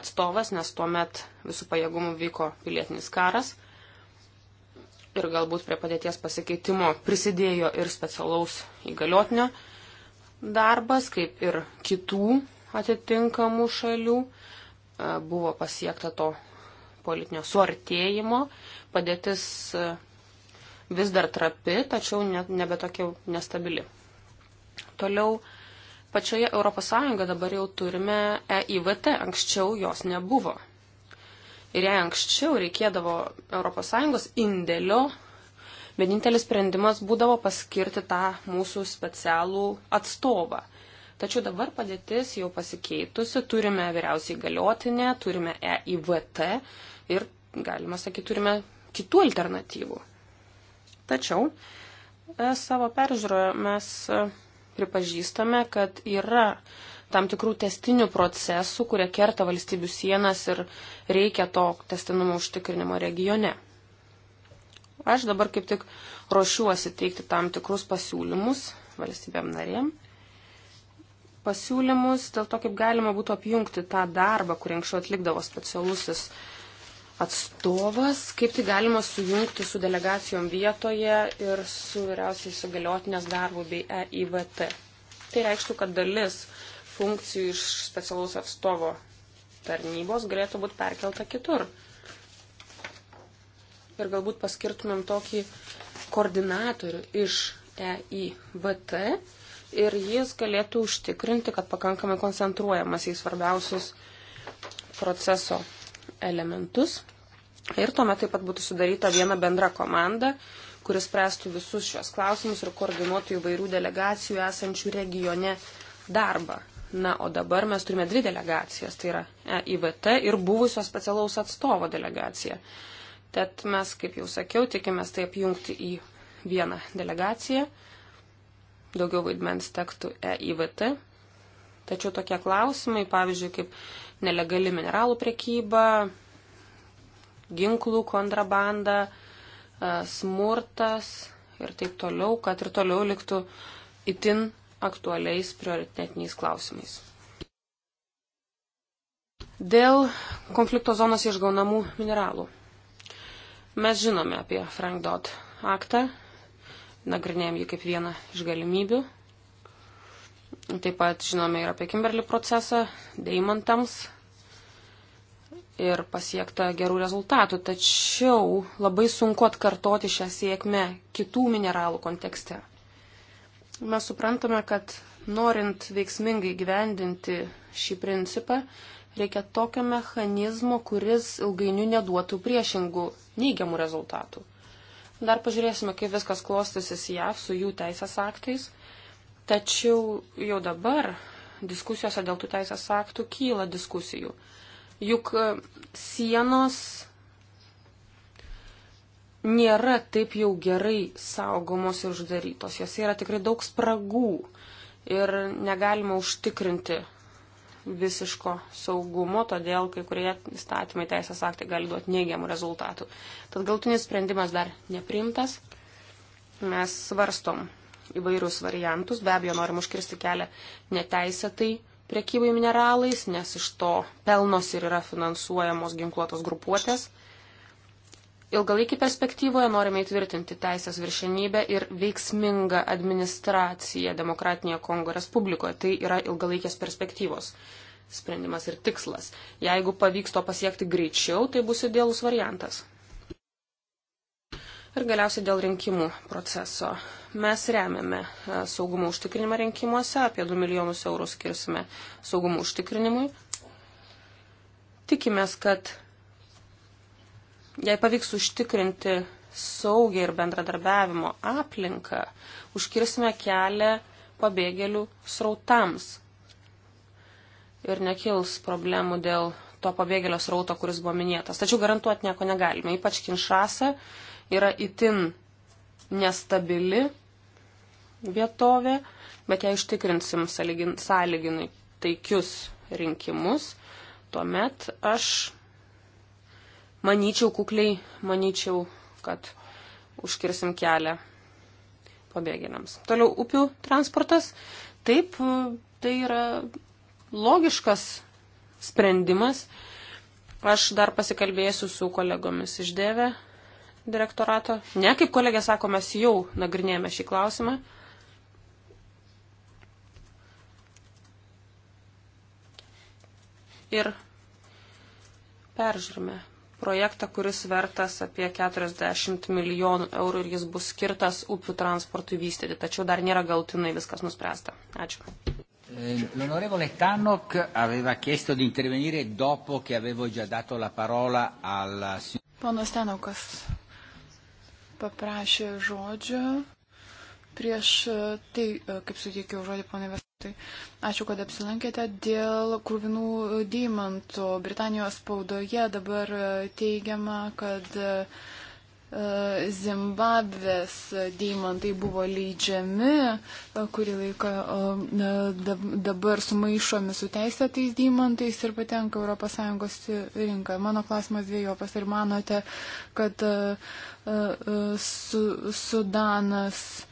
atstovas, nes tuo met visų pajėgumų vyko pilietinis karas. Ir galbūt prie padėties pasikeitimo prisidėjo ir specialaus įgaliotinio darbas, kaip ir kitų atitinkamų šalių. E, buvo pasiekta to politinio suartėjimo. Padėtis e, vis dar trapi, tačiau nebe tokia nestabili. Toliau pačioje ES dabar jau turime EIVT, anksčiau jos nebuvo. Ir jei anksčiau reikėdavo ES indėlio Vienintelis sprendimas būdavo paskirti tą mūsų specialų atstovą. Tačiau dabar padėtis jau pasikeitusi, turime vyriausiai galiotinę, turime EIVT ir, galima sakyti, turime kitų alternatyvų. Tačiau e, savo peržiūroje mes e, pripažįstame, kad yra tam tikrų testinių procesų, kurie kerta valstybių sienas ir reikia to testinumo užtikrinimo regione. Aš dabar kaip tik ruošiuosi teikti tam tikrus pasiūlymus valstybėm narėm. Pasiūlymus dėl to, kaip galima būtų apjungti tą darbą, kurį anksčiau atlikdavo specialusis atstovas, kaip tai galima sujungti su delegacijom vietoje ir su vyriausiai sugaliotinės darbu bei EIVT. Tai reikštų, kad dalis funkcijų iš specialaus atstovo tarnybos galėtų būti perkelta kitur ir galbūt paskirtumėm tokį koordinatorių iš EIVT ir jis galėtų užtikrinti, kad pakankamai koncentruojamas į svarbiausius proceso elementus. Ir tuomet taip pat būtų sudaryta viena bendra komanda, kuris spręstų visus šios klausimus ir koordinuotų įvairių delegacijų esančių regione darbą. Na, o dabar mes turime dvi delegacijas, tai yra EIVT ir buvusio specialaus atstovo delegacija. Tad mes, kaip jau sakiau, tikimės tai apjungti į vieną delegaciją. Daugiau vaidmens tektų EIVT. Tačiau tokie klausimai, pavyzdžiui, kaip nelegali mineralų prekyba, ginklų kontrabanda, e, smurtas ir taip toliau, kad ir toliau liktų itin aktualiais prioritetiniais klausimais. Dėl konflikto zonos išgaunamų mineralų. Mes žinome apie Frank Dodd aktą, nagrinėjom jį kaip vieną iš galimybių. Taip pat žinome ir apie Kimberly procesą, deimantams ir pasiekta gerų rezultatų, tačiau labai sunku atkartoti šią sėkmę kitų mineralų kontekste. Mes suprantame, kad norint veiksmingai gyvendinti šį principą, reikia tokio mechanizmo, kuris ilgainiui neduotų priešingų neigiamų rezultatų. Dar pažiūrėsime, kaip viskas klostysis JAV su jų teisės aktais, tačiau jau dabar diskusijose dėl tų teisės aktų kyla diskusijų. Juk e, sienos nėra taip jau gerai saugomos ir uždarytos. Jose yra tikrai daug spragų ir negalima užtikrinti visiško saugumo, todėl kai kurie įstatymai teisės aktai gali duoti neigiamų rezultatų. Tad galtinis sprendimas dar neprimtas. Mes svarstom įvairius variantus, be abejo norim užkirsti kelią neteisėtai priekybai mineralais, nes iš to pelnos ir yra finansuojamos ginkluotos grupuotės ilgalaikį perspektyvoje norime įtvirtinti teisės viršenybę ir veiksmingą administraciją Demokratinėje Kongo Respublikoje. Tai yra ilgalaikės perspektyvos sprendimas ir tikslas. Jeigu pavyks to pasiekti greičiau, tai bus idealus variantas. Ir galiausiai dėl rinkimų proceso. Mes remiame e, saugumo užtikrinimą rinkimuose, apie 2 milijonus eurų skirsime saugumo užtikrinimui. Tikimės, kad Jei pavyks užtikrinti saugią ir bendradarbiavimo aplinką, užkirsime kelią pabėgėlių srautams. Ir nekils problemų dėl to pabėgėlio srauto, kuris buvo minėtas. Tačiau garantuoti nieko negalime. Ypač Kinšasa yra itin nestabili vietovė, bet jei užtikrinsim sąlyginai taikius rinkimus, tuomet aš manyčiau kukliai, manyčiau, kad užkirsim kelią pabėgėliams. Toliau upių transportas. Taip, tai yra logiškas sprendimas. Aš dar pasikalbėsiu su kolegomis iš Dėvė direktorato. Ne, kaip kolegė sako, mes jau nagrinėjame šį klausimą. Ir peržiūrime projektą, kuris vertas apie 40 milijonų eurų ir jis bus skirtas upių transportui vystyti. Tačiau dar nėra galtinai viskas nuspręsta. Ačiū. Eh, l'onorevole Tannock aveva chiesto di intervenire dopo che avevo già dato la parola alla signora. Ponas Tenokas paprašė žodžio Prieš e, tai, e, kaip suteikiau žodį, ponai Vestai, ačiū, kad apsilankėte. Dėl krūvinų deimantų Britanijos spaudoje dabar e, teigiama, kad Zimbabvės deimantai buvo leidžiami, kurį laiką dabar sumaišomi su teisėtais deimantais ir patenka ES rinką. Mano klausimas dviejopas. Ir manote, kad Sudanas. Su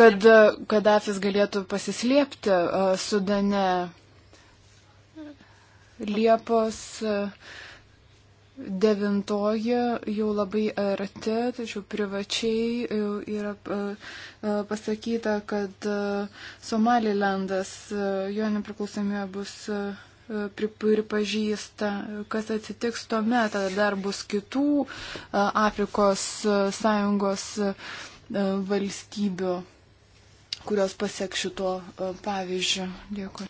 kad e, Kadafis galėtų pasislėpti e, Sudane Liepos 9 e, jau labai arti, tačiau privačiai yra pasakyta, kad Somalilandas, jo nepriklausomybė bus pripažįsta, kas atsitiks tuomet, tada dar bus kitų Afrikos sąjungos E, valstybių, kurios pasiek šito e, pavyzdžio. Dėkui.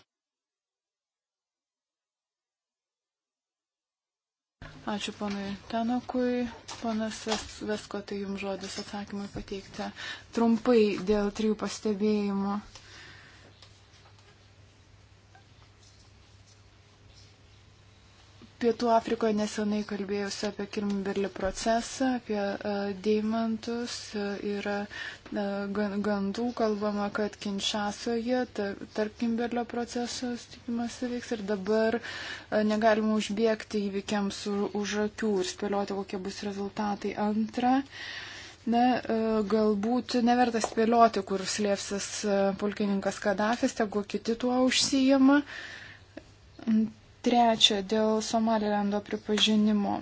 Ačiū ponui Tenokui. Ponas Vesko, tai jums žodis atsakymui pateikti. Trumpai dėl trijų pastebėjimų. Pietų Afrikoje nesenai kalbėjusi apie Kirmberlį procesą, apie uh, deimantus. E, yra uh, gandų kalbama, kad Kinšasoje tarp, tarp Kimberlio proceso stikimas vyks ir dabar uh, negalima užbėgti įvykiams už akių ir spėlioti, kokie bus rezultatai. Antra. Uh, Na, galbūt neverta spėlioti, kur slėpsis pulkininkas Kadafis, tegu kiti tuo užsijama. Trečia, dėl Somalilando pripažinimo.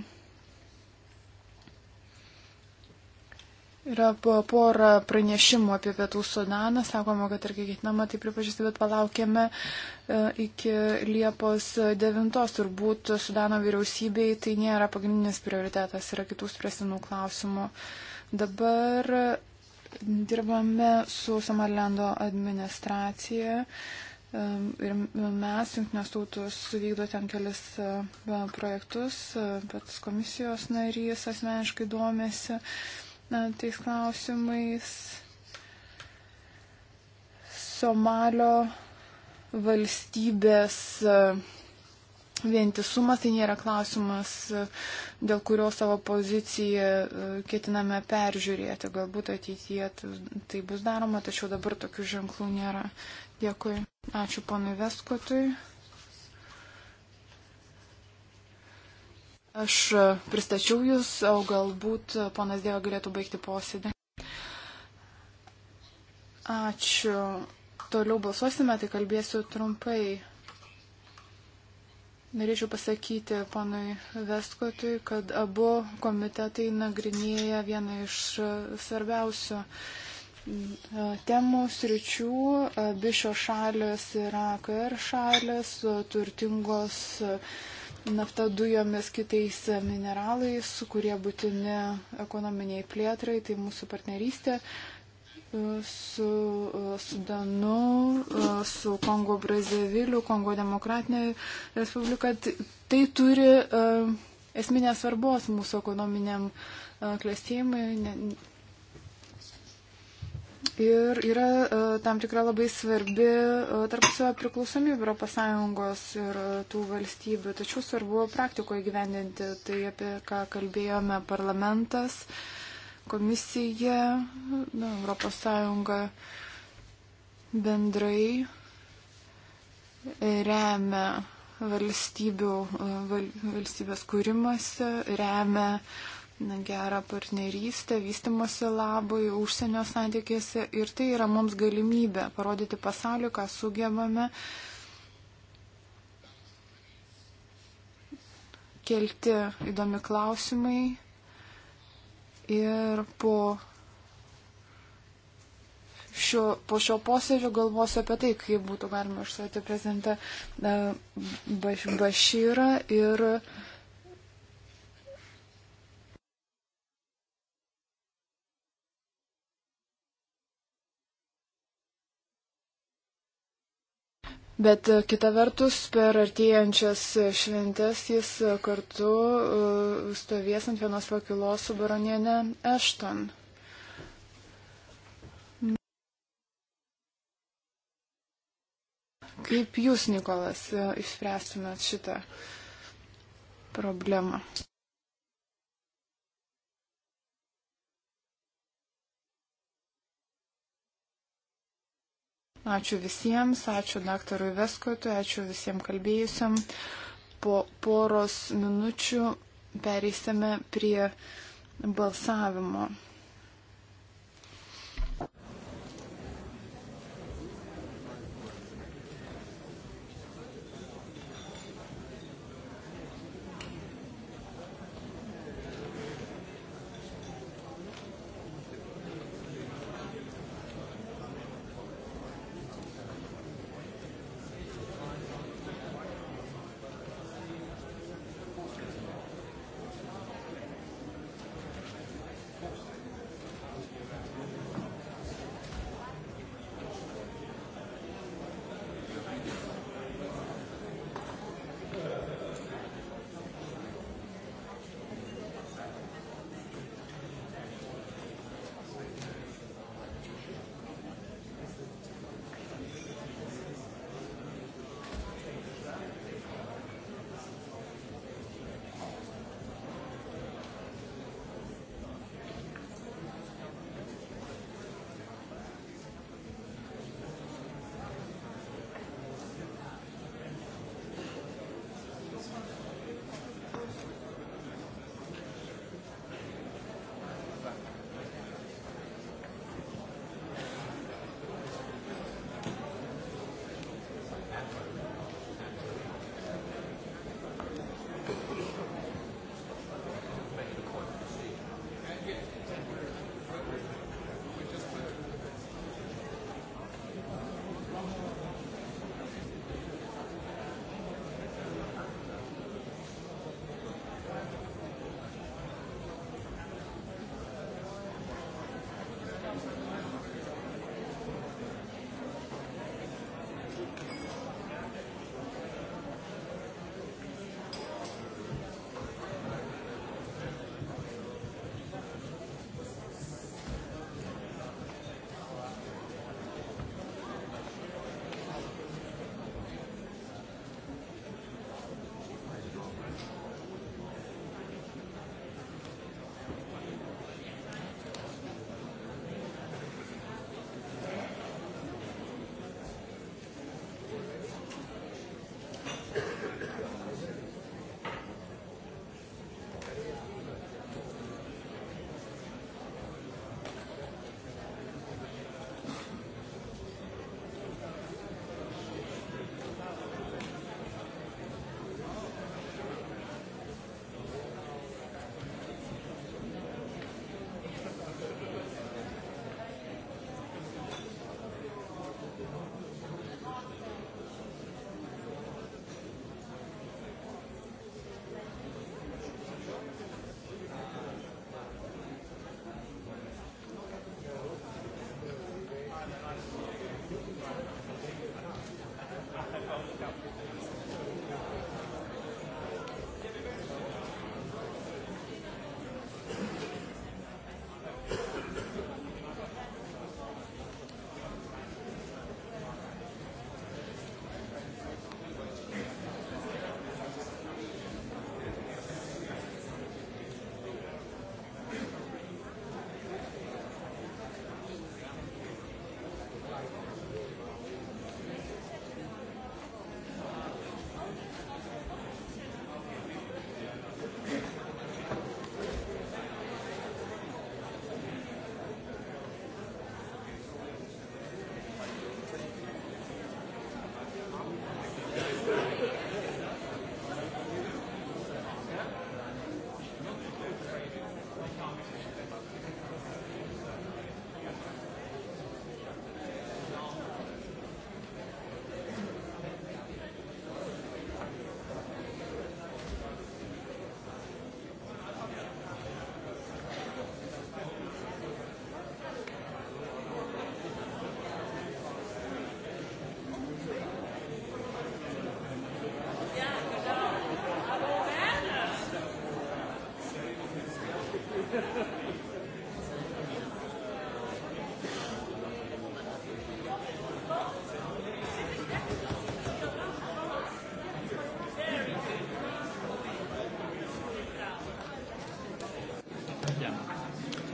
Yra pora pranešimų apie Pietų Sudaną, sakoma, kad ir ketinama tai pripažįsti, bet palaukėme e, iki Liepos 9. Turbūt Sudano vyriausybei tai nėra pagrindinis prioritetas, yra kitų spresinų klausimų. Dabar dirbame su Somalilando administracija Ir mes, jungtinės tautos, vykdo ten kelis e, projektus, e, pats komisijos narys asmeniškai domėsi e, tais klausimais. Somalio valstybės vientisumas tai nėra klausimas, dėl kurio savo poziciją ketiname peržiūrėti. Galbūt ateityje tai bus daroma, tačiau dabar tokių ženklų nėra. Dėkui. Ačiū ponui Veskotui. Aš pristačiau jūs, o galbūt ponas Dieva galėtų baigti posėdį. Ačiū. Toliau balsuosime, tai kalbėsiu trumpai. Norėčiau pasakyti ponui Vestkotui, kad abu komitetai nagrinėja vieną iš svarbiausių uh, temų sričių. Abi šios šalis yra AKR šalis, turtingos nafta dujomis kitais mineralais, kurie būtini ekonominiai plėtrai, tai mūsų partnerystė su Sudanu, su Kongo Brazaviliu, Kongo Demokratinė Respublika. Tai turi esminės svarbos mūsų ekonominiam klėstėjimui, Ir yra e, tam tikra labai svarbi e, tarpusavio priklausomybė Europos Sąjungos ir e, tų valstybių, tačiau svarbu praktikoje gyvendinti tai, apie ką kalbėjome parlamentas, komisija, na, Europos Sąjunga bendrai remia valstybių, val, valstybės kūrimasi, remia uh, na, gerą partnerystę, vystimosi labui, užsienio santykiuose ir tai yra mums galimybė parodyti pasauliu, ką sugebame kelti įdomi klausimai ir po šio, po šio posėdžio galvosiu apie tai, kaip būtų galima išsuoti prezidentą e, Bašyrą ir uh, Bet e, kita vertus, per artėjančias šventės jis e, kartu e, stovės ant vienos pakilos su baronienė Ešton. Kaip jūs, Nikolas, išspręstumėt šitą problemą? Ačiū visiems, ačiū daktarui Veskotui, ačiū visiems kalbėjusiam. Po poros minučių pereisime prie balsavimo.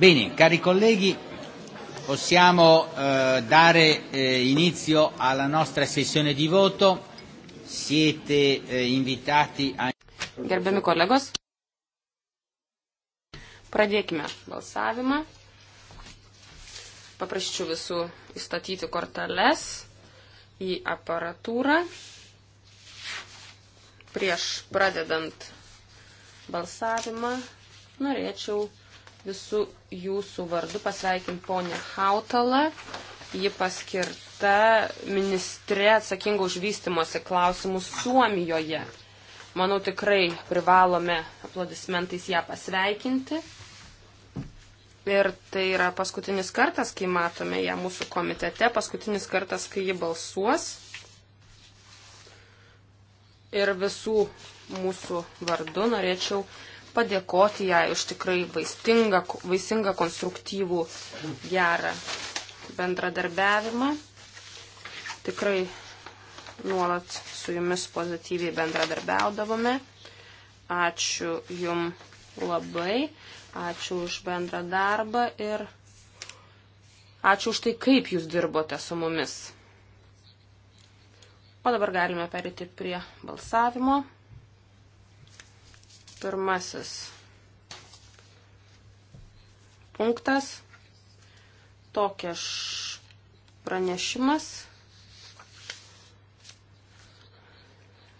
Bene, cari colleghi, possiamo eh, dare eh, inizio alla nostra sessione di voto. Siete eh, invitati a. Gerbiami kolegos, pradėkime balsavimą. Paprašyčiau visų įstatyti korteles į aparatūrą. Prieš pradedant balsavimą norėčiau visų jūsų vardu pasveikinti ponę Hautalą. Ji paskirta ministre atsakinga už vystimosi klausimus Suomijoje. Manau, tikrai privalome aplodismentais ją pasveikinti. Ir tai yra paskutinis kartas, kai matome ją mūsų komitete, paskutinis kartas, kai ji balsuos. Ir visų mūsų vardu norėčiau padėkoti jai už tikrai vaistingą, vaisingą, konstruktyvų, gerą bendradarbiavimą. Tikrai nuolat su jumis pozityviai bendradarbiaudavome. Ačiū jum labai, ačiū už bendrą darbą ir ačiū už tai, kaip jūs dirbote su mumis. O dabar galime perėti prie balsavimo. Pirmasis punktas. Tokia pranešimas.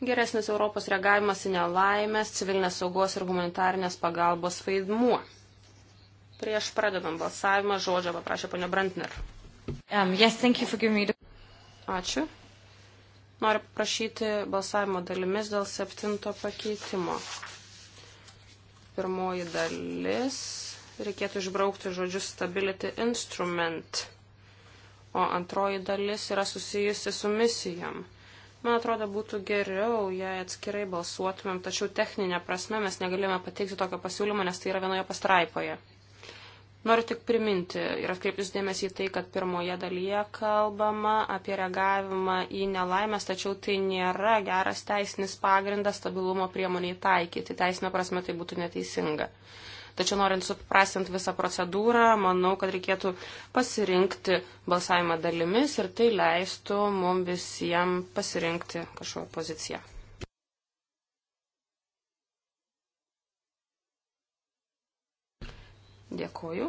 Geresnis Europos reagavimas į nelaimės, civilinės saugos ir humanitarnės pagalbos vaidmuo. Prieš pradedant balsavimą žodžio paprašė ponia Brantner. Um, yes, the... Ačiū. Noriu prašyti balsavimo dalimis dėl septinto pakeitimo pirmoji dalis. Reikėtų išbraukti žodžius stability instrument. O antroji dalis yra susijusi su misijom. Man atrodo, būtų geriau, jei atskirai balsuotumėm, tačiau techninė prasme mes negalėjome pateikti tokio pasiūlymo, nes tai yra vienoje pastraipoje. Noriu tik priminti ir atkreiptis dėmesį į tai, kad pirmoje dalyje kalbama apie reagavimą į nelaimės, tačiau tai nėra geras teisinis pagrindas stabilumo priemoniai taikyti. Teisinė prasme tai būtų neteisinga. Tačiau norint suprasinti visą procedūrą, manau, kad reikėtų pasirinkti balsavimą dalimis ir tai leistų mums visiems pasirinkti kažkokią poziciją. Dėkoju.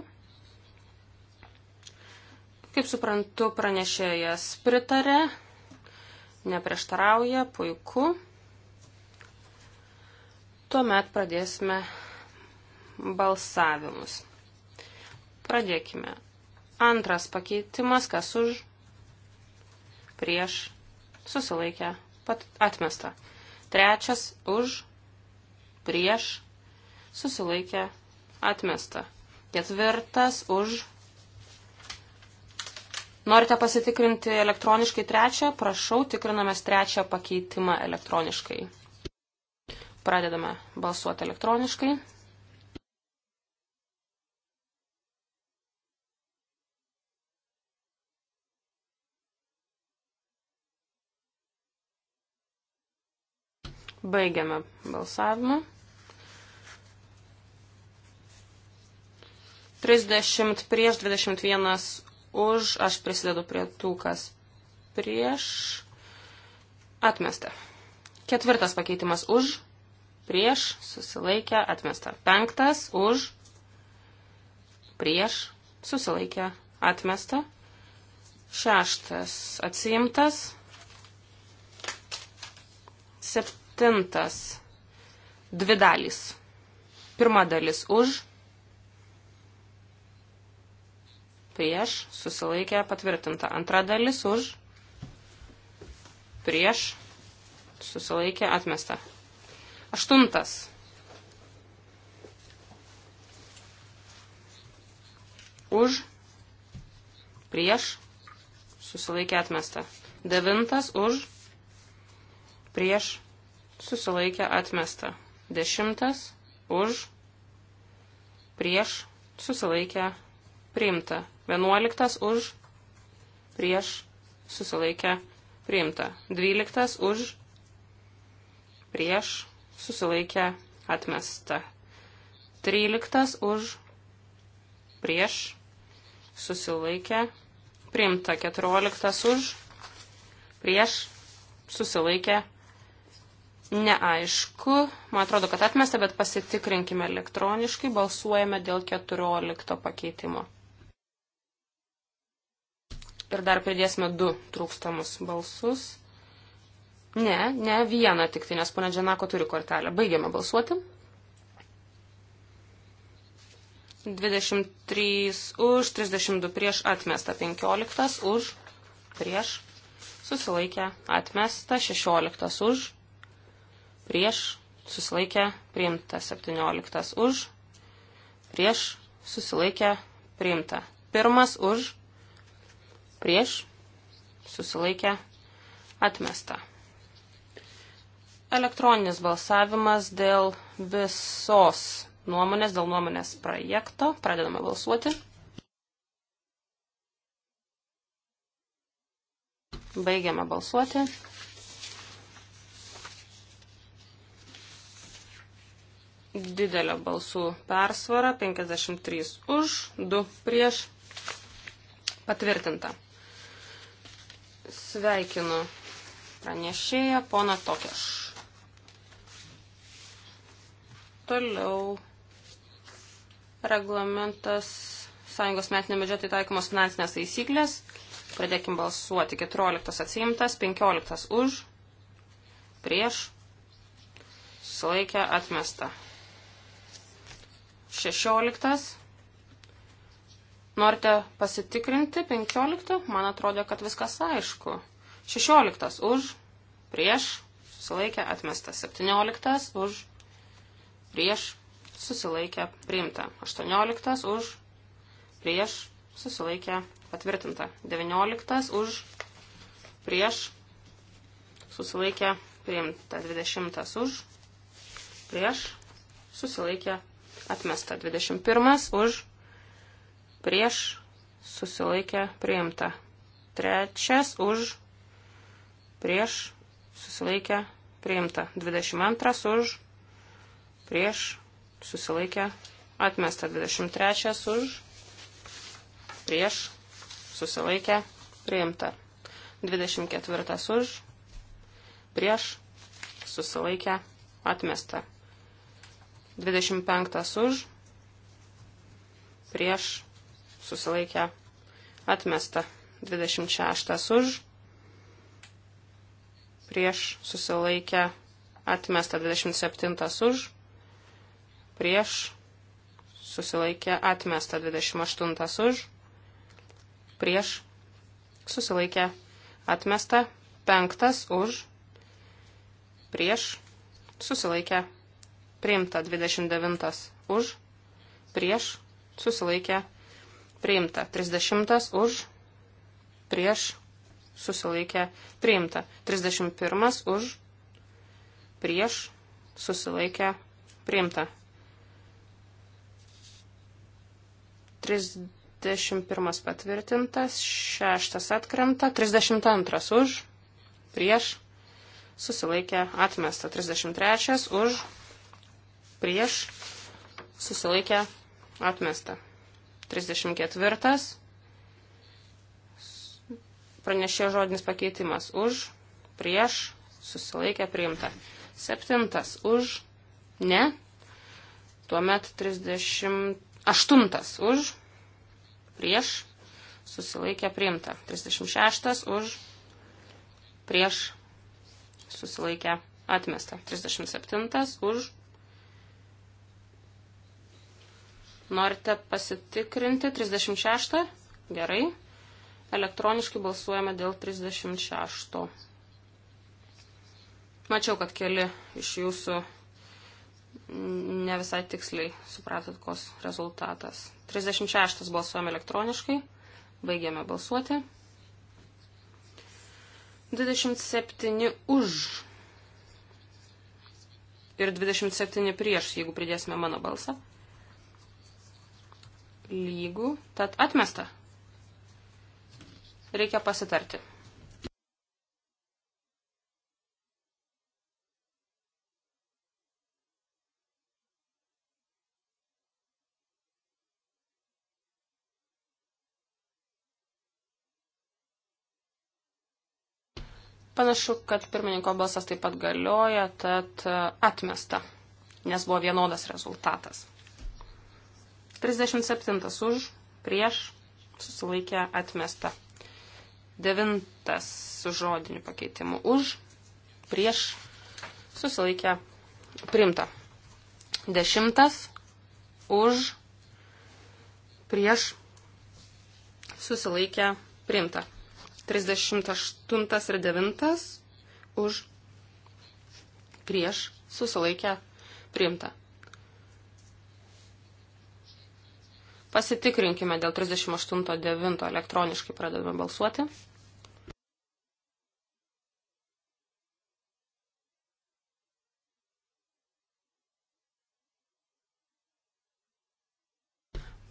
Kaip suprantu, pranešėjas pritarė, neprieštarauja, puiku. Tuomet pradėsime balsavimus. Pradėkime. Antras pakeitimas, kas už, prieš, susilaikę, pat atmesta. Trečias už, prieš, susilaikę, atmesta. Ketvirtas už. Norite pasitikrinti elektroniškai trečią? Prašau, tikrinamės trečią pakeitimą elektroniškai. Pradedame balsuoti elektroniškai. Baigiame balsavimą. 30 prieš 21 už, aš prisidedu prie tų, kas prieš. Atmesta. Ketvirtas pakeitimas už, prieš, susilaikę, atmesta. Penktas už, prieš, susilaikę, atmesta. Šeštas atsiimtas. Septintas. Dvi dalys. Pirma dalis už, prieš, susilaikė patvirtinta. Antra dalis už, prieš, susilaikė atmesta. Aštuntas. Už, prieš, susilaikė atmesta. Devintas už, prieš, susilaikė atmesta. Dešimtas už, prieš, susilaikė priimta. 11 už, prieš, susilaikę, priimta. 12 už, prieš, susilaikę, atmesta. 13 už, prieš, susilaikę, priimta. 14 už, prieš, susilaikę, neaišku. Man atrodo, kad atmesta, bet pasitikrinkime elektroniškai. Balsuojame dėl 14 pakeitimo ir dar pridėsime du trūkstamus balsus. Ne, ne, vieną tik tai, nes ponia Dženako turi kortelę. Baigiame balsuoti. 23 už, 32 prieš atmestą, 15 už, prieš, susilaikę, atmestą, 16 už, prieš, susilaikę, priimta, 17 už, prieš, susilaikę, priimta, pirmas už, prieš, susilaikę, atmesta. Elektroninis balsavimas dėl visos nuomonės, dėl nuomonės projekto. Pradedame balsuoti. Baigiame balsuoti. Didelio balsų persvara, 53 už, 2 prieš, patvirtinta. Sveikinu pranešėją poną Tokeš. Toliau reglamentas Sąjungos metinio biudžetui taikomos finansinės taisyklės. Pradėkim balsuoti. 14 atsiimtas, 15 už, prieš, sulaikę atmesta. 16 Norite pasitikrinti 15? Man atrodo, kad viskas aišku. 16 už, prieš, susilaikė, atmestas. 17 už, prieš, susilaikė, priimta. 18 už, prieš, susilaikė, patvirtinta. 19 už, prieš, susilaikė, priimta. 20 už, prieš, susilaikė, atmesta. 21 už, prieš prieš, susilaikė, priimta. Trečias už, prieš, susilaikė, priimta. 22 už, prieš, susilaikė, atmesta. 23 už, prieš, susilaikė, priimta. 24 už, prieš, susilaikė, atmesta. 25 už, prieš, susilaikė atmesta. 26 už, prieš susilaikė atmesta. 27 už, prieš susilaikė atmesta. 28 už, prieš susilaikė atmesta. 5 už, prieš susilaikė priimta. 29 už, prieš susilaikė atmesta priimta. 30 už, prieš, susilaikė, priimta. 31 už, prieš, susilaikė, priimta. 31 patvirtintas, 6 atkrenta, 32 už, prieš, susilaikė, atmesta. 33 už, prieš, susilaikė, atmesta. 34. Pranešė žodinis pakeitimas už, prieš, susilaikė priimta. 7. Už, ne. Tuomet 38. Už, prieš, susilaikė priimta. 36. Už, prieš, susilaikė atmesta. 37. Už, prieš Norite pasitikrinti 36? Gerai. Elektroniškai balsuojame dėl 36. Mačiau, kad keli iš jūsų ne visai tiksliai supratot, kos rezultatas. 36 balsuojame elektroniškai. Baigėme balsuoti. 27 už ir 27 prieš, jeigu pridėsime mano balsą lygų, tad atmesta. Reikia pasitarti. Panašu, kad pirmininko balsas taip pat galioja, tad e, atmesta, nes buvo vienodas rezultatas. 37 už, prieš, susilaikė atmesta. 9 su žodiniu pakeitimu už, prieš, susilaikė primta. 10 už, prieš, susilaikė primta. 38 ir 9 už, prieš, susilaikė primta. Pasitikrinkime dėl 38.9 elektroniškai pradedame balsuoti.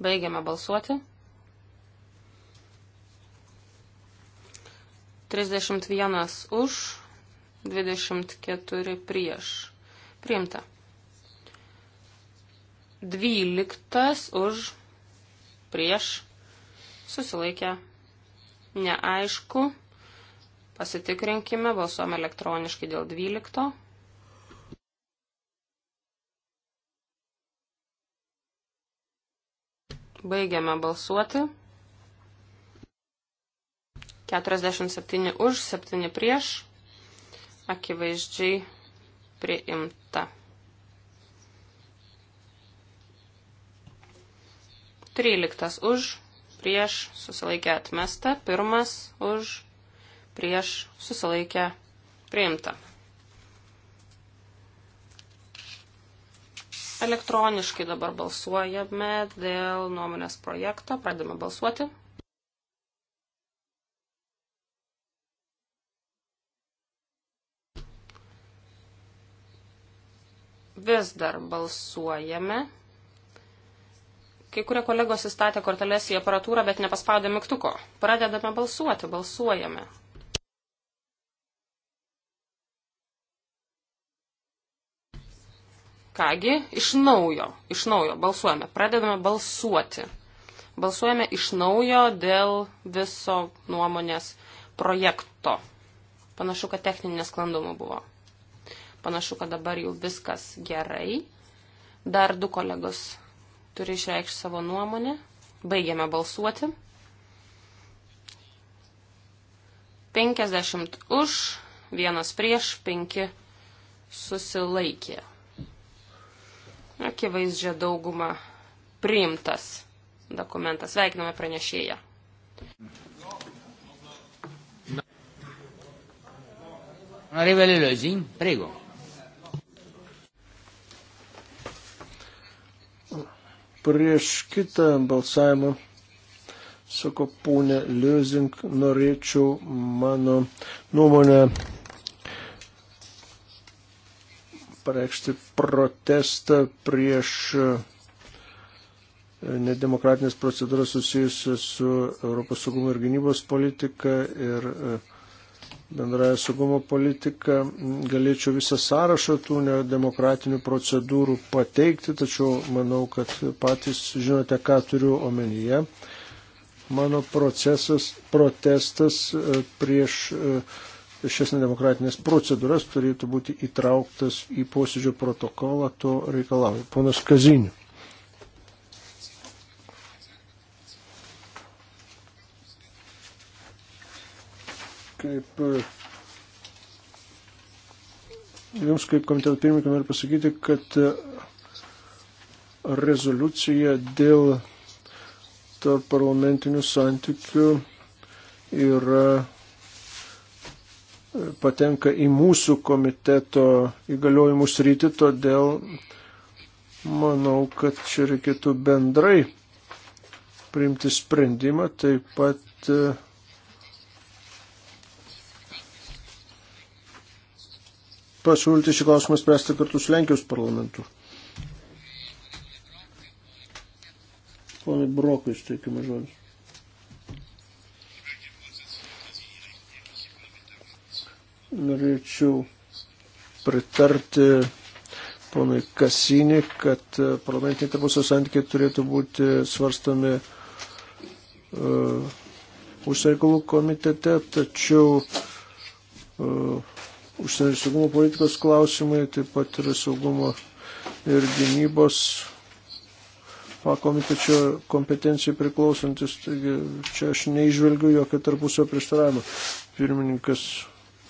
Baigiame balsuoti. 31 už, 24 prieš. Priimta. 12 už prieš, susilaikę, neaišku. Pasitikrinkime, balsuom elektroniškai dėl 12. Baigiame balsuoti. 47 už, 7 prieš. Akivaizdžiai priimta. 13 už, prieš, susilaikė atmesta, 1 už, prieš, susilaikė priimta. Elektroniškai dabar balsuojame dėl nuomonės projekto, pradame balsuoti. vis dar balsuojame Kai kurie kolegos įstatė korteles į aparatūrą, bet nepaspaudė mygtuko. Pradedame balsuoti, balsuojame. Kągi, iš naujo, iš naujo balsuojame, pradedame balsuoti. Balsuojame iš naujo dėl viso nuomonės projekto. Panašu, kad techninės sklandumų buvo. Panašu, kad dabar jau viskas gerai. Dar du kolegos turi išreikšti savo nuomonę. Baigiame balsuoti. 50 už, vienas prieš, 5 susilaikė. Akivaizdžia dauguma priimtas dokumentas. Sveikiname pranešėją. Onorevole Lösing, prego. Prieš kitą balsavimą, sako pūnė Liuzink, norėčiau mano nuomonę pareikšti protestą prieš e, nedemokratinės procedūras susijusias su Europos saugumo ir gynybos politika ir uh, bendraja saugumo politika. Galėčiau visą sąrašą tų nedemokratinių procedūrų pateikti, tačiau manau, kad patys žinote, ką turiu omenyje. Mano procesas, protestas e, prieš e, šias nedemokratinės procedūras turėtų būti įtrauktas į posėdžio protokolą, to reikalauju. Ponas Kaziniu. kaip Jums kaip komiteto pirmininkai noriu pasakyti, kad rezoliucija dėl tarp parlamentinių santykių yra patenka į mūsų komiteto įgaliojimų sritį, todėl manau, kad čia reikėtų bendrai priimti sprendimą, taip pat pasiūlyti šį klausimą spręsti kartu su Lenkijos parlamentu. Ponai Brokui suteikime žodžius. Norėčiau pritarti ponui Kasinį, kad parlamentiniai tarpusio santykiai turėtų būti svarstami uh, užsienio komitete, tačiau uh, užsienio saugumo politikos klausimai, taip pat yra saugumo ir gynybos pakomitečio kompetencijai priklausantis, taigi čia aš neižvelgiu jokio tarpusio prieštaravimo. Pirmininkas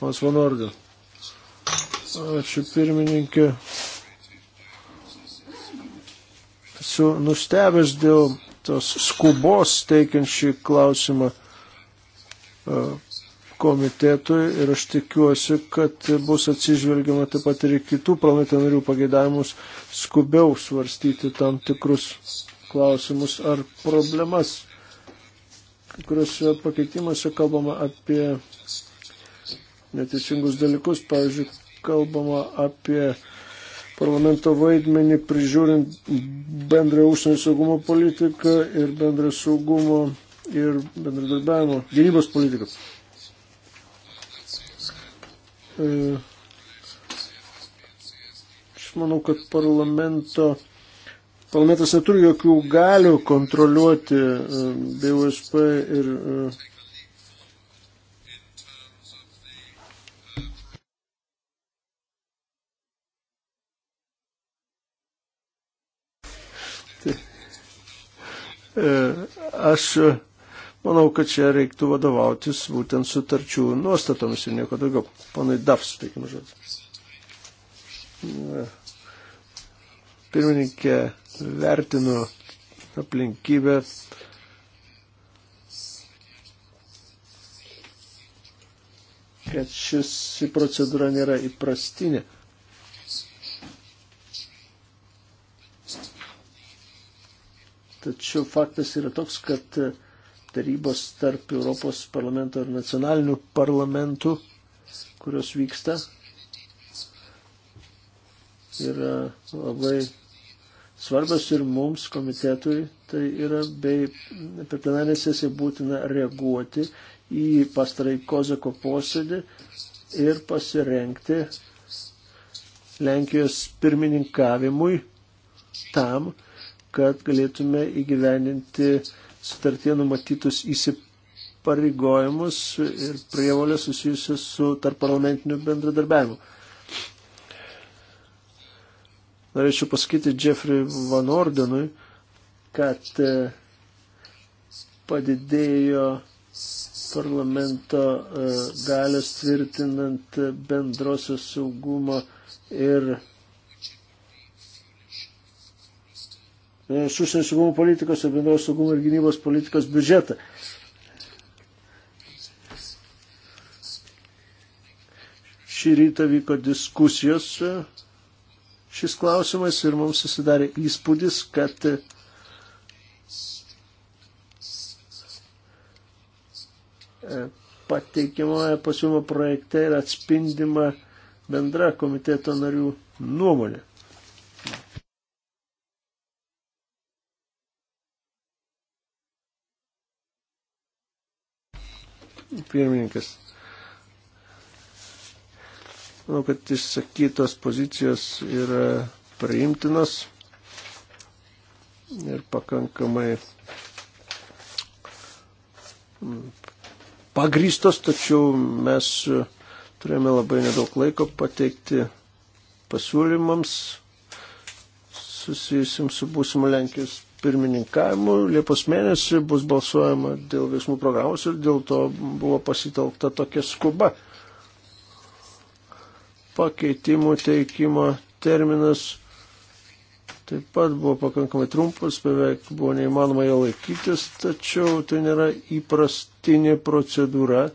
Mas Van Orden. Ačiū pirmininkė. Esu nustebęs dėl tos skubos teikiant šį klausimą komitetui ir aš tikiuosi, kad bus atsižvelgiama taip pat ir kitų parlamento narių pageidavimus skubiau svarstyti tam tikrus klausimus ar problemas, kuriuose pakeitimuose kalbama apie neteisingus dalykus, pavyzdžiui, kalbama apie parlamento vaidmenį prižiūrint bendrą užsienio saugumo politiką ir bendrą saugumo ir bendradarbiavimo gynybos politiką. E, aš manau, kad parlamento, parlamentas neturi jokių galių kontroliuoti e, BUSP ir e, Aš Manau, kad čia reiktų vadovautis būtent sutarčių nuostatomis ir nieko daugiau. Ponai Daf, suteikime žodį. Pirmininkė, vertinu aplinkybę. kad šis procedūra nėra įprastinė. Tačiau faktas yra toks, kad tarybos tarp Europos parlamento ir nacionalinių parlamentų, kurios vyksta, yra labai svarbios ir mums komitetui, tai yra bei per plenarinę sesiją būtina reaguoti į pastarai Kozako posėdį ir pasirenkti Lenkijos pirmininkavimui tam, kad galėtume įgyveninti sutartie numatytus įsipareigojimus ir prievolę susijusius su tarparlamentiniu bendradarbiavimu. Norėčiau pasakyti Jeffrey Van Ordenui, kad e, padidėjo parlamento e, galios tvirtinant bendrosios saugumo ir iš e, užsienio saugumo politikos ir bendros saugumo ir gynybos politikos biudžetą. Šį rytą vyko diskusijos e, šis klausimas ir mums susidarė įspūdis, kad e, pateikiamoje pasiūlymo projekte yra atspindima bendra komiteto narių nuomonė. Pirmininkas. Manau, kad išsakytos pozicijos yra priimtinos ir pakankamai mm, pagrystos, tačiau mes turėjome labai nedaug laiko pateikti pasiūlymams susijusim su būsimu Lenkijos pirmininkavimu Liepos mėnesį bus balsuojama dėl veiksmų programos ir dėl to buvo pasitelkta tokia skuba. Pakeitimų teikimo terminas taip pat buvo pakankamai trumpas, beveik buvo neįmanoma jo laikytis, tačiau tai nėra įprastinė procedūra.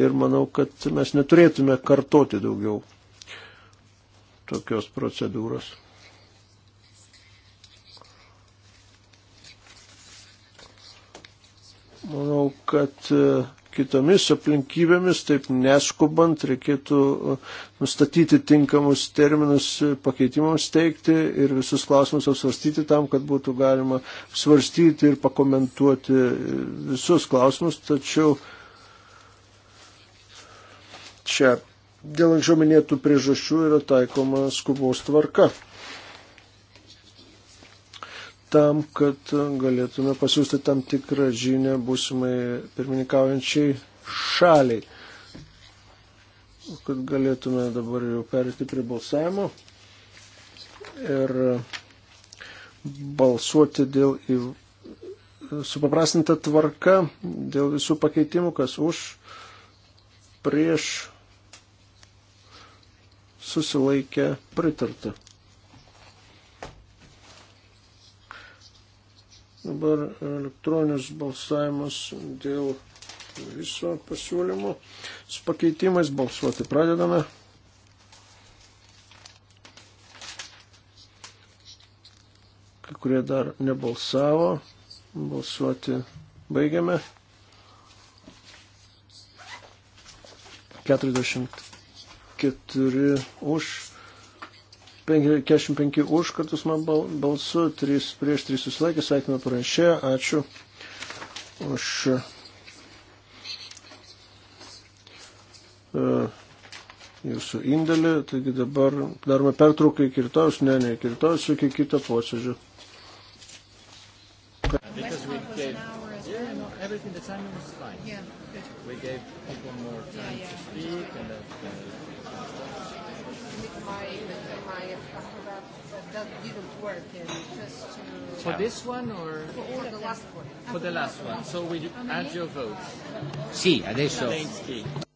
Ir manau, kad mes neturėtume kartoti daugiau tokios procedūros. Manau, kad e, kitomis aplinkybėmis, taip neskubant, reikėtų e, nustatyti tinkamus terminus e, pakeitimams teikti ir visus klausimus apsvarstyti tam, kad būtų galima svarstyti ir pakomentuoti visus klausimus. Tačiau čia dėl anksčiau minėtų priežasčių yra taikoma skubos tvarka tam, kad galėtume pasiūsti tam tikrą žinę būsimai pirmininkaujančiai šaliai. Kad galėtume dabar jau perėti prie balsavimo ir balsuoti dėl įv... supaprastinta tvarka, dėl visų pakeitimų, kas už, prieš, susilaikę, pritarta. Dabar elektroninis balsavimas dėl viso pasiūlymo. Su pakeitimais balsuoti pradedame. Kai kurie dar nebalsavo, balsuoti baigiame. 44 už 55 už, kartus man balsu, 3 prieš 3 susilaikė, sveikiname pranešė, ačiū už e, jūsų indėlį. Taigi dabar darome pertrauką iki rytojus, ne, ne iki rytojus, iki kito posėdžio. Everything the time was fine. Yeah, good. We gave people more time yeah, yeah. to speak and that, uh, with my with my Acrobat that didn't work and just to for yeah. this one or for, for the last one for the last one. So we add your votes. Sì, adesso. Zelensky.